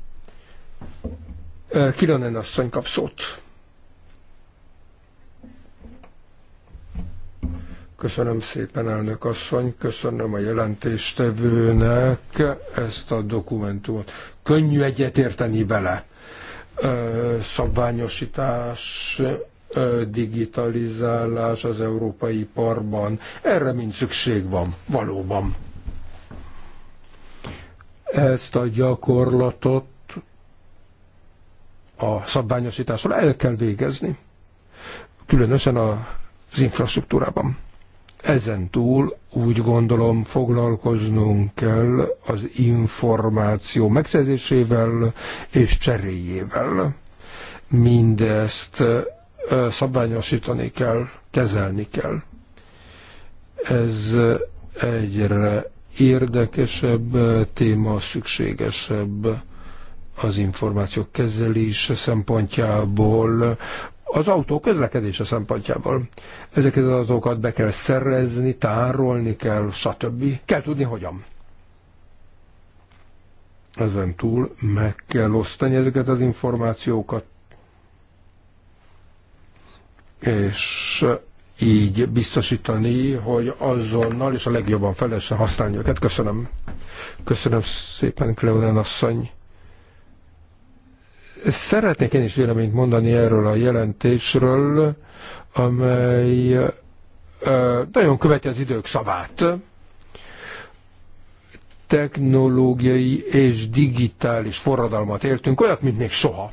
Kilonen asszony kap szót. Köszönöm szépen, elnök asszony, köszönöm a jelentéstevőnek ezt a dokumentumot. Könnyű egyetérteni vele. szabványosítás, digitalizálás az európai parban. Erre mind szükség van, valóban. Ezt a gyakorlatot a szabványosításról el kell végezni, különösen az infrastruktúrában. Ezen túl úgy gondolom foglalkoznunk kell az információ megszerzésével és cseréjével. Mindezt szabványosítani kell, kezelni kell. Ez egyre érdekesebb téma, szükségesebb az információk kezelése szempontjából, az autó közlekedése szempontjából. Ezeket az adatokat be kell szerezni, tárolni kell, stb. Kell tudni hogyan. Ezen túl meg kell osztani ezeket az információkat, és így biztosítani, hogy azonnal és a legjobban fel lehessen használni őket. Köszönöm. Köszönöm szépen, Kleoden asszony. Szeretnék én is véleményt mondani erről a jelentésről, amely nagyon követi az idők szabát. Technológiai és digitális forradalmat éltünk, olyat, mint még soha.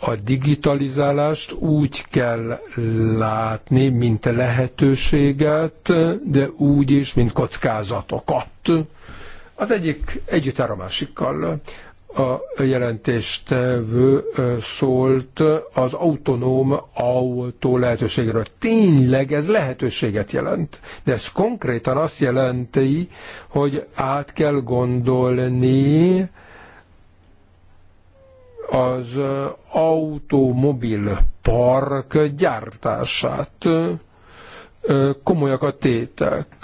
A digitalizálást úgy kell látni, mint lehetőséget, de úgy is, mint kockázatokat. Az egyik együtt áll a másikkal a jelentéstevő szólt az autonóm autó lehetőségről. Tényleg ez lehetőséget jelent, de ez konkrétan azt jelenti, hogy át kell gondolni az automobil park gyártását. Komolyak a tétek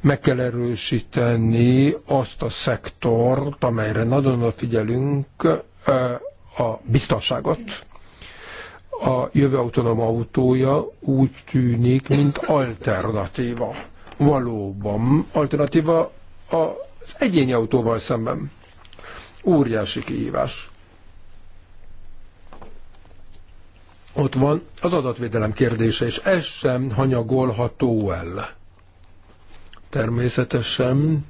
meg kell erősíteni azt a szektort, amelyre nagyon figyelünk eh, a biztonságot. A jövő autonóm autója úgy tűnik, mint alternatíva. Valóban alternatíva az egyéni autóval szemben. Óriási kihívás. Ott van az adatvédelem kérdése, és ez sem hanyagolható el. Természetesen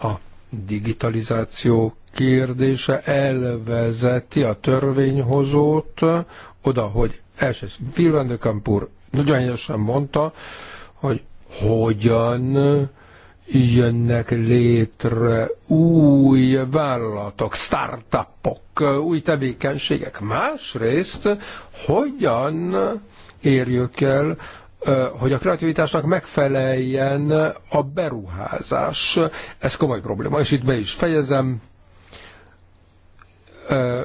a digitalizáció kérdése elvezeti a törvényhozót oda, hogy első Vilvendekamp úr nagyon helyesen mondta, hogy hogyan jönnek létre új vállalatok, startupok, új tevékenységek. Másrészt, hogyan érjük el hogy a kreativitásnak megfeleljen a beruházás. Ez komoly probléma, és itt be is fejezem.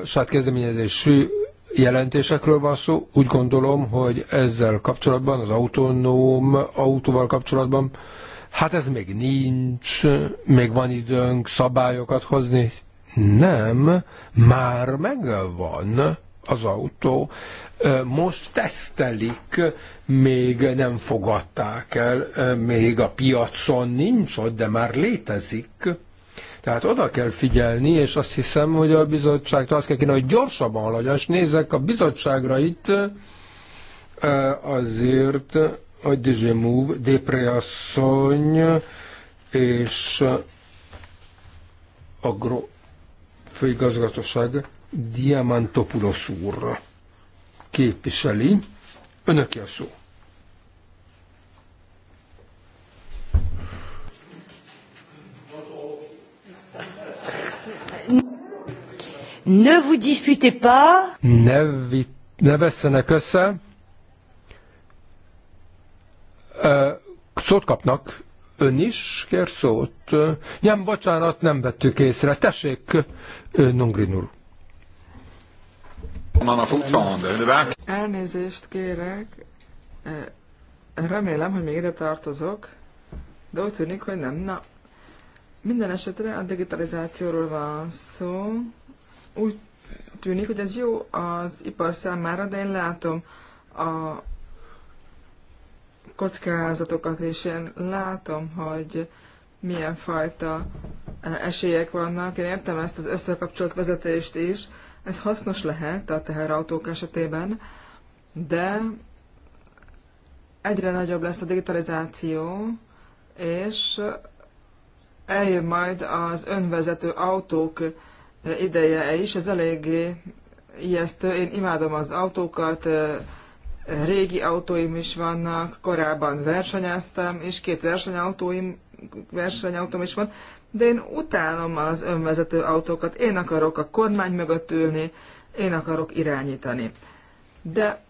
Sát kezdeményezésű jelentésekről van szó. Úgy gondolom, hogy ezzel kapcsolatban, az autonóm autóval kapcsolatban, hát ez még nincs, még van időnk szabályokat hozni. Nem, már megvan az autó most tesztelik, még nem fogadták el, még a piacon nincs ott, de már létezik. Tehát oda kell figyelni, és azt hiszem, hogy a bizottság azt kell kéne, hogy gyorsabban haladjon, és nézek a bizottságra itt azért, hogy Dizsimú, Dépré asszony, és a főigazgatóság Diamantopulos úrra képviseli. Önöki a szó. Ne vous disputez pas. Ne, vit, ne vesztenek össze. Ö, szót kapnak. Ön is kér szót. Nem, bocsánat, nem vettük észre. Tessék, Nungrin úr. Elnézést kérek. Remélem, hogy még ide tartozok, de úgy tűnik, hogy nem. Na, minden esetre a digitalizációról van szó. Úgy tűnik, hogy ez jó az ipar számára, de én látom a kockázatokat, és én látom, hogy milyen fajta esélyek vannak. Én értem ezt az összekapcsolt vezetést is, ez hasznos lehet a teherautók esetében, de egyre nagyobb lesz a digitalizáció, és eljön majd az önvezető autók ideje is, ez eléggé ijesztő. Én imádom az autókat, régi autóim is vannak, korábban versenyeztem, és két versenyautóim, versenyautóm is van, de én utálom az önvezető autókat, én akarok a kormány mögött ülni, én akarok irányítani. De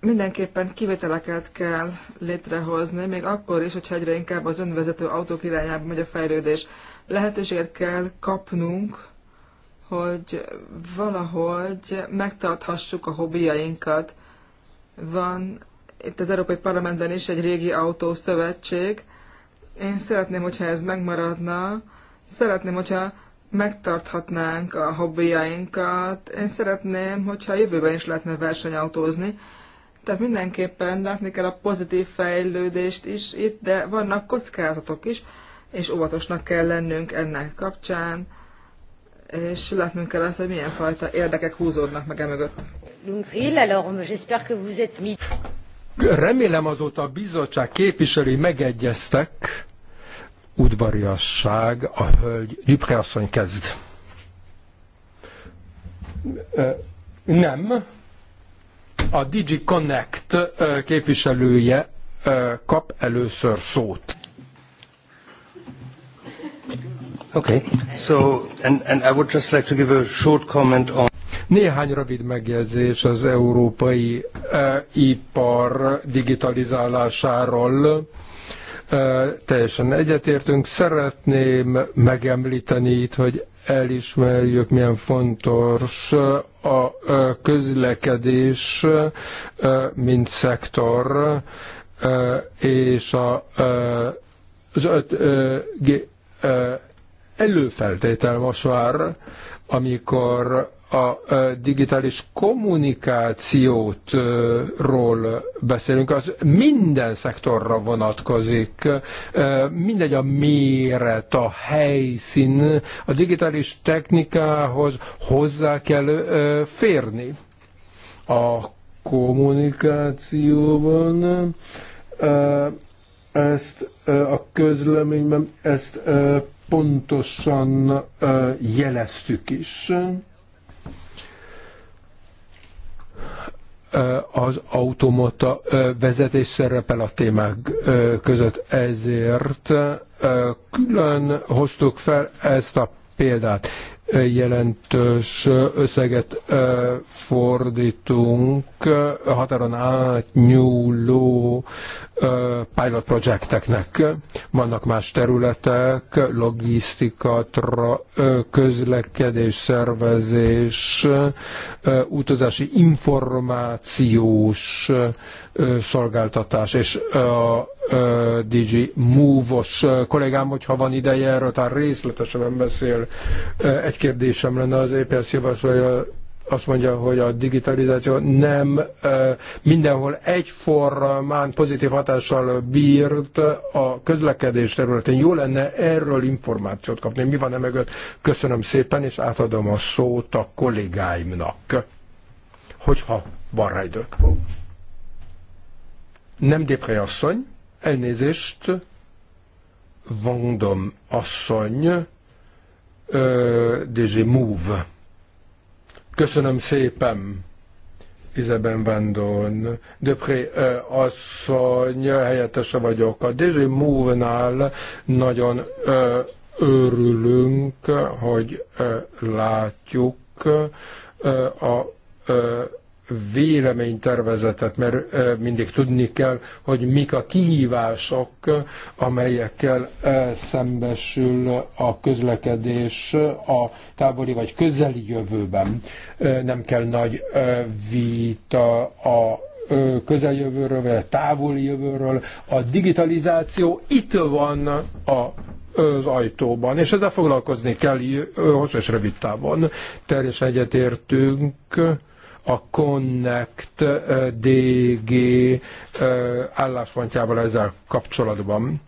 mindenképpen kivételeket kell létrehozni, még akkor is, hogy egyre inkább az önvezető autók irányába megy a fejlődés. Lehetőséget kell kapnunk, hogy valahogy megtarthassuk a hobbiainkat. Van itt az Európai Parlamentben is egy régi autószövetség, én szeretném, hogyha ez megmaradna, szeretném, hogyha megtarthatnánk a hobbiainkat, én szeretném, hogyha a jövőben is lehetne versenyautózni, tehát mindenképpen látni kell a pozitív fejlődést is itt, de vannak kockázatok is, és óvatosnak kell lennünk ennek kapcsán, és látnunk kell azt, hogy milyen fajta érdekek húzódnak meg emögött. Remélem azóta a bizottság képviselői megegyeztek. Udvariasság, a hölgy, Dupré asszony kezd. Nem. A Digiconnect Connect képviselője kap először szót. Okay. So, and, and I would just like to give a short comment on néhány rövid megjegyzés az európai e, ipar digitalizálásáról e, teljesen egyetértünk. Szeretném megemlíteni itt, hogy elismerjük, milyen fontos a e, közlekedés, mint szektor, és a, az 5G előfeltétel most már, amikor a digitális kommunikációtról beszélünk, az minden szektorra vonatkozik, mindegy a méret, a helyszín, a digitális technikához hozzá kell férni. A kommunikációban ezt a közleményben ezt pontosan jeleztük is az automata vezetés szerepel a témák között. Ezért külön hoztuk fel ezt a példát jelentős összeget fordítunk határon átnyúló pilot projekteknek. Vannak más területek, logisztika, közlekedés, szervezés, utazási információs szolgáltatás, és a DJ Move-os kollégám, hogyha van ideje, erről tehát részletesen beszél. Egy kérdésem lenne az EPS javasolja, azt mondja, hogy a digitalizáció nem mindenhol egyformán pozitív hatással bírt a közlekedés területén. Jó lenne erről információt kapni. Mi van e mögött? Köszönöm szépen, és átadom a szót a kollégáimnak. Hogyha van rá idő. Nem Dépré asszony, elnézést, Vendom asszony, je Move. Köszönöm szépen, Izeben Vendon. Depré asszony, helyettese vagyok. A DG Move-nál nagyon örülünk, hogy látjuk a véleménytervezetet, mert mindig tudni kell, hogy mik a kihívások, amelyekkel szembesül a közlekedés a távoli vagy közeli jövőben. Nem kell nagy vita a közeljövőről, vagy a távoli jövőről. A digitalizáció itt van a az ajtóban, és ezzel foglalkozni kell hosszú és rövid távon. Teljesen egyetértünk a Connect DG álláspontjával ezzel kapcsolatban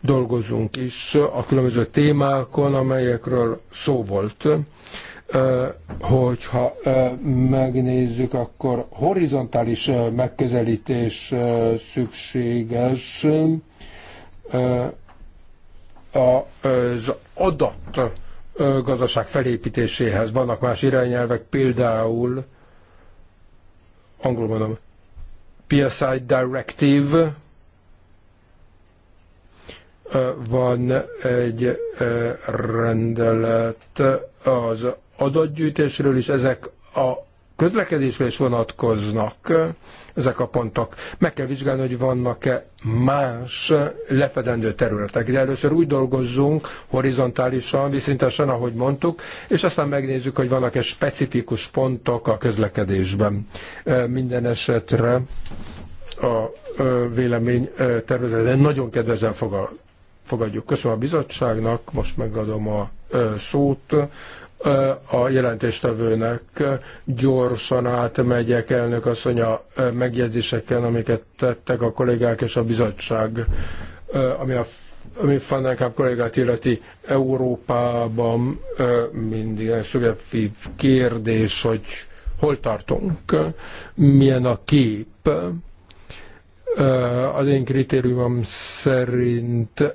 dolgozunk is a különböző témákon, amelyekről szó volt hogyha megnézzük, akkor horizontális megközelítés szükséges az adat gazdaság felépítéséhez. Vannak más irányelvek, például angolul mondom, PSI Directive, van egy rendelet az adatgyűjtésről is, ezek a közlekedésre is vonatkoznak ezek a pontok. Meg kell vizsgálni, hogy vannak-e más lefedendő területek. De először úgy dolgozzunk horizontálisan, viszintesen, ahogy mondtuk, és aztán megnézzük, hogy vannak-e specifikus pontok a közlekedésben. Minden esetre a vélemény tervezetben nagyon kedvezen fogadjuk. Köszönöm a bizottságnak, most megadom a szót a jelentéstevőnek. Gyorsan átmegyek elnök asszony a e, megjegyzésekkel, amiket tettek a kollégák és a bizottság, e, ami a ami Fannákább kollégát illeti Európában e, mindig egy szubjektív kérdés, hogy hol tartunk, milyen a kép. Az én kritériumom szerint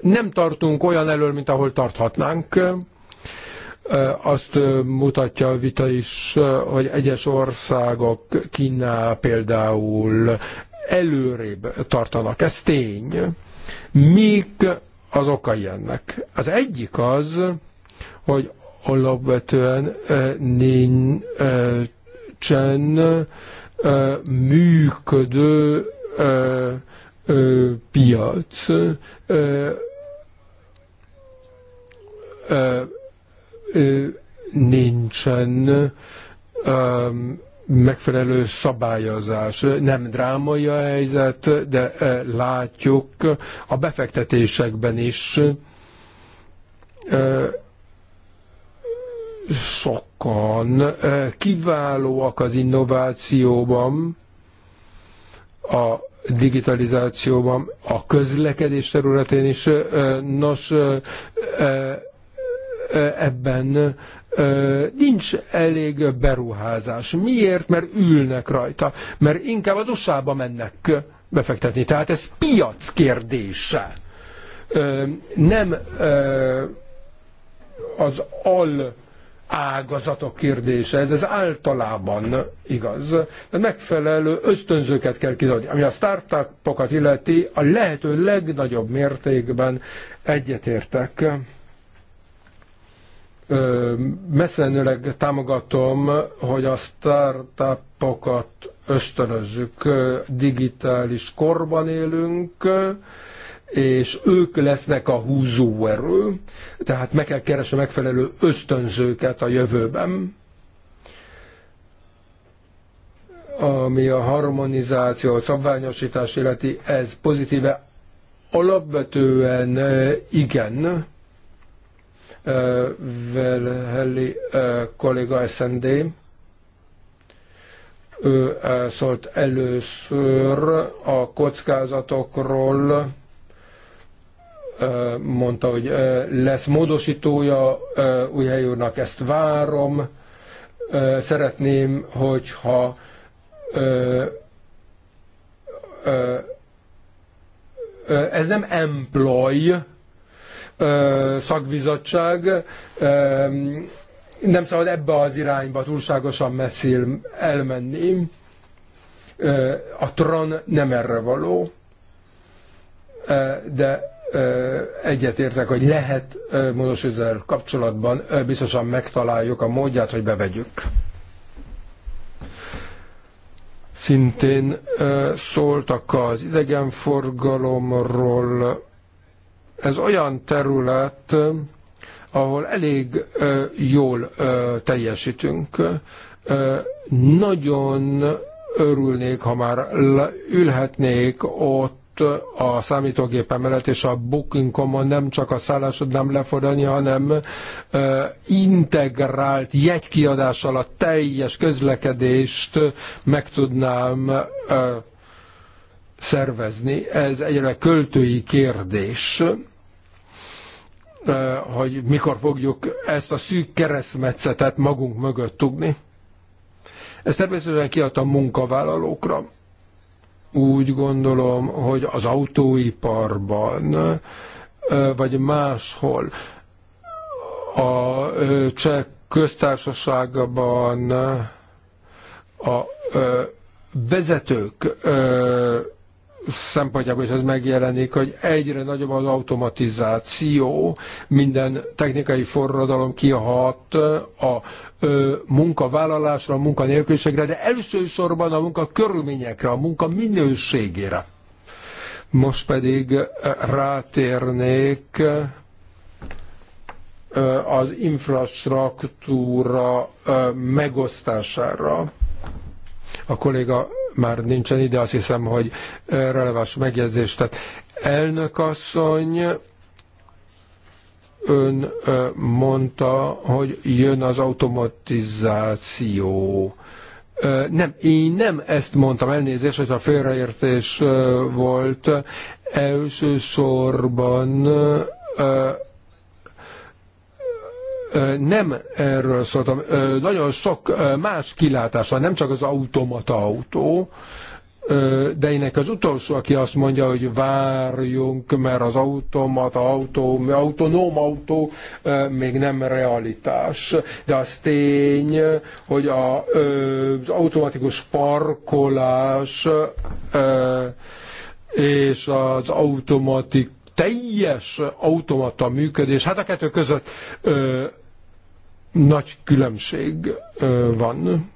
nem tartunk olyan elől, mint ahol tarthatnánk azt mutatja a vita is, hogy egyes országok, Kína például előrébb tartanak. Ez tény. Mik az okai ennek? Az egyik az, hogy alapvetően nincsen működő piac nincsen megfelelő szabályozás. Nem drámai a helyzet, de látjuk a befektetésekben is sokan kiválóak az innovációban, a digitalizációban, a közlekedés területén is. Nos, ebben nincs elég beruházás. Miért? Mert ülnek rajta, mert inkább az usa mennek befektetni. Tehát ez piac kérdése. Nem az al ágazatok kérdése, ez, ez általában igaz. De megfelelő ösztönzőket kell kidolni. Ami a startupokat illeti, a lehető legnagyobb mértékben egyetértek messzelenőleg támogatom, hogy a startupokat ösztönözzük. Digitális korban élünk, és ők lesznek a húzóerő, tehát meg kell keresni megfelelő ösztönzőket a jövőben. Ami a harmonizáció, szabványosítás illeti, ez pozitíve alapvetően igen, Velheli kolléga SND. Ő szólt először a kockázatokról, mondta, hogy lesz módosítója új úrnak, ezt várom. Szeretném, hogyha ez nem employ, szakbizottság, nem szabad ebbe az irányba túlságosan messzi elmenni. A tron nem erre való, de egyetértek, hogy lehet módos ezzel kapcsolatban, biztosan megtaláljuk a módját, hogy bevegyük. Szintén szóltak az idegenforgalomról, ez olyan terület, ahol elég jól teljesítünk. Nagyon örülnék, ha már ülhetnék ott, a számítógépen mellett és a Booking.com-on nem csak a szállásod nem lefordani, hanem ö, integrált jegykiadással a teljes közlekedést meg tudnám szervezni. Ez egyre költői kérdés, eh, hogy mikor fogjuk ezt a szűk keresztmetszetet magunk mögött tudni. Ez természetesen kiadtam a munkavállalókra. Úgy gondolom, hogy az autóiparban, eh, vagy máshol, a eh, cseh köztársaságban a vezetők szempontjából is ez megjelenik, hogy egyre nagyobb az automatizáció, minden technikai forradalom kihat a munkavállalásra, a munkanélküliségre, de elsősorban a munka körülményekre, a munka minőségére. Most pedig rátérnék az infrastruktúra megosztására. A kolléga már nincsen ide, azt hiszem, hogy releváns megjegyzést Tehát Elnökasszony, ön mondta, hogy jön az automatizáció. Nem, én nem ezt mondtam, elnézést, hogyha félreértés volt. Elsősorban nem erről szóltam. Nagyon sok más kilátás van. nem csak az automata autó, de ennek az utolsó, aki azt mondja, hogy várjunk, mert az automata autó, autonóm autó még nem realitás. De az tény, hogy a, az automatikus parkolás és az automatik teljes automata működés, hát a kettő között nagy különbség van.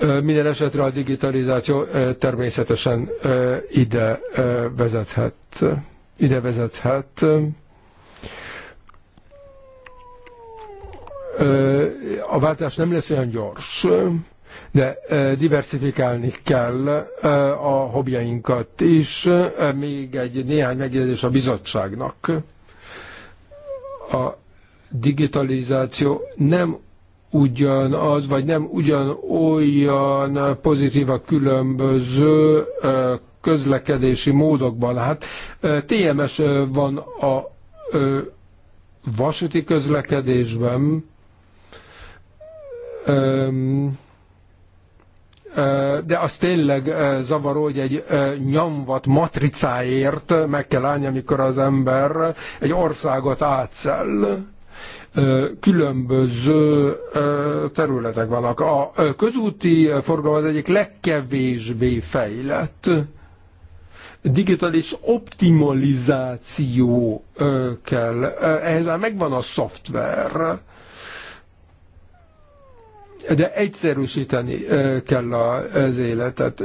Minden esetre a digitalizáció természetesen ide vezethet. Ide vezethet. A váltás nem lesz olyan gyors, de diversifikálni kell a hobjainkat is. Még egy néhány megjegyzés a bizottságnak. A digitalizáció nem ugyanaz, vagy nem ugyanolyan pozitív a különböző közlekedési módokban. Hát TMS van a vasúti közlekedésben, de az tényleg zavaró, hogy egy nyomvat matricáért meg kell állni, amikor az ember egy országot átszel különböző területek vannak. A közúti forgalom az egyik legkevésbé fejlett. Digitális optimalizáció kell. Ehhez már megvan a szoftver de egyszerűsíteni kell az életet.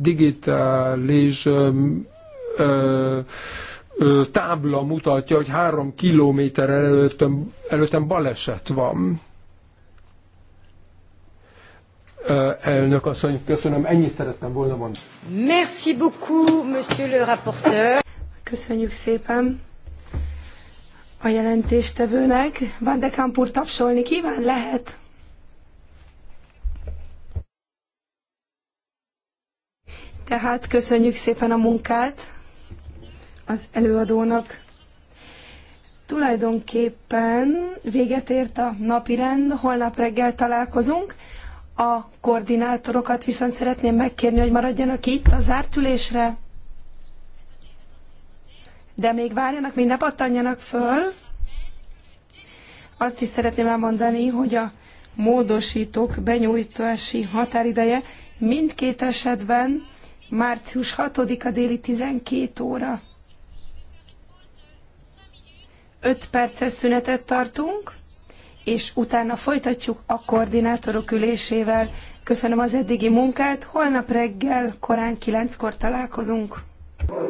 Digitális tábla mutatja, hogy három kilométer előttem, előttem baleset van. Elnök asszony, köszönöm, ennyit szerettem volna mondani. Merci beaucoup, monsieur le rapporteur. Köszönjük szépen a jelentéstevőnek. Van de Kampur tapsolni kíván? Lehet. Tehát köszönjük szépen a munkát az előadónak. Tulajdonképpen véget ért a napirend, holnap reggel találkozunk. A koordinátorokat viszont szeretném megkérni, hogy maradjanak itt a zárt ülésre. De még várjanak, még ne pattanjanak föl. Azt is szeretném elmondani, hogy a módosítók benyújtási határideje mindkét esetben március 6-a déli 12 óra. 5 perces szünetet tartunk, és utána folytatjuk a koordinátorok ülésével. Köszönöm az eddigi munkát, holnap reggel korán 9-kor találkozunk.